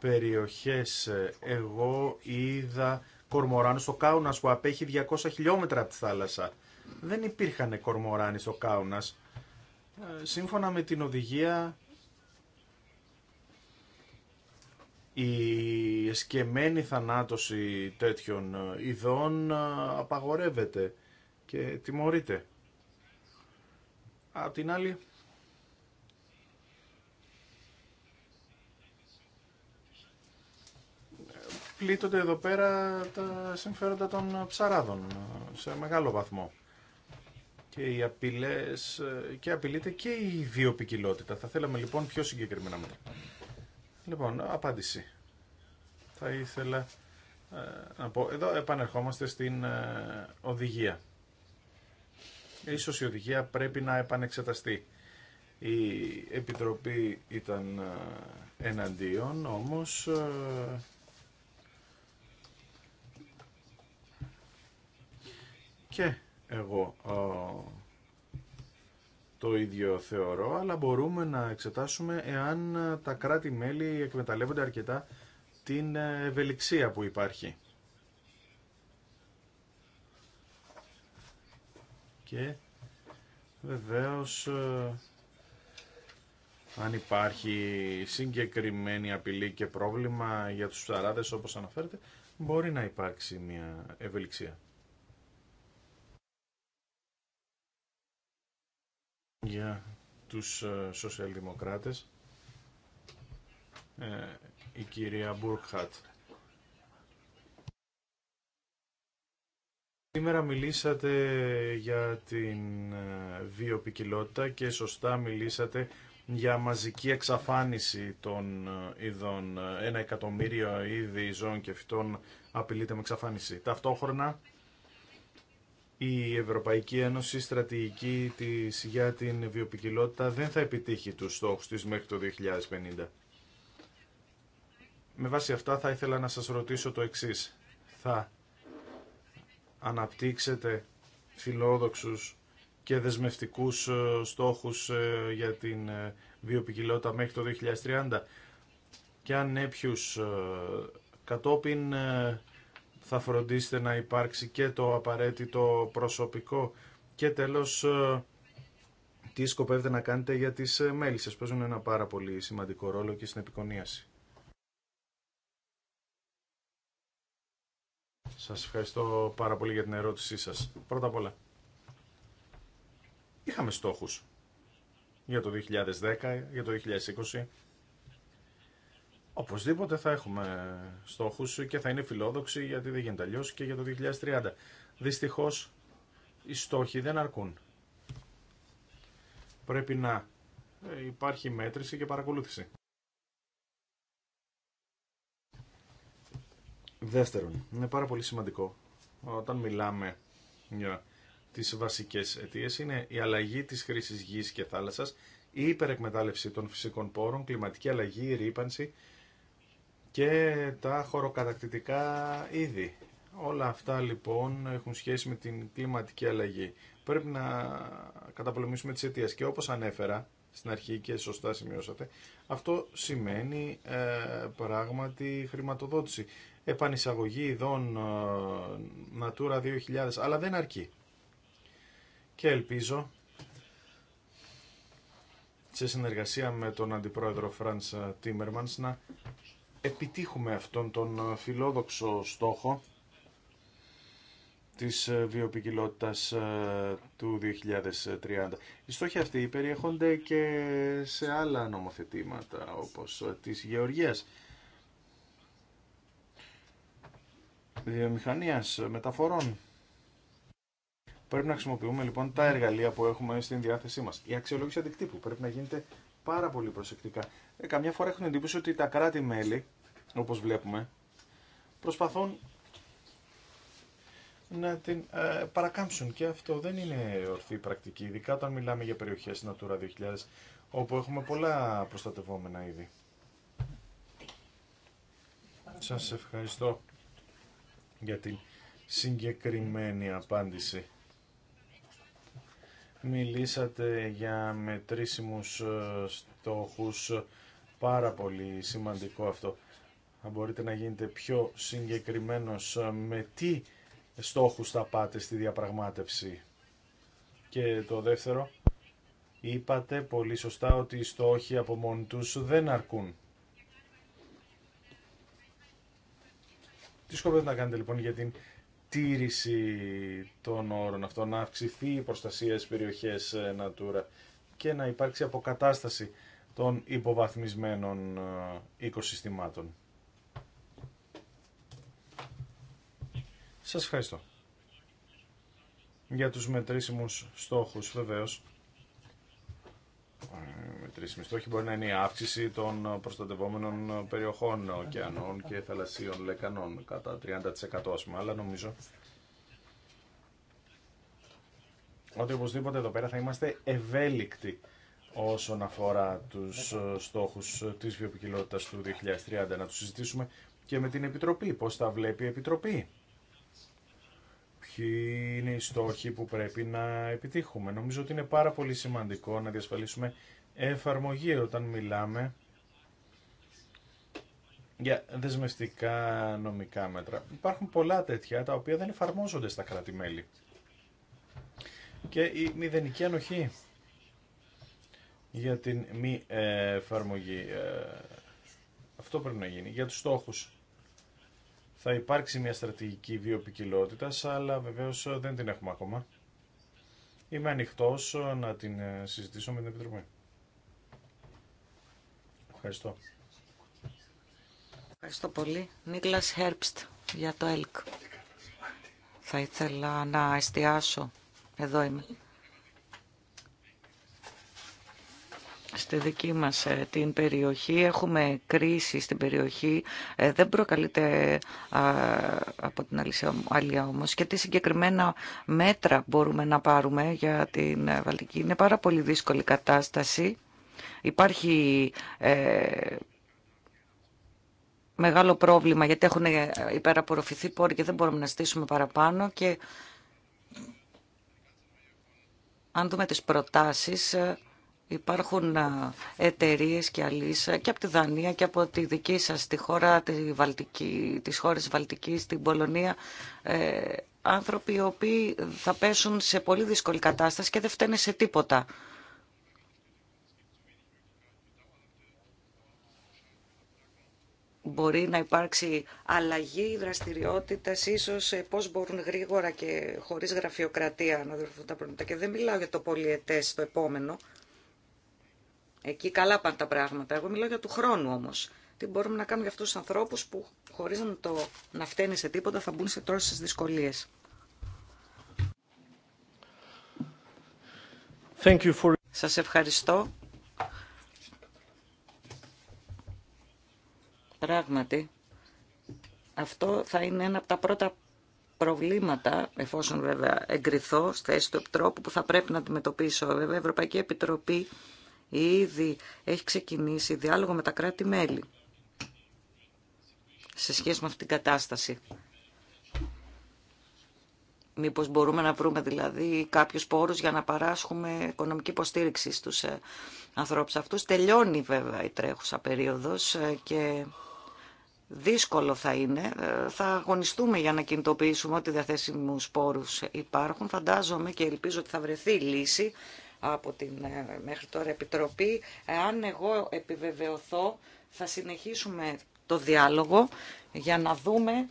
περιοχές, ε, εγώ είδα κορμοράνους στο Κάουνας που απέχει 200 χιλιόμετρα από τη θάλασσα. Δεν υπήρχαν κορμοράνοι στο Κάουνας. Σύμφωνα με την οδηγία η εσκεμμένη θανάτωση τέτοιων ε, ειδών ε, απαγορεύεται και τιμωρείται. Απ' την άλλη, πλήττονται εδώ πέρα τα συμφέροντα των ψαράδων ε, σε μεγάλο βαθμό. Και οι απειλές, και απειλείται και η βιοπικιλότητα. Θα θέλαμε λοιπόν πιο συγκεκριμένα μέτρα. Λοιπόν, απάντηση. Θα ήθελα ε, να πω. Εδώ επανερχόμαστε στην ε, οδηγία. Ίσως η οδηγία πρέπει να επανεξεταστεί. Η Επιτροπή ήταν ε, εναντίον, όμως και εγώ το ίδιο θεωρώ, αλλά μπορούμε να εξετάσουμε εάν ε, τα κράτη-μέλη εκμεταλλεύονται αρκετά την ε, ευελιξία που υπάρχει. Και βεβαίως ε, αν υπάρχει συγκεκριμένη απειλή και πρόβλημα για τους ψαράδες όπως αναφέρεται, μπορεί να υπάρξει μια ευελιξία. για τους ε, σοσιαλδημοκράτες ε, η κυρία Μπουρκχατ. Σήμερα μιλήσατε για την ε, βιοπικιλότητα και σωστά μιλήσατε για μαζική εξαφάνιση των ειδών. Ένα εκατομμύριο είδη ζώων και φυτών απειλείται με εξαφάνιση. Ταυτόχρονα η Ευρωπαϊκή Ένωση στρατηγική της για την βιοπικιλότητα δεν θα επιτύχει τους στόχους της μέχρι το 2050. Με βάση αυτά θα ήθελα να σας ρωτήσω το εξής. Θα αναπτύξετε φιλόδοξους και δεσμευτικούς ε, στόχους ε, για την ε, βιοπικιλότητα μέχρι το 2030 και αν έπιους κατόπιν θα φροντίσετε να υπάρξει και το απαραίτητο προσωπικό και τέλος ε, τι σκοπεύετε να κάνετε για τις ε, μέλισσες. Παίζουν ένα πάρα πολύ σημαντικό ρόλο και στην επικονίαση. Σας ευχαριστώ πάρα πολύ για την ερώτησή σας. Πρώτα απ' όλα, είχαμε στόχους για το 2010, για το 2020 Οπωσδήποτε θα έχουμε στόχους και θα είναι φιλόδοξοι γιατί δεν γίνεται αλλιώ και για το 2030. Δυστυχώς οι στόχοι δεν αρκούν. Πρέπει να ε, υπάρχει μέτρηση και παρακολούθηση. Δεύτερον, είναι πάρα πολύ σημαντικό όταν μιλάμε για τις βασικές αιτίες είναι η αλλαγή της χρήσης γης και θάλασσας, η υπερεκμετάλλευση των φυσικών πόρων, κλιματική αλλαγή, η ρήπανση, και τα χωροκατακτητικά είδη. Όλα αυτά λοιπόν έχουν σχέση με την κλιματική αλλαγή. Πρέπει να καταπολεμήσουμε τις αιτίες και όπως ανέφερα στην αρχή και σωστά σημειώσατε, αυτό σημαίνει ε, πράγματι χρηματοδότηση. Επανεισαγωγή ειδών ε, Natura 2000, αλλά δεν αρκεί. Και ελπίζω σε συνεργασία με τον Αντιπρόεδρο Φρανς Τίμερμανς να επιτύχουμε αυτόν τον ε, φιλόδοξο στόχο της ε, βιοπικιλότητας ε, του 2030. Οι στόχοι αυτοί περιέχονται και σε άλλα νομοθετήματα όπως της γεωργίας, βιομηχανίας, μεταφορών. Πρέπει να χρησιμοποιούμε λοιπόν τα εργαλεία που έχουμε στην διάθεσή μας. Η αξιολόγηση αντικτύπου πρέπει να γίνεται πάρα πολύ προσεκτικά. Ε, καμιά φορά έχουν εντύπωση ότι τα κράτη-μέλη, όπως βλέπουμε, προσπαθούν να την ε, παρακάμψουν και αυτό δεν είναι ορθή πρακτική, ειδικά όταν μιλάμε για περιοχές Natura 2000, όπου έχουμε πολλά προστατευόμενα είδη. Σας ευχαριστώ για την συγκεκριμένη απάντηση. Μιλήσατε για μετρήσιμους ε, στόχους, πάρα πολύ σημαντικό αυτό. Αν μπορείτε να γίνετε πιο συγκεκριμένος ε, με τι στόχους θα πάτε στη διαπραγμάτευση. Και το δεύτερο, είπατε πολύ σωστά ότι οι στόχοι από μόνοι τους δεν αρκούν. Τι σκοπεύετε να κάνετε λοιπόν για την τήρηση των όρων αυτών, να αυξηθεί η προστασία στις περιοχές ε, Natura και να υπάρξει αποκατάσταση των υποβαθμισμένων ε, οικοσυστημάτων. Σας ευχαριστώ. Για τους μετρήσιμους στόχους βεβαίως ε, μετρήσιμη στόχη μπορεί να είναι η αύξηση των προστατευόμενων περιοχών ωκεανών και θαλασσίων λεκανών κατά 30% ας πούμε, αλλά νομίζω ότι οπωσδήποτε εδώ πέρα θα είμαστε ευέλικτοι όσον αφορά τους ε, στόχους της βιοποικιλότητας του 2030 να τους συζητήσουμε και με την Επιτροπή, πώς τα βλέπει η Επιτροπή ποιοι είναι οι στόχοι που πρέπει να επιτύχουμε. Νομίζω ότι είναι πάρα πολύ σημαντικό να διασφαλίσουμε εφαρμογή όταν μιλάμε για δεσμευτικά νομικά μέτρα. Υπάρχουν πολλά τέτοια τα οποία δεν εφαρμόζονται στα κράτη-μέλη. Και η μηδενική ανοχή για την μη ε, εφαρμογή. Ε, αυτό πρέπει να γίνει. Για τους στόχους θα υπάρξει μια στρατηγική βιοπικιλότητα, αλλά βεβαίω ε, δεν την έχουμε ακόμα. Είμαι ανοιχτό ε, να την ε, συζητήσω με την Επιτροπή. Ευχαριστώ. Ευχαριστώ πολύ. Νίκλας Χέρπστ για το ΕΛΚ. Θα ήθελα να εστιάσω, εδώ είμαι, στη δική μας ε, την περιοχή. Έχουμε κρίση στην περιοχή. Ε, δεν προκαλείται από την αλήθεια όμως. Και τι συγκεκριμένα μέτρα μπορούμε να πάρουμε για την ε, Βαλτική. Είναι πάρα πολύ δύσκολη κατάσταση. Υπάρχει μεγάλο πρόβλημα γιατί έχουν υπεραπορροφηθεί πόροι και δεν μπορούμε να στήσουμε παραπάνω και αν δούμε τις προτάσεις Υπάρχουν εταιρείε και αλήσα και από τη Δανία και από τη δική σας τη χώρα, τη Βαλτική, τις χώρες Βαλτικής, την Πολωνία, ε, άνθρωποι οι οποίοι θα πέσουν σε πολύ δύσκολη κατάσταση και δεν φταίνε σε τίποτα. μπορεί να υπάρξει αλλαγή δραστηριότητα, ίσω ε, πώ μπορούν γρήγορα και χωρί γραφειοκρατία να διορθωθούν τα προβλήματα. Και δεν μιλάω για το πολιετέ το επόμενο, Εκεί καλά πάνε τα πράγματα. Εγώ μιλάω για του χρόνου όμως. Τι μπορούμε να κάνουμε για αυτού τους ανθρώπους που χωρί να, το, να φταίνει σε τίποτα θα μπουν σε τόσες δυσκολίες. Thank for... Σας ευχαριστώ. Πράγματι, αυτό θα είναι ένα από τα πρώτα προβλήματα, εφόσον βέβαια εγκριθώ στη θέση του Επιτρόπου, που θα πρέπει να αντιμετωπίσω. Βέβαια, η Ευρωπαϊκή Επιτροπή Ήδη έχει ξεκινήσει διάλογο με τα κράτη-μέλη σε σχέση με αυτή την κατάσταση. Μήπως μπορούμε να βρούμε δηλαδή κάποιους πόρους για να παράσχουμε οικονομική υποστήριξη στους ε, ανθρώπους αυτούς. Τελειώνει βέβαια η τρέχουσα περίοδος ε, και δύσκολο θα είναι. Ε, θα αγωνιστούμε για να κινητοποιήσουμε ό,τι διαθέσιμους πόρους υπάρχουν. Φαντάζομαι και ελπίζω ότι θα βρεθεί λύση από την ε, μέχρι τώρα Επιτροπή. Αν εγώ επιβεβαιωθώ, θα συνεχίσουμε το διάλογο για να δούμε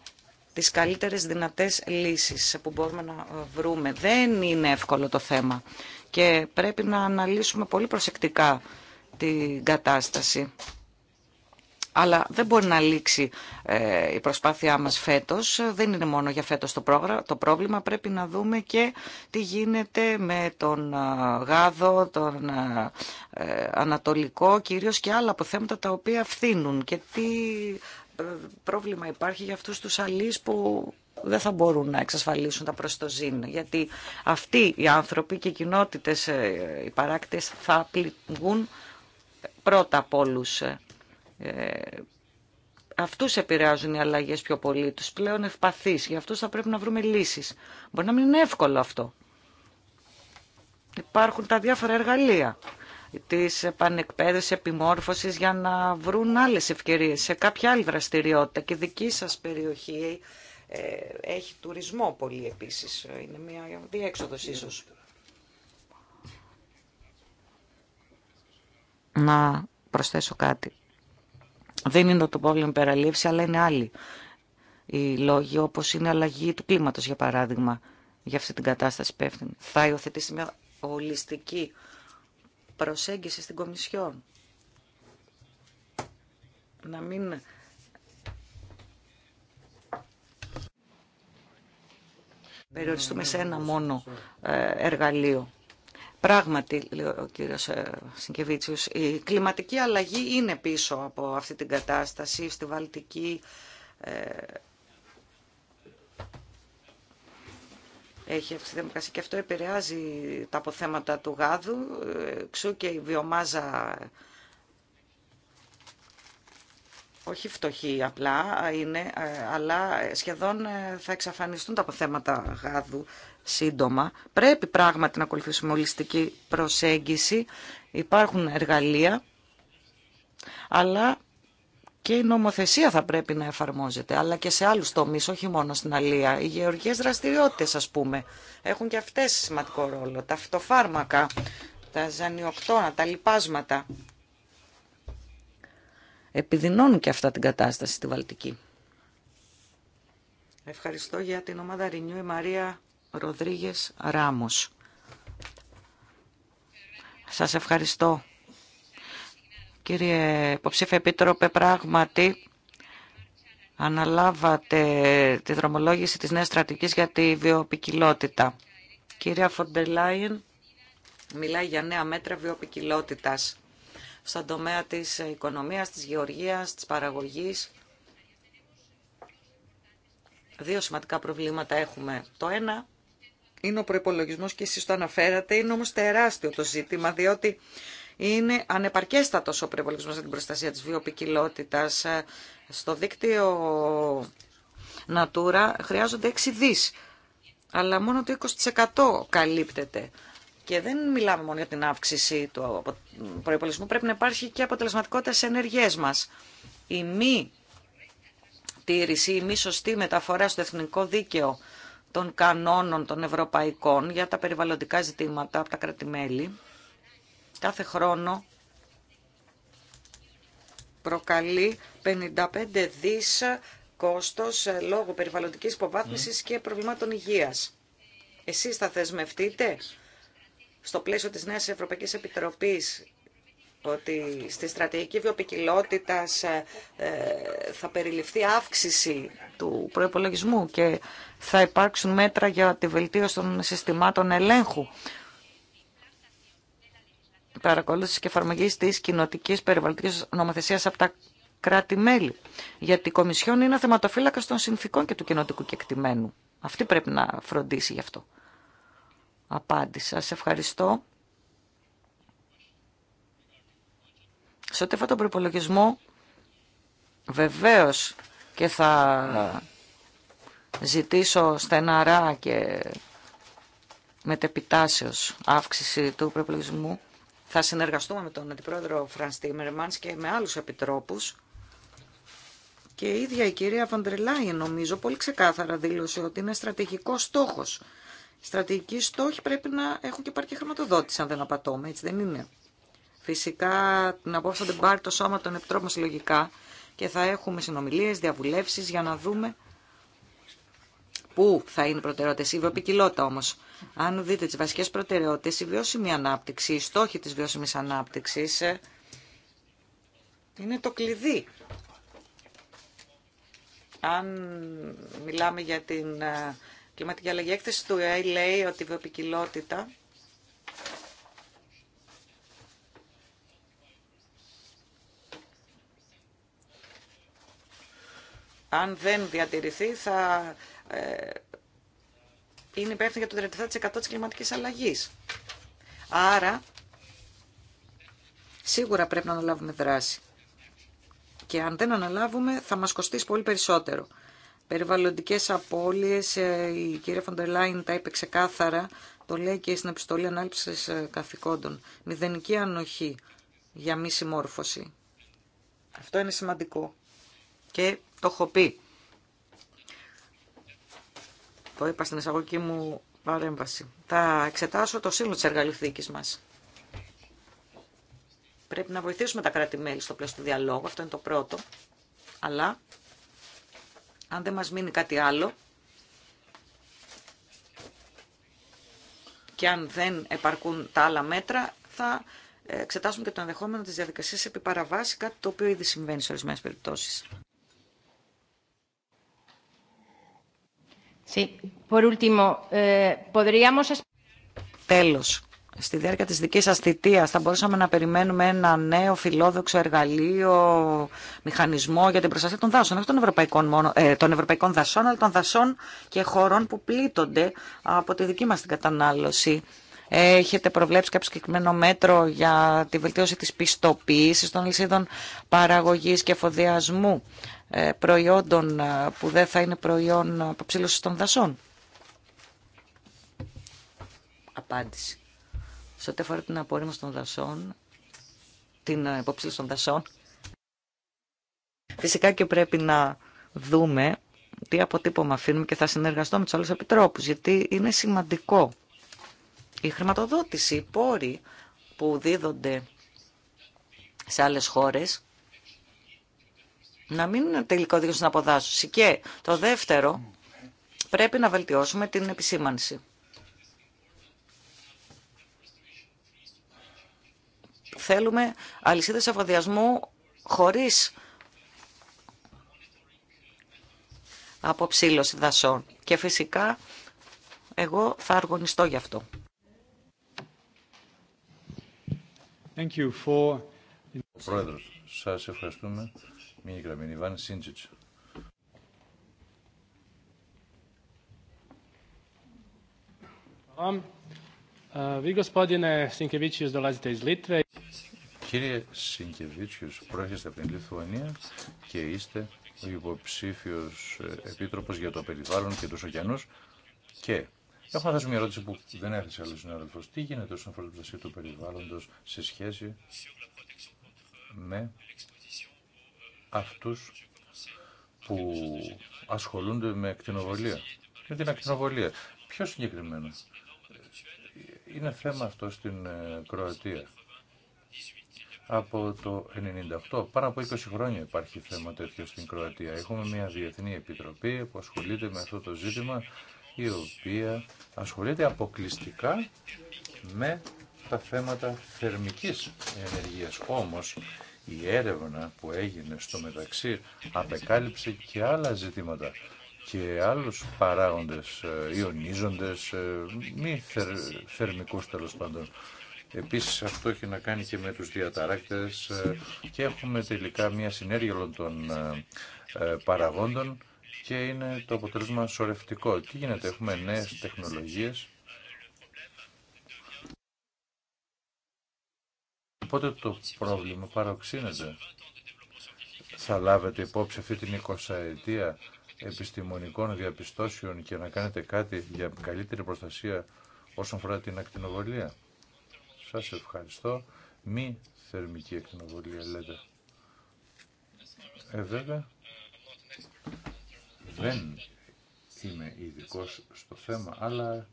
τις καλύτερες δυνατές λύσεις που μπορούμε να ε, βρούμε. Δεν είναι εύκολο το θέμα και πρέπει να αναλύσουμε πολύ προσεκτικά την κατάσταση αλλά δεν μπορεί να λήξει ε, η προσπάθειά μας φέτος. Δεν είναι μόνο για φέτος το, πρόγρα το πρόβλημα. Πρέπει να δούμε και τι γίνεται με τον ε, γάδο, τον ε, ανατολικό κυρίως και άλλα αποθέματα τα οποία φθήνουν και τι πρόβλημα υπάρχει για αυτούς τους αλείς που δεν θα μπορούν να εξασφαλίσουν τα προστοζήν. Γιατί αυτοί οι άνθρωποι και οι κοινότητες, οι παράκτες θα πληγούν πρώτα από όλους ε, αυτούς επηρεάζουν οι αλλαγές πιο πολύ, τους πλέον ευπαθείς. Για αυτούς θα πρέπει να βρούμε λύσεις. Μπορεί να μην είναι εύκολο αυτό. Υπάρχουν τα διάφορα εργαλεία της επανεκπαίδευσης, επιμόρφωσης για να βρουν άλλες ευκαιρίες σε κάποια άλλη δραστηριότητα. Και δική σας περιοχή ε, έχει τουρισμό πολύ επίσης. Είναι μια διέξοδος ίσως. Να προσθέσω κάτι. Δεν είναι το πρόβλημα υπεραλήψη, αλλά είναι άλλοι οι λόγοι, όπω είναι αλλαγή του κλίματος, για παράδειγμα, για αυτή την κατάσταση πέφτει Θα υιοθετήσει μια ολιστική προσέγγιση στην Κομισιόν. Να μην... Περιοριστούμε σε ένα μόνο ε, εργαλείο. Πράγματι, λέει ο κύριο ε, Σινκεβίτσιους, η κλιματική αλλαγή είναι πίσω από αυτή την κατάσταση στη Βαλτική. Ε, έχει αυξηθεί θερμοκρασία και αυτό επηρεάζει τα αποθέματα του γάδου, ε, εξού και η βιομάζα όχι φτωχοί απλά είναι, ε, αλλά σχεδόν ε, θα εξαφανιστούν τα αποθέματα γάδου σύντομα. Πρέπει πράγματι να ακολουθήσουμε ολιστική προσέγγιση. Υπάρχουν εργαλεία, αλλά και η νομοθεσία θα πρέπει να εφαρμόζεται, αλλά και σε άλλους τομείς, όχι μόνο στην Αλία. Οι γεωργικές δραστηριότητες, ας πούμε, έχουν και αυτές σημαντικό ρόλο. Τα φυτοφάρμακα, τα ζανιοκτώνα, τα λοιπάσματα επιδεινώνουν και αυτά την κατάσταση στη Βαλτική. Ευχαριστώ για την ομάδα Ρινιού η Μαρία Ροδρίγες Ράμο. Σας ευχαριστώ. Κύριε Υποψήφια Επίτροπε, πράγματι αναλάβατε τη δρομολόγηση της νέας στρατηγικής για τη βιοπικιλότητα. Κύριε Φοντελάιν, Μιλάει για νέα μέτρα βιοπικιλότητας στον τομέα της οικονομίας, της γεωργίας, της παραγωγής. Δύο σημαντικά προβλήματα έχουμε. Το ένα είναι ο προϋπολογισμός και εσείς το αναφέρατε, είναι όμως τεράστιο το ζήτημα, διότι είναι ανεπαρκέστατος ο προϋπολογισμός για την προστασία της βιοπικιλότητας. Στο δίκτυο Natura χρειάζονται 6 δις, αλλά μόνο το 20% καλύπτεται. Και δεν μιλάμε μόνο για την αύξηση του προϋπολογισμού, πρέπει να υπάρχει και αποτελεσματικότητα σε ενεργές μας. Η μη τήρηση, η μη σωστή μεταφορά στο εθνικό δίκαιο των κανόνων των ευρωπαϊκών για τα περιβαλλοντικά ζητήματα από τα κράτη-μέλη, κάθε χρόνο προκαλεί 55 δις κόστος λόγω περιβαλλοντικής υποβάθμισης ναι. και προβλημάτων υγείας. Εσείς θα θεσμευτείτε στο πλαίσιο της Νέας Ευρωπαϊκής Επιτροπής ότι στη στρατηγική βιοπικιλότητα ε, ε, θα περιληφθεί αύξηση του προϋπολογισμού και θα υπάρξουν μέτρα για τη βελτίωση των συστημάτων ελέγχου παρακολούθηση και εφαρμογή τη κοινοτική περιβαλλοντική νομοθεσία από τα κράτη-μέλη. Γιατί η Κομισιόν είναι θεματοφύλακα των συνθήκων και του κοινοτικού κεκτημένου. Αυτή πρέπει να φροντίσει γι' αυτό απάντησα. Σε ευχαριστώ. Σε ό,τι τον προπολογισμό, βεβαίως και θα ζητήσω στεναρά και μετεπιτάσεως αύξηση του προπολογισμού. Θα συνεργαστούμε με τον Αντιπρόεδρο Φραν Τίμερμαν και με άλλους επιτρόπους. Και η ίδια η κυρία Βαντρελάιν νομίζω πολύ ξεκάθαρα δήλωσε ότι είναι στρατηγικό στόχος στρατηγικοί στόχοι πρέπει να έχουν και πάρει χρηματοδότηση, αν δεν απατώμε, έτσι δεν είναι. Φυσικά την απόφαση δεν πάρει το σώμα των επιτρόπων συλλογικά και θα έχουμε συνομιλίε, διαβουλεύσει για να δούμε πού θα είναι προτεραιότητε, Η βιοπικιλότητα όμω. αν δείτε τις βασικές προτεραιότητες, η βιώσιμη ανάπτυξη, οι στόχοι τη βιώσιμη ανάπτυξη ε, είναι το κλειδί. Αν μιλάμε για την ε, κλιματική αλλαγή. έκθεση του ΕΑΗ λέει ότι η βιοπικιλότητα αν δεν διατηρηθεί θα ε, είναι υπεύθυνη για το 37% της κλιματικής αλλαγής. Άρα, σίγουρα πρέπει να αναλάβουμε δράση. Και αν δεν αναλάβουμε, θα μας κοστίσει πολύ περισσότερο. Περιβαλλοντικές απώλειες, ε, η κυρία Φοντελάιν τα είπε ξεκάθαρα, το λέει και στην επιστολή ανάληψης ε, καθηκόντων. Μηδενική ανοχή για μη συμμόρφωση. Αυτό είναι σημαντικό. Και το έχω πει. Το είπα στην εισαγωγική μου παρέμβαση. Θα εξετάσω το σύνολο τη εργαλειοθήκη μας. Πρέπει να βοηθήσουμε τα κράτη-μέλη στο πλαίσιο του διαλόγου, αυτό είναι το πρώτο. Αλλά αν δεν μας μείνει κάτι άλλο και αν δεν επαρκούν τα άλλα μέτρα, θα εξετάσουμε και το ενδεχόμενο της διαδικασίας επί παραβάση, κάτι το οποίο ήδη συμβαίνει σε ορισμένες περιπτώσεις. Sí. Por eh, Τέλος στη διάρκεια της δικής σας θητείας θα μπορούσαμε να περιμένουμε ένα νέο φιλόδοξο εργαλείο, μηχανισμό για την προστασία των δάσων, όχι των ευρωπαϊκών, μόνο, ε, των ευρωπαϊκών δασών, αλλά των δασών και χωρών που πλήττονται από τη δική μας την κατανάλωση. Έχετε προβλέψει κάποιο συγκεκριμένο μέτρο για τη βελτίωση της πιστοποίησης των λυσίδων παραγωγής και εφοδιασμού ε, προϊόντων ε, που δεν θα είναι προϊόν αποψήλωσης των δασών. Απάντηση σε ό,τι αφορά την απορρίμωση των δασών, την ε, υποψήλωση των δασών. Φυσικά και πρέπει να δούμε τι αποτύπωμα αφήνουμε και θα συνεργαστώ με τους άλλους επιτρόπους, γιατί είναι σημαντικό. Η χρηματοδότηση, οι πόροι που δίδονται σε άλλες χώρες, να μην είναι τελικό δίκαιο στην αποδάσωση. Και το δεύτερο, πρέπει να βελτιώσουμε την επισήμανση. Θέλουμε αλυσίδες εφοδιασμού χωρίς αποψήλωση δασών. Και φυσικά εγώ θα αργωνιστώ γι' αυτό. Thank you ευχαριστούμε. Σίντζιτς. Um, Vi, ε, gospodine Sinkevičius, dolazite iz Litve. Κύριε προέρχεστε από την Λιθουανία και είστε ο υποψήφιος ε, επίτροπος για το περιβάλλον και τους ωκεανούς και Έχω να θέσω μια ερώτηση που δεν έθεσε άλλο συνάδελφο. Τι γίνεται όσον αφορά την προστασία του περιβάλλοντος σε σχέση με αυτού που ασχολούνται με ακτινοβολία. Με την ακτινοβολία. Ποιο συγκεκριμένο, είναι θέμα αυτό στην ε, Κροατία. Από το 1998, πάνω από 20 χρόνια υπάρχει θέμα τέτοιο στην Κροατία. Έχουμε μια διεθνή επιτροπή που ασχολείται με αυτό το ζήτημα, η οποία ασχολείται αποκλειστικά με τα θέματα θερμικής ενεργείας. Όμως, η έρευνα που έγινε στο μεταξύ απεκάλυψε και άλλα ζητήματα και άλλους παράγοντες, ε, ιονίζοντες, ε, μη θερ, θερμικούς τέλος πάντων. Επίσης αυτό έχει να κάνει και με τους διαταράκτες ε, και έχουμε τελικά μια συνέργεια όλων των παραγόντων και είναι το αποτέλεσμα σορευτικό. Τι γίνεται, έχουμε νέες τεχνολογίες. Οπότε το πρόβλημα παροξύνεται. Θα λάβετε υπόψη αυτή την 20 ετία επιστημονικών διαπιστώσεων και να κάνετε κάτι για καλύτερη προστασία όσον αφορά την ακτινοβολία. Σας ευχαριστώ. Μη θερμική ακτινοβολία λέτε. Ε, βέβαια, δεν είμαι ειδικό στο θέμα, αλλά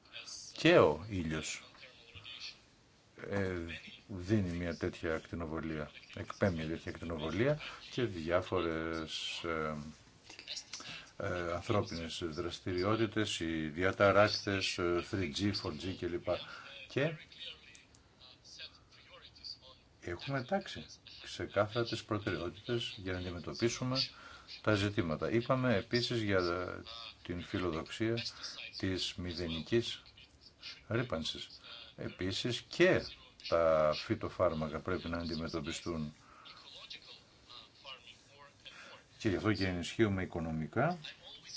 και ο ήλιος ε, δίνει μια τέτοια ακτινοβολία, εκπέμπει μια τέτοια ακτινοβολία και διάφορες... Ε, ε, ανθρώπινες δραστηριότητες, οι διαταράκτες, 3G, ε, 4G κλπ. Και έχουμε τάξει ξεκάθαρα τις προτεραιότητες για να αντιμετωπίσουμε τα ζητήματα. Είπαμε επίσης για την φιλοδοξία της μηδενικής ρήπανσης. Επίσης και τα φυτοφάρμακα πρέπει να αντιμετωπιστούν και γι' αυτό και ενισχύουμε οικονομικά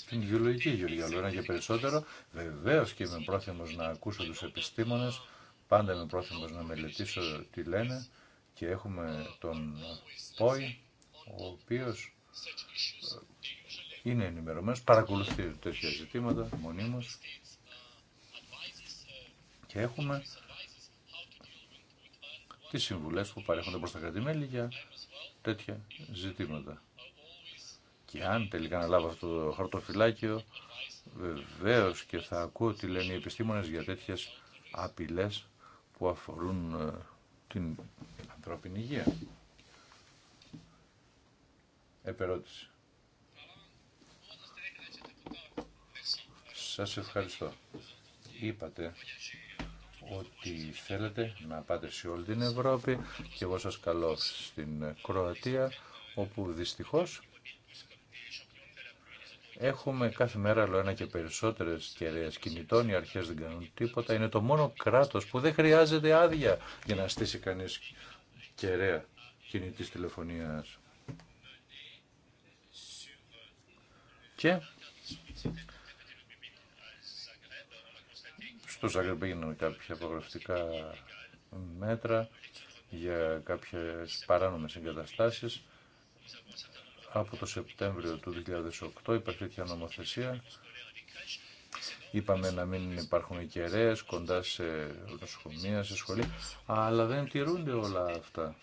την βιολογική γεωργία. ένα και περισσότερο, βεβαίω και είμαι πρόθυμο να ακούσω του επιστήμονε, πάντα είμαι πρόθυμο να μελετήσω τι λένε και έχουμε τον ΠΟΗ, ο οποίο ε, είναι ενημερωμένο, παρακολουθεί τέτοια ζητήματα μονίμω και έχουμε τι συμβουλές που παρέχονται προ τα κρατημέλη για τέτοια ζητήματα. Και αν τελικά να λάβω αυτό το χαρτοφυλάκιο, βεβαίω και θα ακούω τι λένε οι επιστήμονες για τέτοιες απειλές που αφορούν ε, την ανθρώπινη υγεία. Επερώτηση. Σας ευχαριστώ. Είπατε ότι θέλετε να πάτε σε όλη την Ευρώπη και εγώ σας καλώ στην Κροατία όπου δυστυχώς Έχουμε κάθε μέρα άλλο ένα και περισσότερε κεραίε κινητών. Οι αρχέ δεν κάνουν τίποτα. Είναι το μόνο κράτο που δεν χρειάζεται άδεια για να στήσει κανεί κεραία κινητή τηλεφωνία. Και στο Ζάγκρεπ έγιναν κάποια απογραφτικά μέτρα για κάποιες παράνομες εγκαταστάσεις από το Σεπτέμβριο του 2008 υπάρχει τέτοια νομοθεσία. Είπαμε να μην υπάρχουν κεραίες κοντά σε νοσοκομεία, σε σχολή. αλλά δεν τηρούνται όλα αυτά.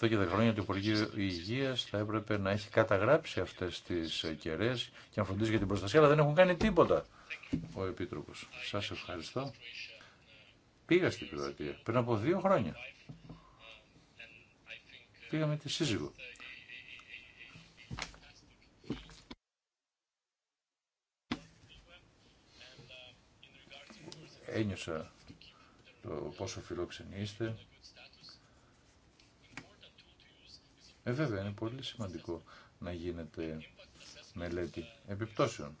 Εδώ και 10 χρόνια το Υπουργείο Υγεία θα έπρεπε να έχει καταγράψει αυτέ τι κεραίε και να φροντίζει για την προστασία, αλλά δεν έχουν κάνει τίποτα ο Επίτροπο. Σα ευχαριστώ. Πήγα στην Κροατία πριν από δύο χρόνια πήγαμε τη σύζυγο. Ένιωσα το πόσο φιλόξενοι είστε. Ε, βέβαια, είναι πολύ σημαντικό να γίνεται μελέτη επιπτώσεων.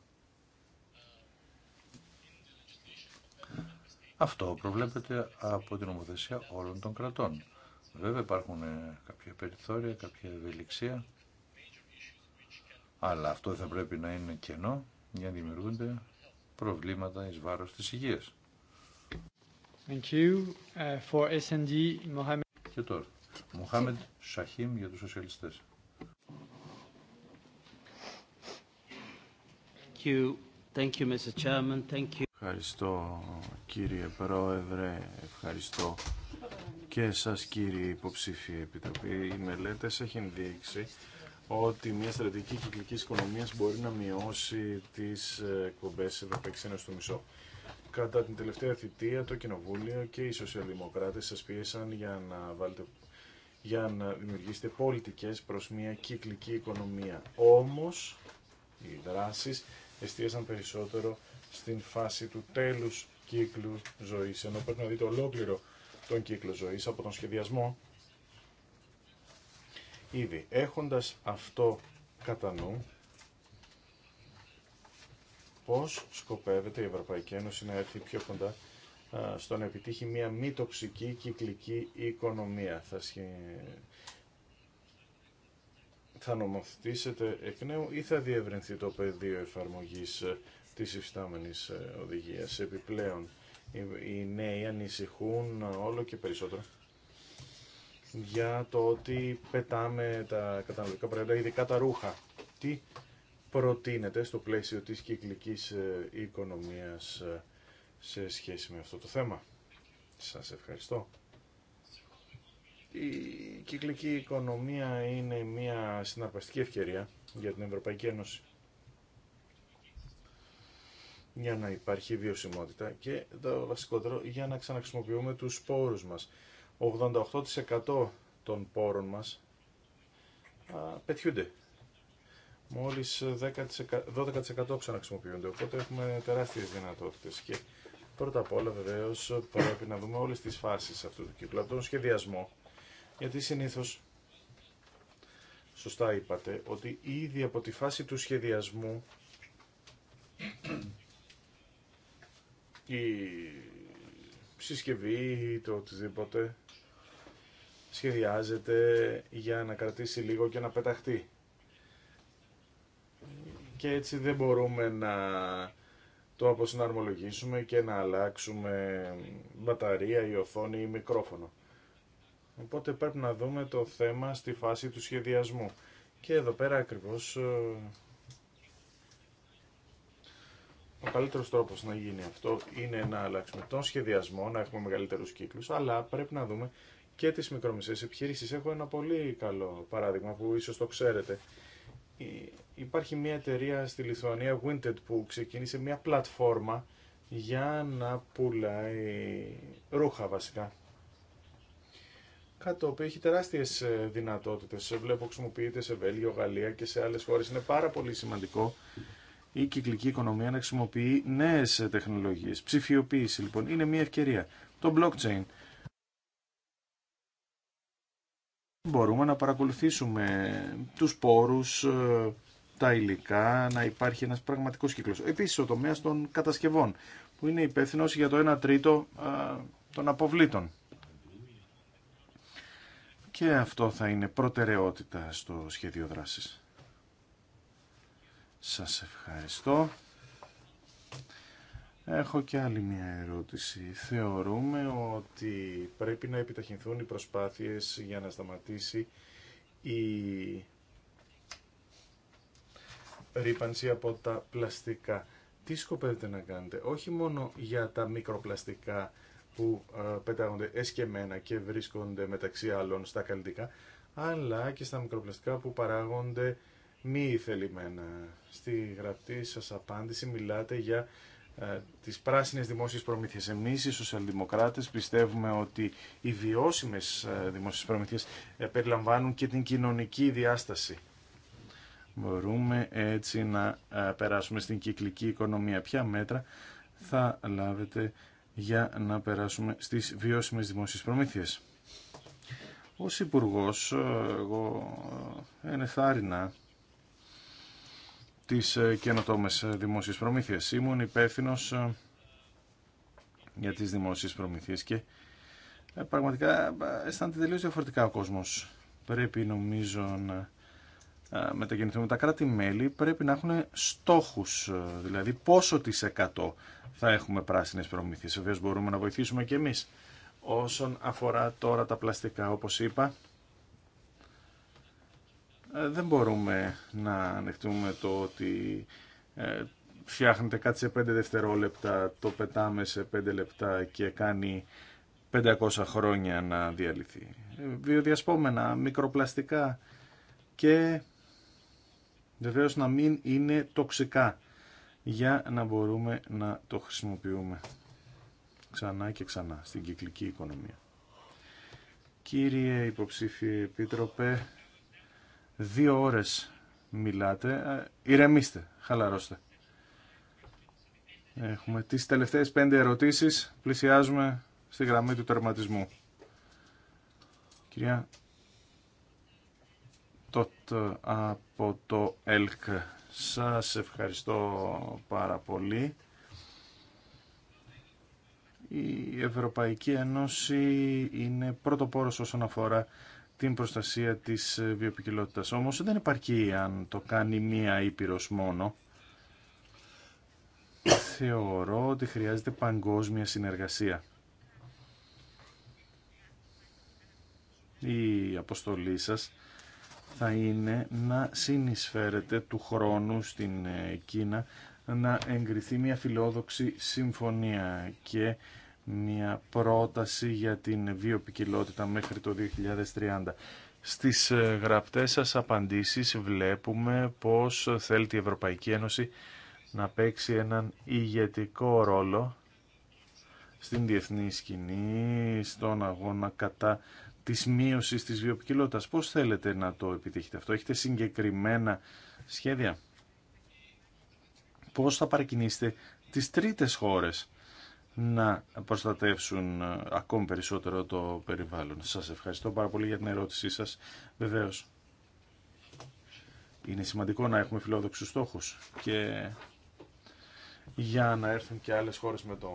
Αυτό προβλέπεται από την ομοθεσία όλων των κρατών. Βέβαια υπάρχουν ε, κάποια περιθώρια, κάποια ευελιξία, αλλά αυτό θα πρέπει να είναι κενό για να δημιουργούνται προβλήματα εις βάρος της υγείας. Thank you. Ε, for SND, Mohamed... Και τώρα, Μοχάμεντ Σαχίμ για τους σοσιαλιστές. Thank you. Thank you, Mr. Chairman. Thank you. Ευχαριστώ κύριε Πρόεδρε, ευχαριστώ και σας κύριε υποψήφιοι επιτροπή, οι μελέτες έχουν δείξει ότι μια στρατηγική κυκλικής οικονομίας μπορεί να μειώσει τις ε, εκπομπές Ευρωπαϊκής Ένωσης του μισό. Κατά την τελευταία θητεία το Κοινοβούλιο και οι σοσιαλδημοκράτες σας πίεσαν για να, βάλετε, για να δημιουργήσετε πολιτικές προς μια κυκλική οικονομία. Όμως οι δράσεις εστίασαν περισσότερο στην φάση του τέλους κύκλου ζωής, ενώ πρέπει να δείτε ολόκληρο τον κύκλο ζωής, από τον σχεδιασμό. Ήδη έχοντας αυτό κατά νου, πώς σκοπεύεται η Ευρωπαϊκή Ένωση να έρθει πιο κοντά στο να επιτύχει μια μη τοξική κυκλική οικονομία. Θα, σχε... θα νομοθετήσετε εκ νέου ή θα διευρυνθεί το πεδίο εφαρμογής ε, της υφτάμενης ε, οδηγίας επιπλέον οι νέοι ανησυχούν όλο και περισσότερο για το ότι πετάμε τα καταναλωτικά προϊόντα, ειδικά τα ρούχα. Τι προτείνεται στο πλαίσιο της κυκλικής ε, οικονομίας ε, σε σχέση με αυτό το θέμα. Σας ευχαριστώ. Η κυκλική οικονομία είναι μια συναρπαστική ευκαιρία για την Ευρωπαϊκή Ένωση για να υπάρχει βιωσιμότητα και το βασικότερο για να ξαναχρησιμοποιούμε τους σπόρους μας. 88% των πόρων μας α, πετιούνται. Μόλις 12% ξαναχρησιμοποιούνται, οπότε έχουμε τεράστιες δυνατότητες. Και πρώτα απ' όλα βεβαίως πρέπει να δούμε όλες τις φάσεις αυτού του κύκλου, από τον σχεδιασμό, γιατί συνήθως, σωστά είπατε, ότι ήδη από τη φάση του σχεδιασμού η συσκευή ή το οτιδήποτε σχεδιάζεται για να κρατήσει λίγο και να πεταχτεί. Και έτσι δεν μπορούμε να το αποσυναρμολογήσουμε και να αλλάξουμε μπαταρία ή οθόνη ή μικρόφωνο. Οπότε πρέπει να δούμε το θέμα στη φάση του σχεδιασμού. Και εδώ πέρα ακριβώς ε, ο καλύτερο τρόπο να γίνει αυτό είναι να αλλάξουμε τον σχεδιασμό, να έχουμε μεγαλύτερου κύκλου, αλλά πρέπει να δούμε και τι μικρομεσαίες επιχείρησει. Έχω ένα πολύ καλό παράδειγμα που ίσω το ξέρετε. Ε, υπάρχει μια εταιρεία στη Λιθουανία, Winted, που ξεκίνησε μια πλατφόρμα για να πουλάει ρούχα βασικά. Κάτι το οποίο έχει τεράστιε δυνατότητε. Βλέπω χρησιμοποιείται σε Βέλγιο, Γαλλία και σε άλλε χώρε. Είναι πάρα πολύ σημαντικό η κυκλική οικονομία να χρησιμοποιεί νέες τεχνολογίες. Ψηφιοποίηση λοιπόν είναι μια ευκαιρία. Το blockchain. Μπορούμε να παρακολουθήσουμε τους πόρους, ε, τα υλικά, να υπάρχει ένας πραγματικός κύκλος. Επίσης ο τομέας των κατασκευών που είναι υπεύθυνο για το 1 τρίτο ε, των αποβλήτων. Και αυτό θα είναι προτεραιότητα στο σχέδιο δράσης. Σας ευχαριστώ. Έχω και άλλη μια ερώτηση. Θεωρούμε ότι πρέπει να επιταχυνθούν οι προσπάθειες για να σταματήσει η ρήπανση από τα πλαστικά. Τι σκοπεύετε να κάνετε, όχι μόνο για τα μικροπλαστικά που ε, πετάγονται εσκεμένα και βρίσκονται μεταξύ άλλων στα καλλιτικά, αλλά και στα μικροπλαστικά που παράγονται μη ηθελημένα. Στη γραπτή σας απάντηση μιλάτε για ε, τις πράσινες δημόσιες προμήθειες. Εμείς οι σοσιαλδημοκράτες πιστεύουμε ότι οι βιώσιμες ε, δημόσιες προμήθειες ε, περιλαμβάνουν και την κοινωνική διάσταση. Μπορούμε έτσι να ε, περάσουμε στην κυκλική οικονομία. Ποια μέτρα θα λάβετε για να περάσουμε στις βιώσιμες δημόσιες προμήθειες. Ως υπουργός ε, εγώ ενεθάρρυνα τι ε, καινοτόμε ε, δημόσιε προμήθειε. Ήμουν υπεύθυνο ε, για τις δημόσιε προμήθειες και πραγματικά αισθάνεται τελείω διαφορετικά ο κόσμος. Πρέπει νομίζω να μετακινηθούμε. Τα κράτη-μέλη πρέπει να έχουν στόχου, δηλαδή πόσο τη 100 θα έχουμε πράσινε προμήθειε. Βεβαίω μπορούμε να βοηθήσουμε και εμεί. Όσον αφορά τώρα τα πλαστικά, όπως είπα, ε, δεν μπορούμε να ανεχτούμε το ότι ε, φτιάχνετε κάτι σε 5 δευτερόλεπτα, το πετάμε σε 5 λεπτά και κάνει 500 χρόνια να διαλυθεί. Ε, βιοδιασπόμενα, μικροπλαστικά και βεβαίως να μην είναι τοξικά για να μπορούμε να το χρησιμοποιούμε ξανά και ξανά στην κυκλική οικονομία. Κύριε Υποψήφιε Επίτροπε, Δύο ώρες μιλάτε. Ε, ηρεμήστε, χαλαρώστε. Έχουμε τις τελευταίες πέντε ερωτήσεις. Πλησιάζουμε στη γραμμή του τερματισμού. Κυρία Τότ από το ΕΛΚ. Σας ευχαριστώ πάρα πολύ. Η Ευρωπαϊκή Ένωση είναι πρωτοπόρος όσον αφορά την προστασία της ε, βιοπικιλότητας. Όμως δεν επαρκεί αν το κάνει μία ήπειρος μόνο. Θεωρώ ότι χρειάζεται παγκόσμια συνεργασία. Η αποστολή σας θα είναι να συνεισφέρετε του χρόνου στην ε, Κίνα να εγκριθεί μια φιλόδοξη συμφωνία και μια πρόταση για την βιοπικιλότητα μέχρι το 2030. Στις ε, γραπτές σας απαντήσεις βλέπουμε πώς θέλει η Ευρωπαϊκή Ένωση να παίξει έναν ηγετικό ρόλο στην διεθνή σκηνή, στον αγώνα κατά της μείωσης της βιοπικιλότητας. Πώς θέλετε να το επιτύχετε αυτό, έχετε συγκεκριμένα σχέδια. Πώς θα παρακινήσετε τις τρίτες χώρες να προστατεύσουν ε, ακόμη περισσότερο το περιβάλλον. Σας ευχαριστώ πάρα πολύ για την ερώτησή σας. Βεβαίως, είναι σημαντικό να έχουμε φιλόδοξους στόχους και για να έρθουν και άλλες χώρες με το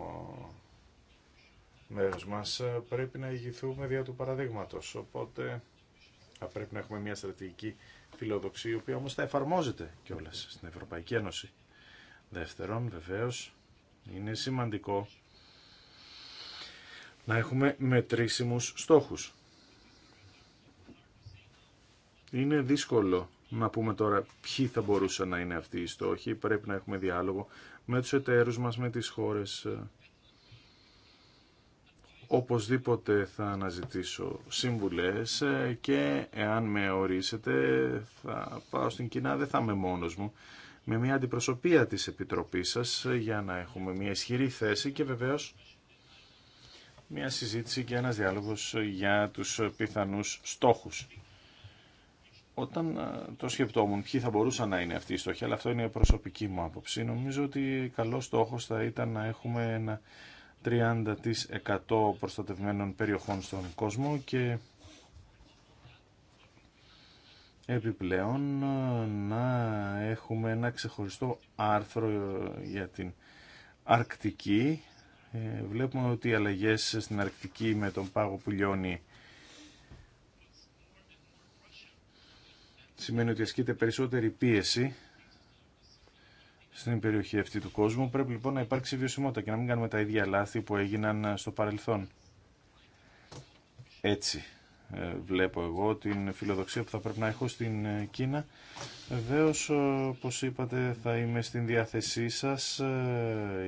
μέρος μας ε, πρέπει να ηγηθούμε δια του παραδείγματος. Οπότε θα πρέπει να έχουμε μια στρατηγική φιλοδοξία η οποία όμως θα εφαρμόζεται κιόλας στην Ευρωπαϊκή Ένωση. Δεύτερον, βεβαίως, είναι σημαντικό να έχουμε μετρήσιμους στόχους. Είναι δύσκολο να πούμε τώρα ποιοι θα μπορούσαν να είναι αυτοί οι στόχοι. Πρέπει να έχουμε διάλογο με τους εταίρους μας, με τις χώρες. Οπωσδήποτε θα αναζητήσω σύμβουλες και εάν με ορίσετε θα πάω στην Κινά, δεν θα είμαι μόνος μου. Με μια αντιπροσωπεία της Επιτροπής σας για να έχουμε μια ισχυρή θέση και βεβαίως μια συζήτηση και ένας διάλογος για τους πιθανούς στόχους. Όταν ε, το σκεπτόμουν ποιοι θα μπορούσαν να είναι αυτοί οι στόχοι, αλλά αυτό είναι η προσωπική μου άποψη, νομίζω ότι καλό στόχος θα ήταν να έχουμε ένα 30% προστατευμένων περιοχών στον κόσμο και επιπλέον ε, να έχουμε ένα ξεχωριστό άρθρο ε, για την Αρκτική ε, βλέπουμε ότι οι αλλαγές στην Αρκτική με τον πάγο που λιώνει σημαίνει ότι ασκείται περισσότερη πίεση στην περιοχή αυτή του κόσμου. Πρέπει λοιπόν να υπάρξει βιωσιμότητα και να μην κάνουμε τα ίδια λάθη που έγιναν στο παρελθόν. Έτσι ε, βλέπω εγώ, την φιλοδοξία που θα πρέπει να έχω στην ε, Κίνα. Βεβαίω, ε, όπω είπατε, θα είμαι στην διάθεσή σας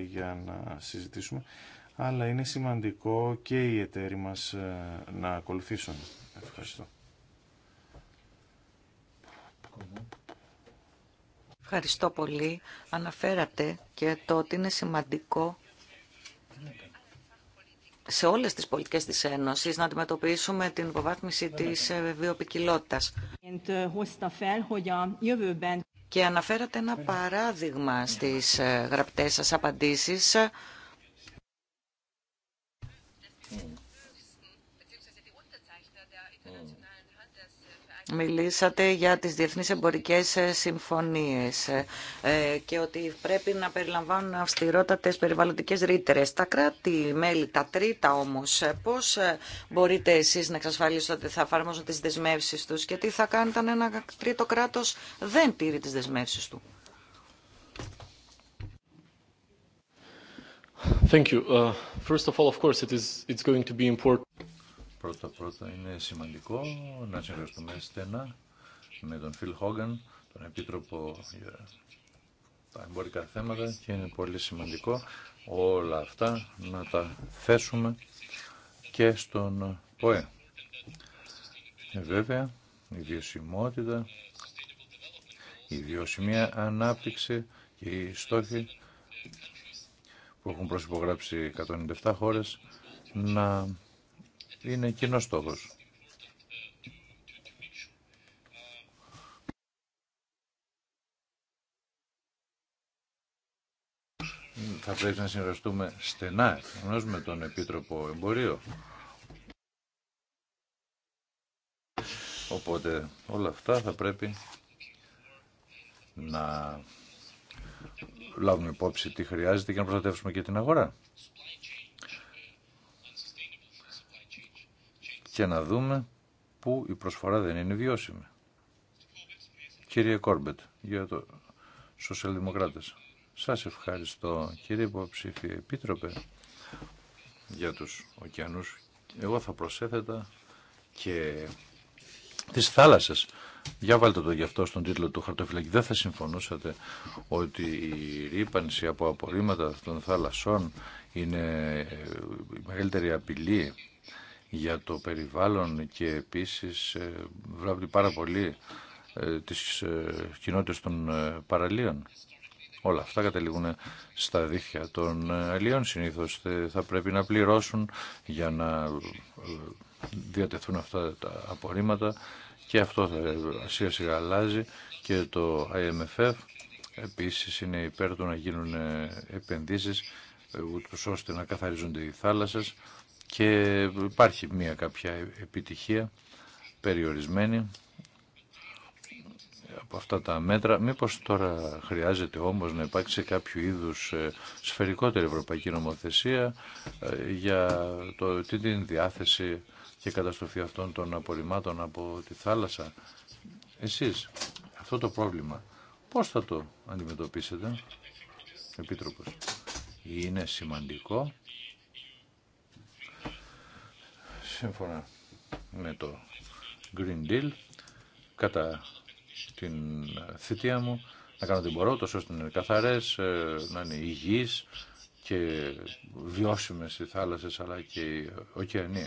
για να συζητήσουμε, αλλά είναι σημαντικό και οι εταίροι μας να ακολουθήσουν. Ευχαριστώ. Ευχαριστώ πολύ. Αναφέρατε και το ότι είναι σημαντικό σε όλες τις πολιτικές της Ένωσης να αντιμετωπίσουμε την υποβάθμιση της ε, βιοπικιλότητας. Ε, Και αναφέρατε ένα παράδειγμα στις ε, γραπτές σας απαντήσεις Μιλήσατε για τις διεθνείς εμπορικές ε, συμφωνίες ε, ε, και ότι πρέπει να περιλαμβάνουν αυστηρότατες περιβαλλοντικές ρήτρες. Τα κράτη-μέλη, τα τρίτα όμως, πώς μπορείτε εσείς να εξασφαλίσετε ότι θα εφαρμόσουν τις δεσμεύσεις τους και τι θα κάνετε αν ένα τρίτο κράτος δεν τήρει τις δεσμεύσεις του. Thank you. Uh, first of all, of course, it is, it's going to be Πρώτα πρώτα είναι σημαντικό να συνεργαστούμε στενά με τον Φιλ Χόγκαν, τον Επίτροπο για τα εμπορικά θέματα και είναι πολύ σημαντικό όλα αυτά να τα θέσουμε και στον ΠΟΕ. Ε, βέβαια, η βιωσιμότητα, η βιώσιμη ανάπτυξη και οι στόχοι που έχουν προσυπογράψει 197 χώρες να είναι κοινό στόχο. Θα πρέπει να συνεργαστούμε στενά ενός με τον Επίτροπο Εμπορίου. Οπότε όλα αυτά θα πρέπει να λάβουμε υπόψη τι χρειάζεται και να προστατεύσουμε και την αγορά. και να δούμε πού η προσφορά δεν είναι βιώσιμη. Κύριε Κόρμπετ, για το σοσιαλδημοκράτες. Σας ευχαριστώ κύριε υποψήφιε επίτροπε για τους ωκεανούς. Εγώ θα προσέθετα και τις θάλασσες. Για βάλτε το γι' αυτό στον τίτλο του χαρτοφυλακή. Δεν θα συμφωνούσατε ότι η ρήπανση από απορρίμματα των θάλασσών είναι η μεγαλύτερη απειλή για το περιβάλλον και επίσης ε, βράβει πάρα πολύ ε, τις ε, κοινότητες των παραλίων. Όλα αυτά καταλήγουν στα δίχτυα των αλλιών συνήθως. Θα πρέπει να πληρώσουν για να διατεθούν αυτά τα απορρίμματα και αυτό σιγά σιγά αλλάζει και το IMFF επίσης είναι υπέρ του να γίνουν επενδύσεις ούτως ώστε να καθαριζονται οι θάλασσες και υπάρχει μια κάποια επιτυχία περιορισμένη από αυτά τα μέτρα. Μήπως τώρα χρειάζεται όμως να υπάρξει κάποιο είδους ε, σφαιρικότερη ευρωπαϊκή νομοθεσία ε, για το, την διάθεση και καταστροφή αυτών των απορριμμάτων από τη θάλασσα. Εσείς αυτό το πρόβλημα πώς θα το αντιμετωπίσετε, Επίτροπος. Είναι σημαντικό σύμφωνα με το Green Deal κατά την θητεία μου να κάνω την μπορώ τόσο ώστε να είναι καθαρές, ε, να είναι υγιείς και βιώσιμες οι θάλασσες αλλά και οι ωκεανοί.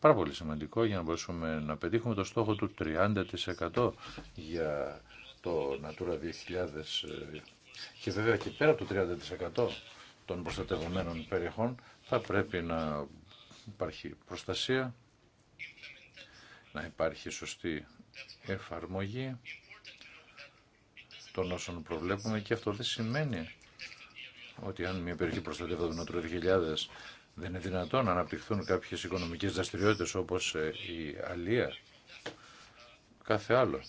Πάρα πολύ σημαντικό για να μπορέσουμε να πετύχουμε το στόχο του 30% για το Natura 2000 ε, και βέβαια και πέρα από το 30% των προστατευμένων περιοχών θα πρέπει να υπάρχει προστασία, να υπάρχει σωστή εφαρμογή των όσων προβλέπουμε και αυτό δεν σημαίνει ότι αν μια περιοχή προστατεύεται από τον 2000 δεν είναι δυνατόν να αναπτυχθούν κάποιες οικονομικές δραστηριότητες όπως ε, η αλία, κάθε άλλο.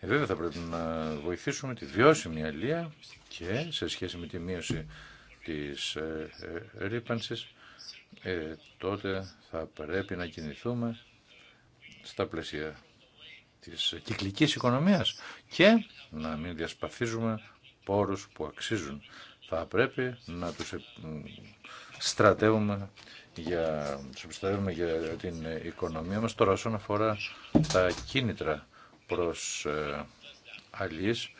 Ε, βέβαια θα πρέπει να βοηθήσουμε τη βιώσιμη αλία και σε σχέση με τη μείωση της ε, ε, ρήπανσης, ε, τότε θα πρέπει να κινηθούμε στα πλαίσια της κυκλικής οικονομίας και να μην διασπαθίζουμε πόρους που αξίζουν. Θα πρέπει να τους στρατεύουμε για, τους για την οικονομία μας. Τώρα όσον αφορά τα κίνητρα προς αλλιείς,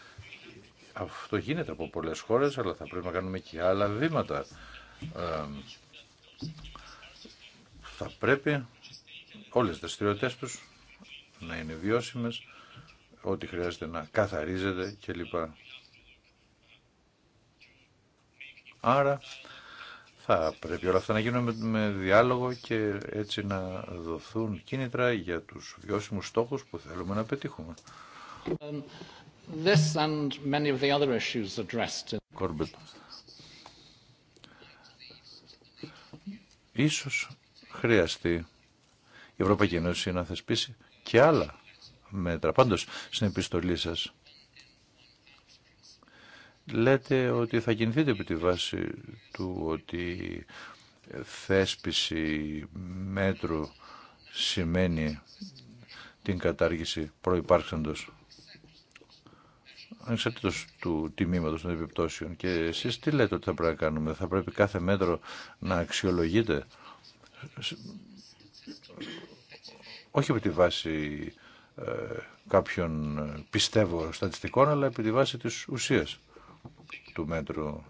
αυτό γίνεται από πολλές χώρες, αλλά θα πρέπει να κάνουμε και άλλα βήματα. θα πρέπει όλες τις δραστηριότητες τους να είναι βιώσιμες, ό,τι χρειάζεται να καθαρίζεται κλπ. Άρα θα πρέπει όλα αυτά να γίνουν με, με διάλογο και έτσι να δοθούν κίνητρα για τους βιώσιμους στόχους που θέλουμε να πετύχουμε. This and many of the other issues addressed Ίσως χρειαστεί η Ευρωπαϊκή Ένωση να θεσπίσει και άλλα μέτρα. Πάντως, στην επιστολή σας λέτε ότι θα κινηθείτε επί τη βάση του ότι θέσπιση μέτρου σημαίνει την κατάργηση προϋπάρξαντος ανεξαρτήτω του τιμήματο των επιπτώσεων. Και εσεί τι λέτε ότι θα πρέπει να κάνουμε, θα πρέπει κάθε μέτρο να αξιολογείται όχι από τη βάση ε, κάποιων ε, πιστεύω στατιστικών, αλλά επί τη βάση της ουσίας του μέτρου.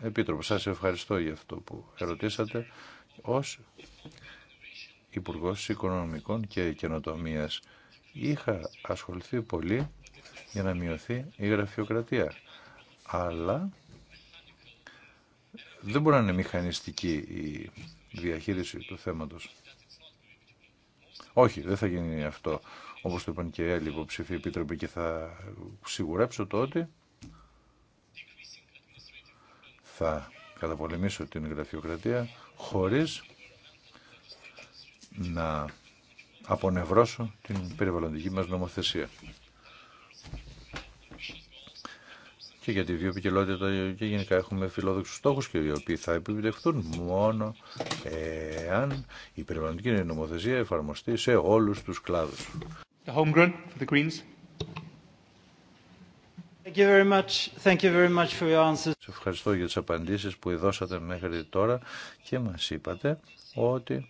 Επίτροπο, σας ευχαριστώ για αυτό που ερωτήσατε. Ως Υπουργός Οικονομικών και Καινοτομίας είχα ασχοληθεί πολύ για να μειωθεί η γραφειοκρατία. Αλλά δεν μπορεί να είναι μηχανιστική η διαχείριση του θέματος. Όχι, δεν θα γίνει αυτό, όπως το είπαν και οι άλλοι υποψηφοί επίτροποι και θα σιγουρέψω το ότι θα καταπολεμήσω την γραφειοκρατία χωρίς να απονευρώσω την περιβαλλοντική μας νομοθεσία. και για τη βιοπικιλότητα και γενικά έχουμε φιλόδοξους στόχους και οι οποίοι θα επιβλεχθούν μόνο εάν η περιβαλλοντική νομοθεσία εφαρμοστεί σε όλους τους κλάδους. The very much. Thank you very much for your answers. Σε ευχαριστώ για τις απαντήσεις που δώσατε μέχρι τώρα και μας είπατε ότι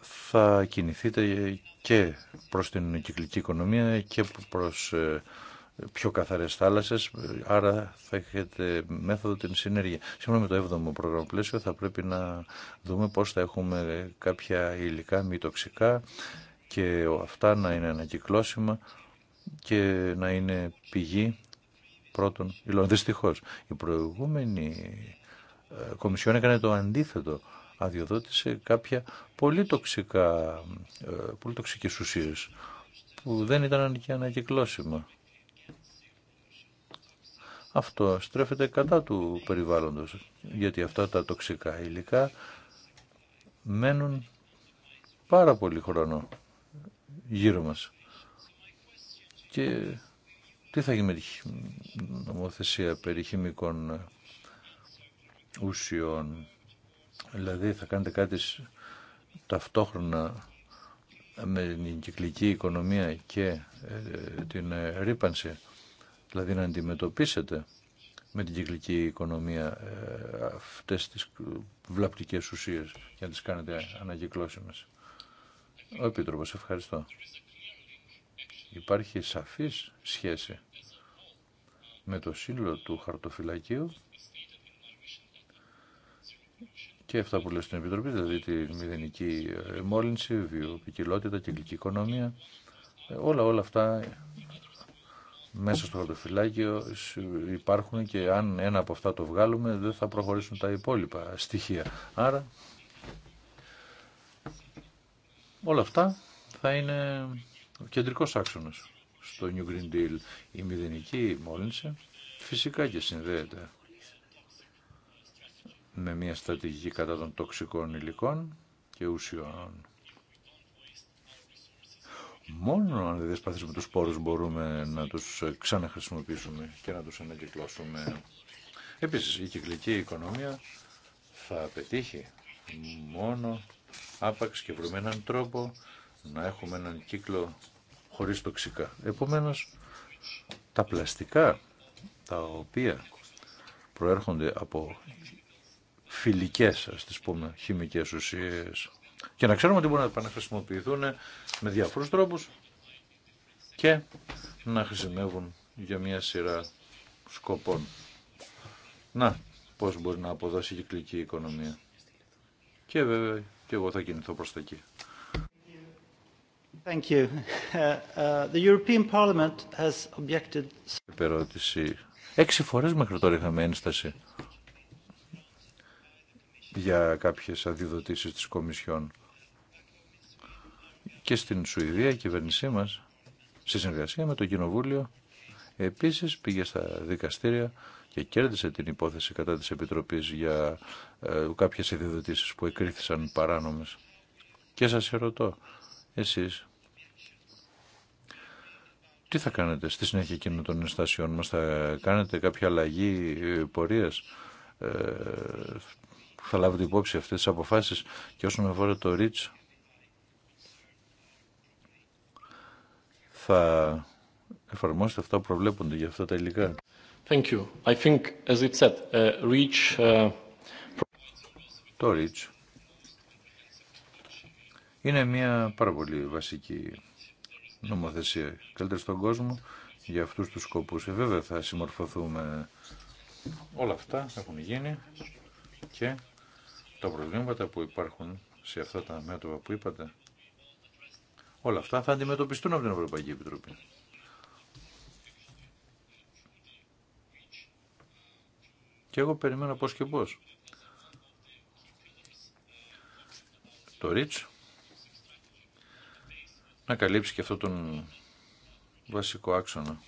θα κινηθείτε και προς την κυκλική οικονομία και προς ε, πιο καθαρές θάλασσε, άρα θα έχετε μέθοδο την συνέργεια. Σύμφωνα με το 7ο πρόγραμμα θα πρέπει να δούμε πώς θα έχουμε κάποια υλικά μη τοξικά και αυτά να είναι ανακυκλώσιμα και να είναι πηγή πρώτων υλών. Δυστυχώ, η προηγούμενη ε, Κομισιόν έκανε το αντίθετο. Αδειοδότησε κάποια πολύ, τοξικά, ε, πολύ που δεν ήταν και ανακυκλώσιμα αυτό στρέφεται κατά του περιβάλλοντος, γιατί αυτά τα τοξικά υλικά μένουν πάρα πολύ χρόνο γύρω μας. Και τι θα γίνει με τη νομοθεσία περί χημικών ουσιών. Δηλαδή θα κάνετε κάτι ταυτόχρονα με την κυκλική οικονομία και ε, ε, την ε, ρήπανση δηλαδή να αντιμετωπίσετε με την κυκλική οικονομία ε, αυτές τις βλαπτικές ουσίες και να τις κάνετε ανακυκλώσιμες. Ο Επίτροπος, ευχαριστώ. Υπάρχει σαφής σχέση με το σύλλο του χαρτοφυλακίου και αυτά που λέω στην Επιτροπή, δηλαδή τη μηδενική ε, μόλυνση, βιοποικιλότητα, κυκλική οικονομία, ε, όλα όλα αυτά μέσα στο χαρτοφυλάκιο υπάρχουν και αν ένα από αυτά το βγάλουμε δεν θα προχωρήσουν τα υπόλοιπα στοιχεία. Άρα όλα αυτά θα είναι ο κεντρικός άξονας στο New Green Deal. Η μηδενική μόλυνση φυσικά και συνδέεται με μια στρατηγική κατά των τοξικών υλικών και ουσιών. Μόνο αν δεν διασπαθήσουμε τους πόρους μπορούμε να τους ξαναχρησιμοποιήσουμε και να τους ανακυκλώσουμε. Επίσης, η κυκλική οικονομία θα πετύχει μόνο άπαξ και βρούμε έναν τρόπο να έχουμε έναν κύκλο χωρίς τοξικά. Επομένως, τα πλαστικά τα οποία προέρχονται από φιλικές, ας τις πούμε, χημικές ουσίες και να ξέρουμε ότι μπορούν να επαναχρησιμοποιηθούν με διάφορους τρόπους και να χρησιμεύουν για μια σειρά σκοπών. Να, πώς μπορεί να αποδώσει η κυκλική οικονομία. Και βέβαια και εγώ θα κινηθώ προς τα εκεί. Thank you. Uh, uh, the European Parliament has objected... Έξι φορές μέχρι τώρα είχαμε ένσταση για κάποιες αδειοδοτήσεις της Κομισιόν. Και στην Σουηδία η κυβέρνησή μας, στη συνεργασία με το Κοινοβούλιο, επίσης πήγε στα δικαστήρια και κέρδισε την υπόθεση κατά της Επιτροπής για ε, κάποιες αδειοδοτήσεις που εκρήθησαν παράνομες. Και σας ρωτώ, εσείς, τι θα κάνετε στη συνέχεια εκείνων των ενστάσεων μας, θα κάνετε κάποια αλλαγή ε, πορείας, ε, που θα λάβετε υπόψη αυτές τις αποφάσεις και όσον αφορά το REACH θα εφαρμόσετε αυτά που προβλέπονται για αυτά τα υλικά. Το REACH είναι μια πάρα πολύ βασική νομοθεσία. Καλύτερη στον κόσμο για αυτούς τους σκοπούς. Ε, βέβαια θα συμμορφωθούμε όλα αυτά έχουν γίνει και τα προβλήματα που υπάρχουν σε αυτά τα μέτωπα που είπατε, όλα αυτά θα αντιμετωπιστούν από την Ευρωπαϊκή Επιτροπή. Και εγώ περιμένω πώς και πώς. Το ΡΙΤΣ να καλύψει και αυτό τον βασικό άξονα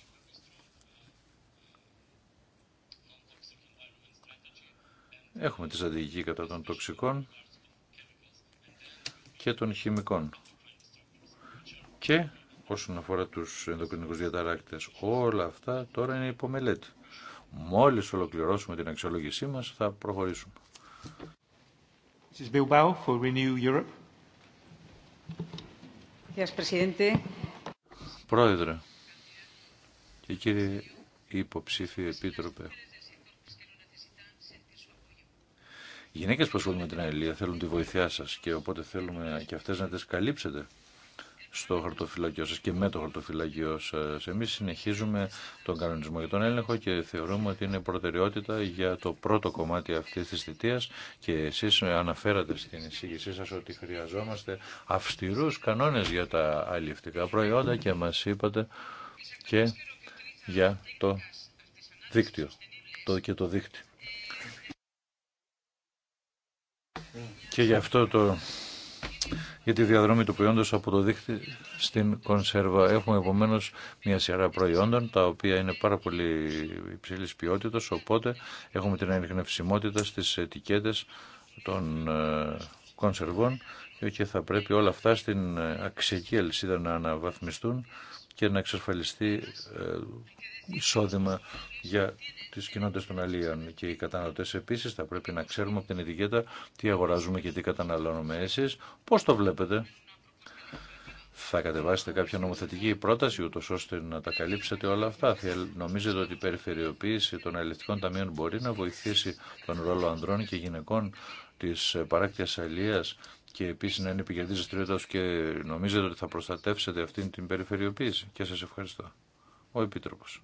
Έχουμε τη στρατηγική κατά των τοξικών και των χημικών. Και όσον αφορά τους ενδοκρινικούς διαταράκτες, όλα αυτά τώρα είναι υπομελέτη. Μόλις ολοκληρώσουμε την αξιολόγησή μας θα προχωρήσουμε. Bilbao for Renew Europe. Πρόεδρε και κύριε υποψήφιοι επίτροπε, Οι γυναίκε που ασχολούνται με την αλληλεία θέλουν τη βοήθειά σα και οπότε θέλουμε και αυτέ να τις καλύψετε στο χαρτοφυλακείο σα και με το χαρτοφυλακείο σα. Εμεί συνεχίζουμε τον κανονισμό για τον έλεγχο και θεωρούμε ότι είναι προτεραιότητα για το πρώτο κομμάτι αυτή τη θητεία και εσεί αναφέρατε στην εισήγησή σα ότι χρειαζόμαστε αυστηρού κανόνε για τα αλληλευτικά προϊόντα και μα είπατε και για το δίκτυο το και το δίκτυο. Και για αυτό το για τη διαδρομή του προϊόντος από το δίχτυ στην κονσέρβα. Έχουμε επομένω μια σειρά προϊόντων τα οποία είναι πάρα πολύ υψηλή ποιότητα, οπότε έχουμε την ανιχνευσιμότητα στις ετικέτες των ε, κονσερβών και θα πρέπει όλα αυτά στην ε, αξιακή αλυσίδα να αναβαθμιστούν και να εξασφαλιστεί ε, εισόδημα για τις κοινότητες των αλλήλων. Και οι καταναλωτές επίσης θα πρέπει να ξέρουμε από την ετικέτα τι αγοράζουμε και τι καταναλώνουμε εσείς. Πώς το βλέπετε. Θα κατεβάσετε κάποια νομοθετική πρόταση ούτως ώστε να τα καλύψετε όλα αυτά. Νομίζετε ότι η περιφερειοποίηση των αλληλευτικών ταμείων μπορεί να βοηθήσει τον ρόλο ανδρών και γυναικών της παράκτειας αλληλείας και επίσης να είναι επικερδής δραστηριότητά και νομίζετε ότι θα προστατεύσετε αυτήν την περιφερειοποίηση. Και σας ευχαριστώ. Ο Επίτροπος.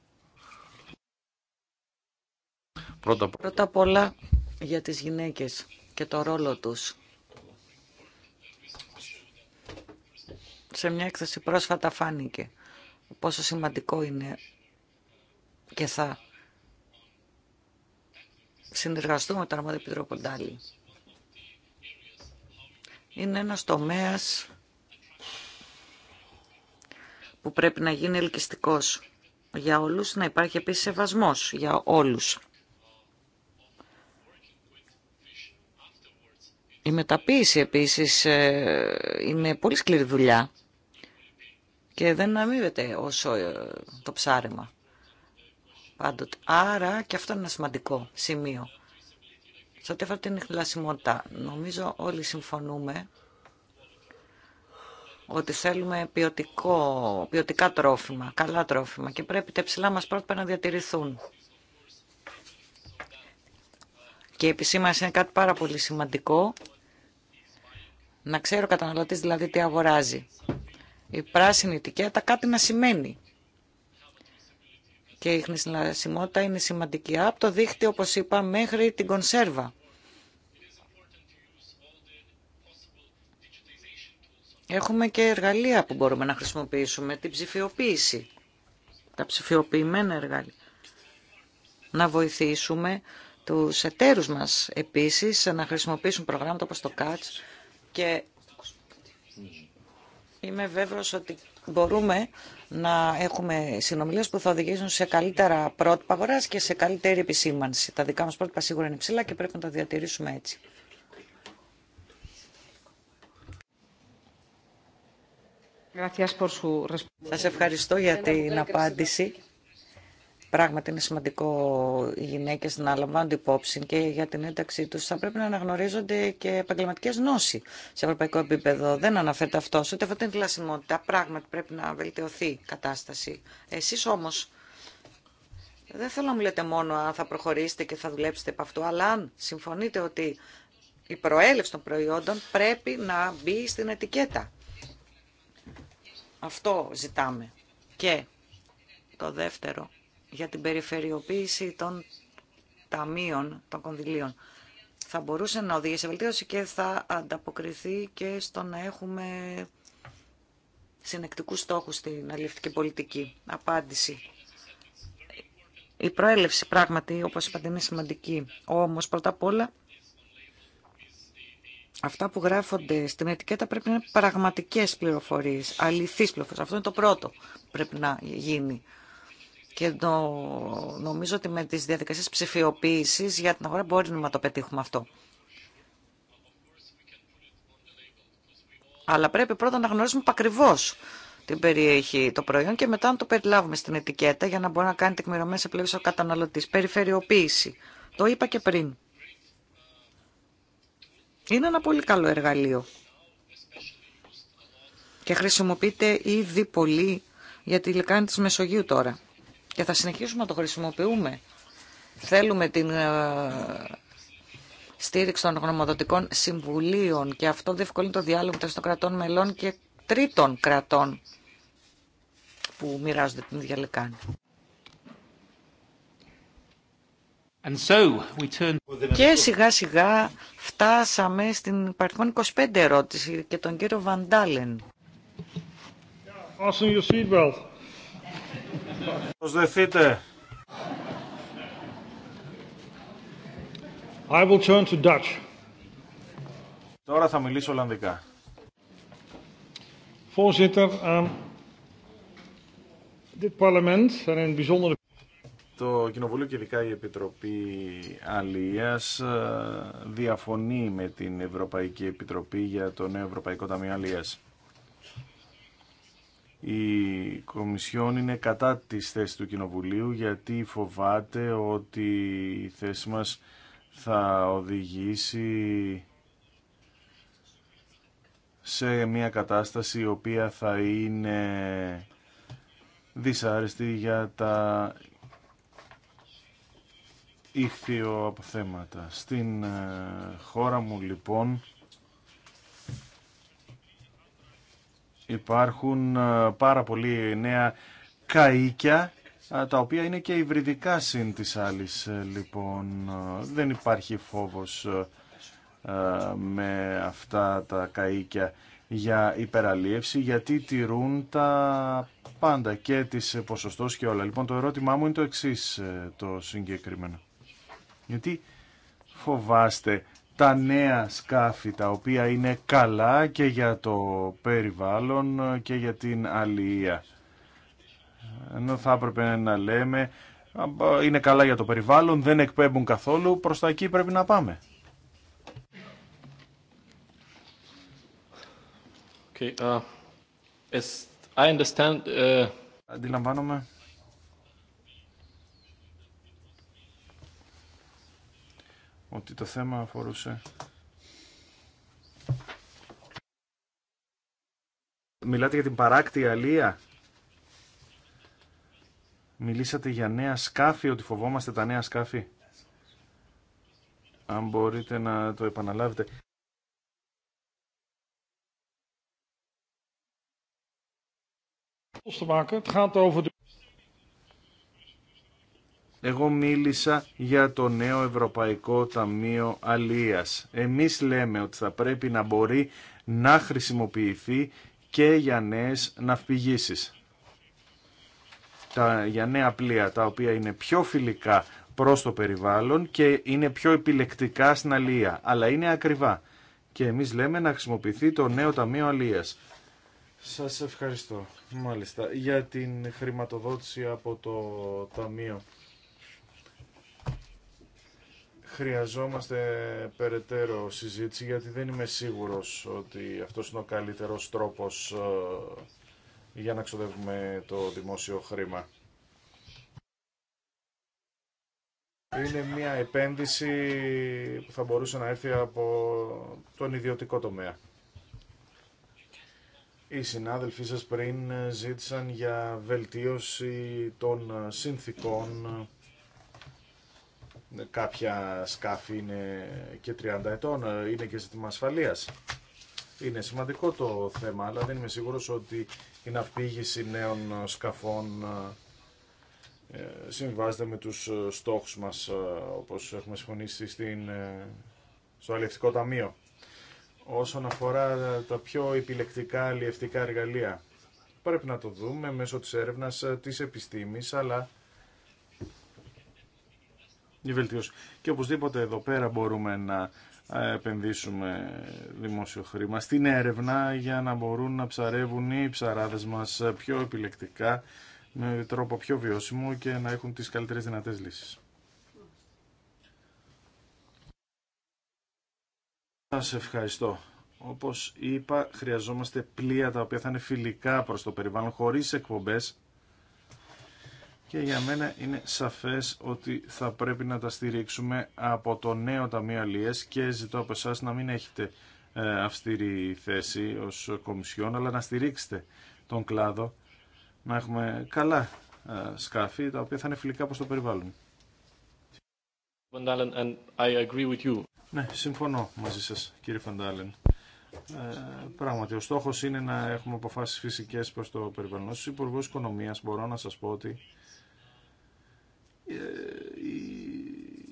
Πρώτα, απ' όλα για τις γυναίκες και το ρόλο τους. Σε μια έκθεση πρόσφατα φάνηκε πόσο σημαντικό είναι και θα συνεργαστούμε με τον Αρμόδιο είναι ένας τομέας που πρέπει να γίνει ελκυστικός για όλους, να υπάρχει επίσης σεβασμός για όλους. Η μεταποίηση επίσης ε, είναι πολύ σκληρή δουλειά και δεν αμείβεται όσο ε, το ψάρεμα πάντοτε. Άρα και αυτό είναι ένα σημαντικό σημείο. Στο ό,τι αφορά την χλασιμότητα, νομίζω όλοι συμφωνούμε ότι θέλουμε ποιοτικό, ποιοτικά τρόφιμα, καλά τρόφιμα και πρέπει τα υψηλά μας πρότυπα να διατηρηθούν. Και η επισήμανση είναι κάτι πάρα πολύ σημαντικό. Να ξέρει ο καταναλωτής δηλαδή τι αγοράζει. Η πράσινη ετικέτα κάτι να σημαίνει και η χνησιμότητα είναι σημαντική. Από το δίχτυ, όπως είπα, μέχρι την κονσέρβα. Έχουμε και εργαλεία που μπορούμε να χρησιμοποιήσουμε, την ψηφιοποίηση, τα ψηφιοποιημένα εργαλεία. Να βοηθήσουμε τους εταίρους μας επίσης να χρησιμοποιήσουν προγράμματα όπως το ΚΑΤΣ και είμαι βέβαιος ότι μπορούμε να έχουμε συνομιλίε που θα οδηγήσουν σε καλύτερα πρότυπα αγορά και σε καλύτερη επισήμανση. Τα δικά μας πρότυπα σίγουρα είναι ψηλά και πρέπει να τα διατηρήσουμε έτσι. Σας ευχαριστώ για την απάντηση. Πράγματι είναι σημαντικό οι γυναίκες να την υπόψη και για την ένταξή τους θα πρέπει να αναγνωρίζονται και επαγγελματικέ γνώσει σε ευρωπαϊκό επίπεδο. Δεν αναφέρεται αυτό, ούτε αυτή την κλασιμότητα. Πράγματι πρέπει να βελτιωθεί η κατάσταση. Εσείς όμως δεν θέλω να μου λέτε μόνο αν θα προχωρήσετε και θα δουλέψετε από αυτού, αλλά αν συμφωνείτε ότι η προέλευση των προϊόντων πρέπει να μπει στην ετικέτα. Αυτό ζητάμε. Και το δεύτερο για την περιφερειοποίηση των ταμείων, των κονδυλίων. Θα μπορούσε να οδηγήσει σε βελτίωση και θα ανταποκριθεί και στο να έχουμε συνεκτικούς στόχους στην αλληλευτική πολιτική. Απάντηση. Η προέλευση πράγματι, όπως είπατε, είναι σημαντική. Όμως, πρώτα απ' όλα, αυτά που γράφονται στην ετικέτα πρέπει να είναι πραγματικές πληροφορίες, αληθείς πληροφορίες. Αυτό είναι το πρώτο που πρέπει να γίνει. Και νομίζω ότι με τις διαδικασίες ψηφιοποίησης για την αγορά μπορεί να το πετύχουμε αυτό. Αλλά πρέπει πρώτα να γνωρίζουμε ακριβώ την περιέχει το προϊόν και μετά να το περιλάβουμε στην ετικέτα για να μπορεί να κάνει τεκμηρωμένες επιλογέ ο καταναλωτή. Περιφερειοποίηση. Το είπα και πριν. Είναι ένα πολύ καλό εργαλείο. Και χρησιμοποιείται ήδη πολύ για τη λεκάνη της Μεσογείου τώρα και θα συνεχίσουμε να το χρησιμοποιούμε. Θέλουμε την ε, στήριξη των γνωμοδοτικών συμβουλίων και αυτό διευκολύνει το διάλογο μεταξύ των κρατών μελών και τρίτων κρατών που μοιράζονται την ίδια Και σιγά σιγά φτάσαμε στην παρελθόν 25 ερώτηση και τον κύριο Βαντάλεν. Προσδεθείτε. I will turn to Dutch. Τώρα θα μιλήσω Ολλανδικά. Voorzitter, ehm, dit parlement en το Κοινοβούλιο και ειδικά η Επιτροπή Αλίας ε, διαφωνεί με την Ευρωπαϊκή Επιτροπή για το νέο Ευρωπαϊκό Ταμείο Αλίας η Κομισιόν είναι κατά της θέσης του Κοινοβουλίου γιατί φοβάται ότι η θέση μας θα οδηγήσει σε μια κατάσταση η οποία θα είναι δυσάρεστη για τα αποθέματα. Στην ε, χώρα μου λοιπόν Υπάρχουν ε, πάρα πολλοί νέα καΐκια ε, τα οποία είναι και υβριδικά συν της άλλης ε, λοιπόν δεν υπάρχει φόβος με αυτά τα καΐκια για υπεραλίευση γιατί τηρούν τα πάντα και τις ποσοστός και όλα. Λοιπόν το ερώτημά μου είναι το εξής το συγκεκριμένο. Γιατί φοβάστε τα νέα σκάφη τα οποία είναι καλά και για το περιβάλλον και για την αλληλεία. Ενώ θα έπρεπε να λέμε είναι καλά για το περιβάλλον, δεν εκπέμπουν καθόλου, προς τα εκεί πρέπει να πάμε. Okay, uh, I understand, uh... Αντιλαμβάνομαι ότι το θέμα αφορούσε... Μιλάτε για την παράκτη αλία. Μιλήσατε για νέα σκάφη, ότι φοβόμαστε τα νέα σκάφη. Αν μπορείτε να το επαναλάβετε. Εγώ μίλησα για το νέο Ευρωπαϊκό Ταμείο Αλίας. Εμείς λέμε ότι θα πρέπει να μπορεί να χρησιμοποιηθεί και για νέες ναυπηγήσεις. Τα, για νέα πλοία τα οποία είναι πιο φιλικά προς το περιβάλλον και είναι πιο επιλεκτικά στην αλία, αλλά είναι ακριβά. Και εμείς λέμε να χρησιμοποιηθεί το νέο Ταμείο Αλίας. Σας ευχαριστώ. Μάλιστα. Για την χρηματοδότηση από το Ταμείο χρειαζόμαστε περαιτέρω συζήτηση γιατί δεν είμαι σίγουρος ότι αυτός είναι ο καλύτερος τρόπος ε, για να ξοδεύουμε το δημόσιο χρήμα. Είναι μια επένδυση που θα μπορούσε να έρθει από τον ιδιωτικό τομέα. Οι συνάδελφοί σας πριν ε, ζήτησαν για βελτίωση των ε, συνθήκων κάποια σκάφη είναι και 30 ετών, είναι και ζήτημα ασφαλεία. Είναι σημαντικό το θέμα, αλλά δεν είμαι σίγουρος ότι η ναυπήγηση νέων σκαφών ε, συμβάζεται με τους ε, στόχους μας, ε, όπως έχουμε συμφωνήσει στην, στο Αλληλευτικό Ταμείο. Όσον αφορά τα πιο επιλεκτικά αλληλευτικά εργαλεία, πρέπει να το δούμε μέσω της έρευνας της επιστήμης, αλλά η βελτίωση. Και οπωσδήποτε εδώ πέρα μπορούμε να ε, επενδύσουμε δημόσιο χρήμα στην έρευνα για να μπορούν να ψαρεύουν οι ψαράδες μας πιο επιλεκτικά με τρόπο πιο βιώσιμο και να έχουν τις καλύτερες δυνατές λύσεις. Σας ευχαριστώ. Όπως είπα, χρειαζόμαστε πλοία τα οποία θα είναι φιλικά προς το περιβάλλον, χωρίς εκπομπές και για μένα είναι σαφές ότι θα πρέπει να τα στηρίξουμε από το νέο Ταμείο Αλίες και ζητώ από εσά να μην έχετε ε, αυστηρή θέση ως Κομισιόν αλλά να στηρίξετε τον κλάδο να έχουμε καλά ε, σκάφη τα οποία θα είναι φιλικά προς το περιβάλλον. And I agree with you. Ναι, συμφωνώ μαζί σας κύριε Φαντάλεν. Ε, πράγματι, ο στόχος είναι να έχουμε αποφάσεις φυσικές προς το περιβάλλον. Ως Υπουργός Οικονομίας μπορώ να σας πω ότι ε, οι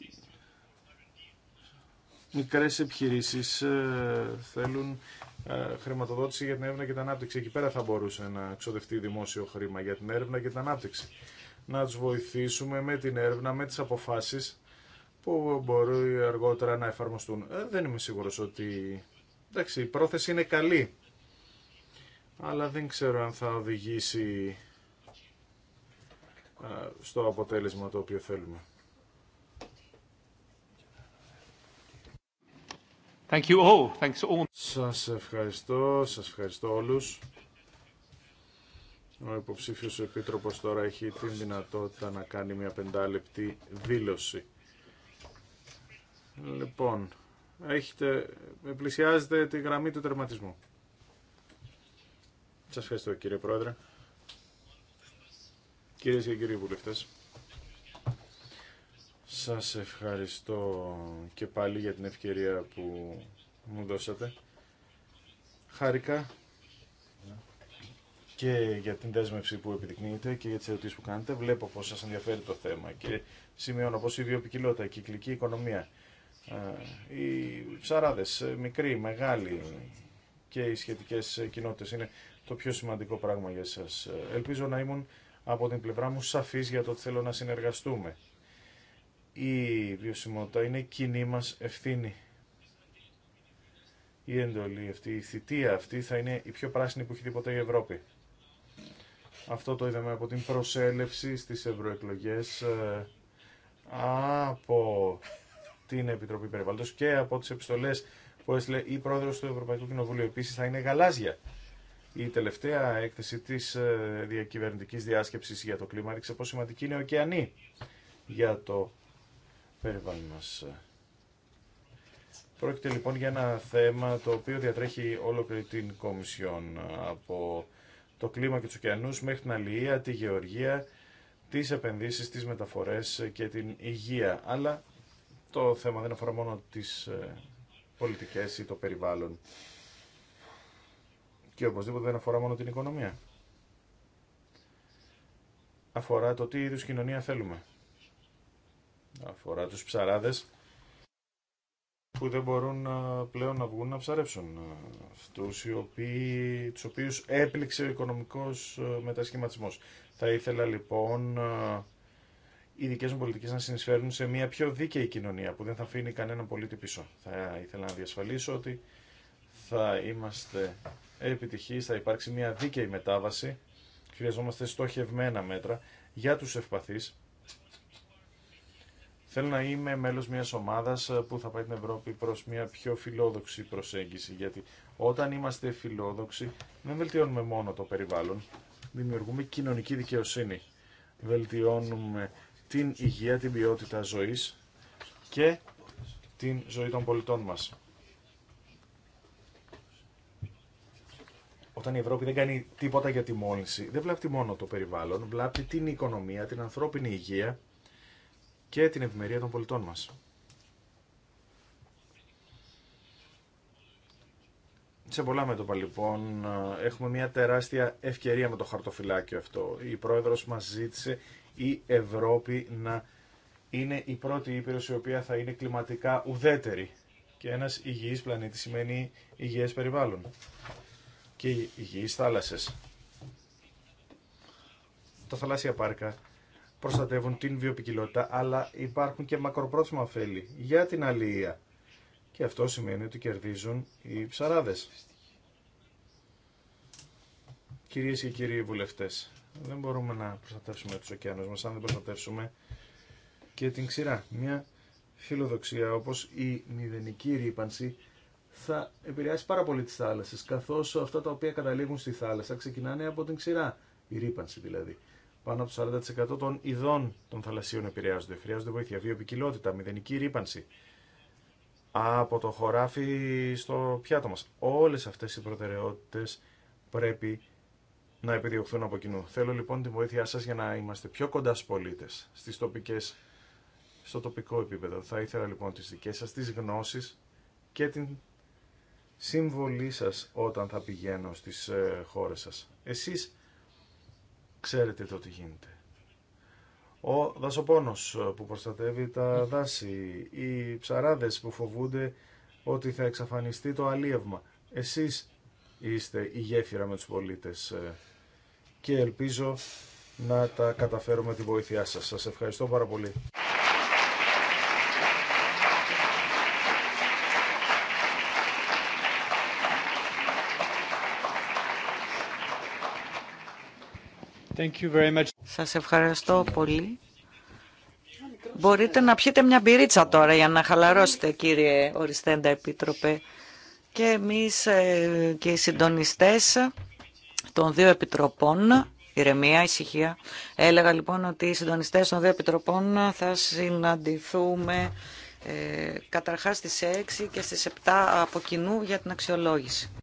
μικρές επιχειρήσεις ε, θέλουν ε, χρηματοδότηση για την έρευνα και την ανάπτυξη. Εκεί πέρα θα μπορούσε να ξοδευτεί δημόσιο χρήμα για την έρευνα και την ανάπτυξη. Να τους βοηθήσουμε με την έρευνα, με τις αποφάσεις που μπορεί αργότερα να εφαρμοστούν. Δεν είμαι σίγουρος ότι... Εντάξει, η πρόθεση είναι καλή, αλλά δεν ξέρω αν θα οδηγήσει στο αποτέλεσμα το οποίο θέλουμε. Thank you all. Thanks all. Σας ευχαριστώ, σας ευχαριστώ όλους. Ο υποψήφιος επίτροπος τώρα έχει την δυνατότητα να κάνει μια πεντάλεπτη δήλωση. Λοιπόν, έχετε, πλησιάζετε τη γραμμή του τερματισμού. Σας ευχαριστώ κύριε Πρόεδρε. Κυρίε και κύριοι βουλευτέ, σας ευχαριστώ και πάλι για την ευκαιρία που μου δώσατε. Χάρηκα και για την δέσμευση που επιδεικνύετε και για τις ερωτήσεις που κάνετε. Βλέπω πως σας ενδιαφέρει το θέμα και σημειώνω πως η βιοπικιλότητα, η κυκλική οικονομία, οι ψαράδες, μικροί, μεγάλοι και οι σχετικές κοινότητες είναι το πιο σημαντικό πράγμα για σας. Ελπίζω να ήμουν από την πλευρά μου σαφής για το ότι θέλω να συνεργαστούμε. Η βιωσιμότητα είναι κοινή μας ευθύνη. Η εντολή αυτή, η θητεία αυτή θα είναι η πιο πράσινη που έχει ποτέ η Ευρώπη. Αυτό το είδαμε από την προσέλευση στις ευρωεκλογές ε, από την Επιτροπή Περιβάλλοντος και από τις επιστολές που έστειλε η πρόεδρος του Ευρωπαϊκού Κοινοβουλίου. Επίσης θα είναι γαλάζια η τελευταία έκθεση της ε, διακυβερνητική διάσκεψης για το κλίμα έδειξε πόσο σημαντική είναι η ωκεανή για το περιβάλλον μα. Πρόκειται λοιπόν για ένα θέμα το οποίο διατρέχει ολόκληρη την Κομισιόν ε, από το κλίμα και τους ωκεανούς μέχρι την αλληλεία, τη γεωργία, τις επενδύσεις, τι μεταφορές και την υγεία. Αλλά το θέμα δεν αφορά μόνο τι ε, πολιτικέ ή το περιβάλλον και οπωσδήποτε δεν αφορά μόνο την οικονομία. Αφορά το τι είδους κοινωνία θέλουμε. Αφορά τους ψαράδες που δεν μπορούν πλέον να βγουν να ψαρέψουν. Αυτούς οι οποίοι, τους οποίους έπληξε ο οικονομικός μετασχηματισμός. Θα ήθελα λοιπόν οι δικές μου πολιτικές να συνεισφέρουν σε μια πιο δίκαιη κοινωνία που δεν θα αφήνει κανέναν πολίτη πίσω. Θα ήθελα να διασφαλίσω ότι θα είμαστε επιτυχής, θα υπάρξει μια δίκαιη μετάβαση. Χρειαζόμαστε στοχευμένα μέτρα για τους ευπαθείς. Θέλω να είμαι μέλος μιας ομάδας που θα πάει την Ευρώπη προς μια πιο φιλόδοξη προσέγγιση, γιατί όταν είμαστε φιλόδοξοι δεν βελτιώνουμε μόνο το περιβάλλον, δημιουργούμε κοινωνική δικαιοσύνη. Βελτιώνουμε την υγεία, την ποιότητα ζωής και την ζωή των πολιτών μας. όταν η Ευρώπη δεν κάνει τίποτα για τη μόλυνση, δεν βλάπτει μόνο το περιβάλλον, βλάπτει την οικονομία, την ανθρώπινη υγεία και την ευημερία των πολιτών μας. Σε πολλά μέτωπα λοιπόν έχουμε μια τεράστια ευκαιρία με το χαρτοφυλάκιο αυτό. Η πρόεδρος μας ζήτησε η Ευρώπη να είναι η πρώτη ήπειρος η οποία θα είναι κλιματικά ουδέτερη και ένας υγιής πλανήτης σημαίνει υγιές περιβάλλον και υγιείς θάλασσες. Τα θαλάσσια πάρκα προστατεύουν την βιοπικιλότητα, αλλά υπάρχουν και μακροπρόθεσμα ωφέλη για την αλληλεία. Και αυτό σημαίνει ότι κερδίζουν οι ψαράδες. Κυρίες και κύριοι βουλευτές, δεν μπορούμε να προστατεύσουμε τους ωκεανούς μας αν δεν προστατεύσουμε και την ξηρά. Μια φιλοδοξία όπως η μηδενική ρήπανση θα επηρεάσει πάρα πολύ τι θάλασσε, Καθώ αυτά τα οποία καταλήγουν στη θάλασσα ξεκινάνε από την ξηρά, η ρήπανση δηλαδή. Πάνω από το 40% των ειδών των θαλασσίων επηρεάζονται. Χρειάζονται βοήθεια, βιοπικιλότητα, μηδενική ρήπανση. Από το χωράφι στο πιάτο μα. Όλε αυτέ οι προτεραιότητε πρέπει να επιδιωχθούν από κοινού. Θέλω λοιπόν τη βοήθειά σα για να είμαστε πιο κοντά στου πολίτες, στις στο τοπικό επίπεδο. Θα ήθελα λοιπόν τις δικές σας τις γνώσεις και την συμβολή σας όταν θα πηγαίνω στις ε, χώρες σας. Εσείς ξέρετε το τι γίνεται. Ο δασοπόνος ε, που προστατεύει τα δάση, οι ψαράδες που φοβούνται ότι θα εξαφανιστεί το αλίευμα. Εσείς είστε η γέφυρα με τους πολίτες ε, και ελπίζω να τα καταφέρω με τη βοήθειά σας. Σας ευχαριστώ πάρα πολύ. Σας ευχαριστώ πολύ. Μπορείτε να πιείτε μια μπυρίτσα τώρα για να χαλαρώσετε κύριε Οριστέντα Επίτροπε. Και εμείς ε, και οι συντονιστές των δύο επιτροπών, ηρεμία, ησυχία, έλεγα λοιπόν ότι οι συντονιστές των δύο επιτροπών θα συναντηθούμε ε, καταρχάς στις 6 και στις 7 από κοινού για την αξιολόγηση.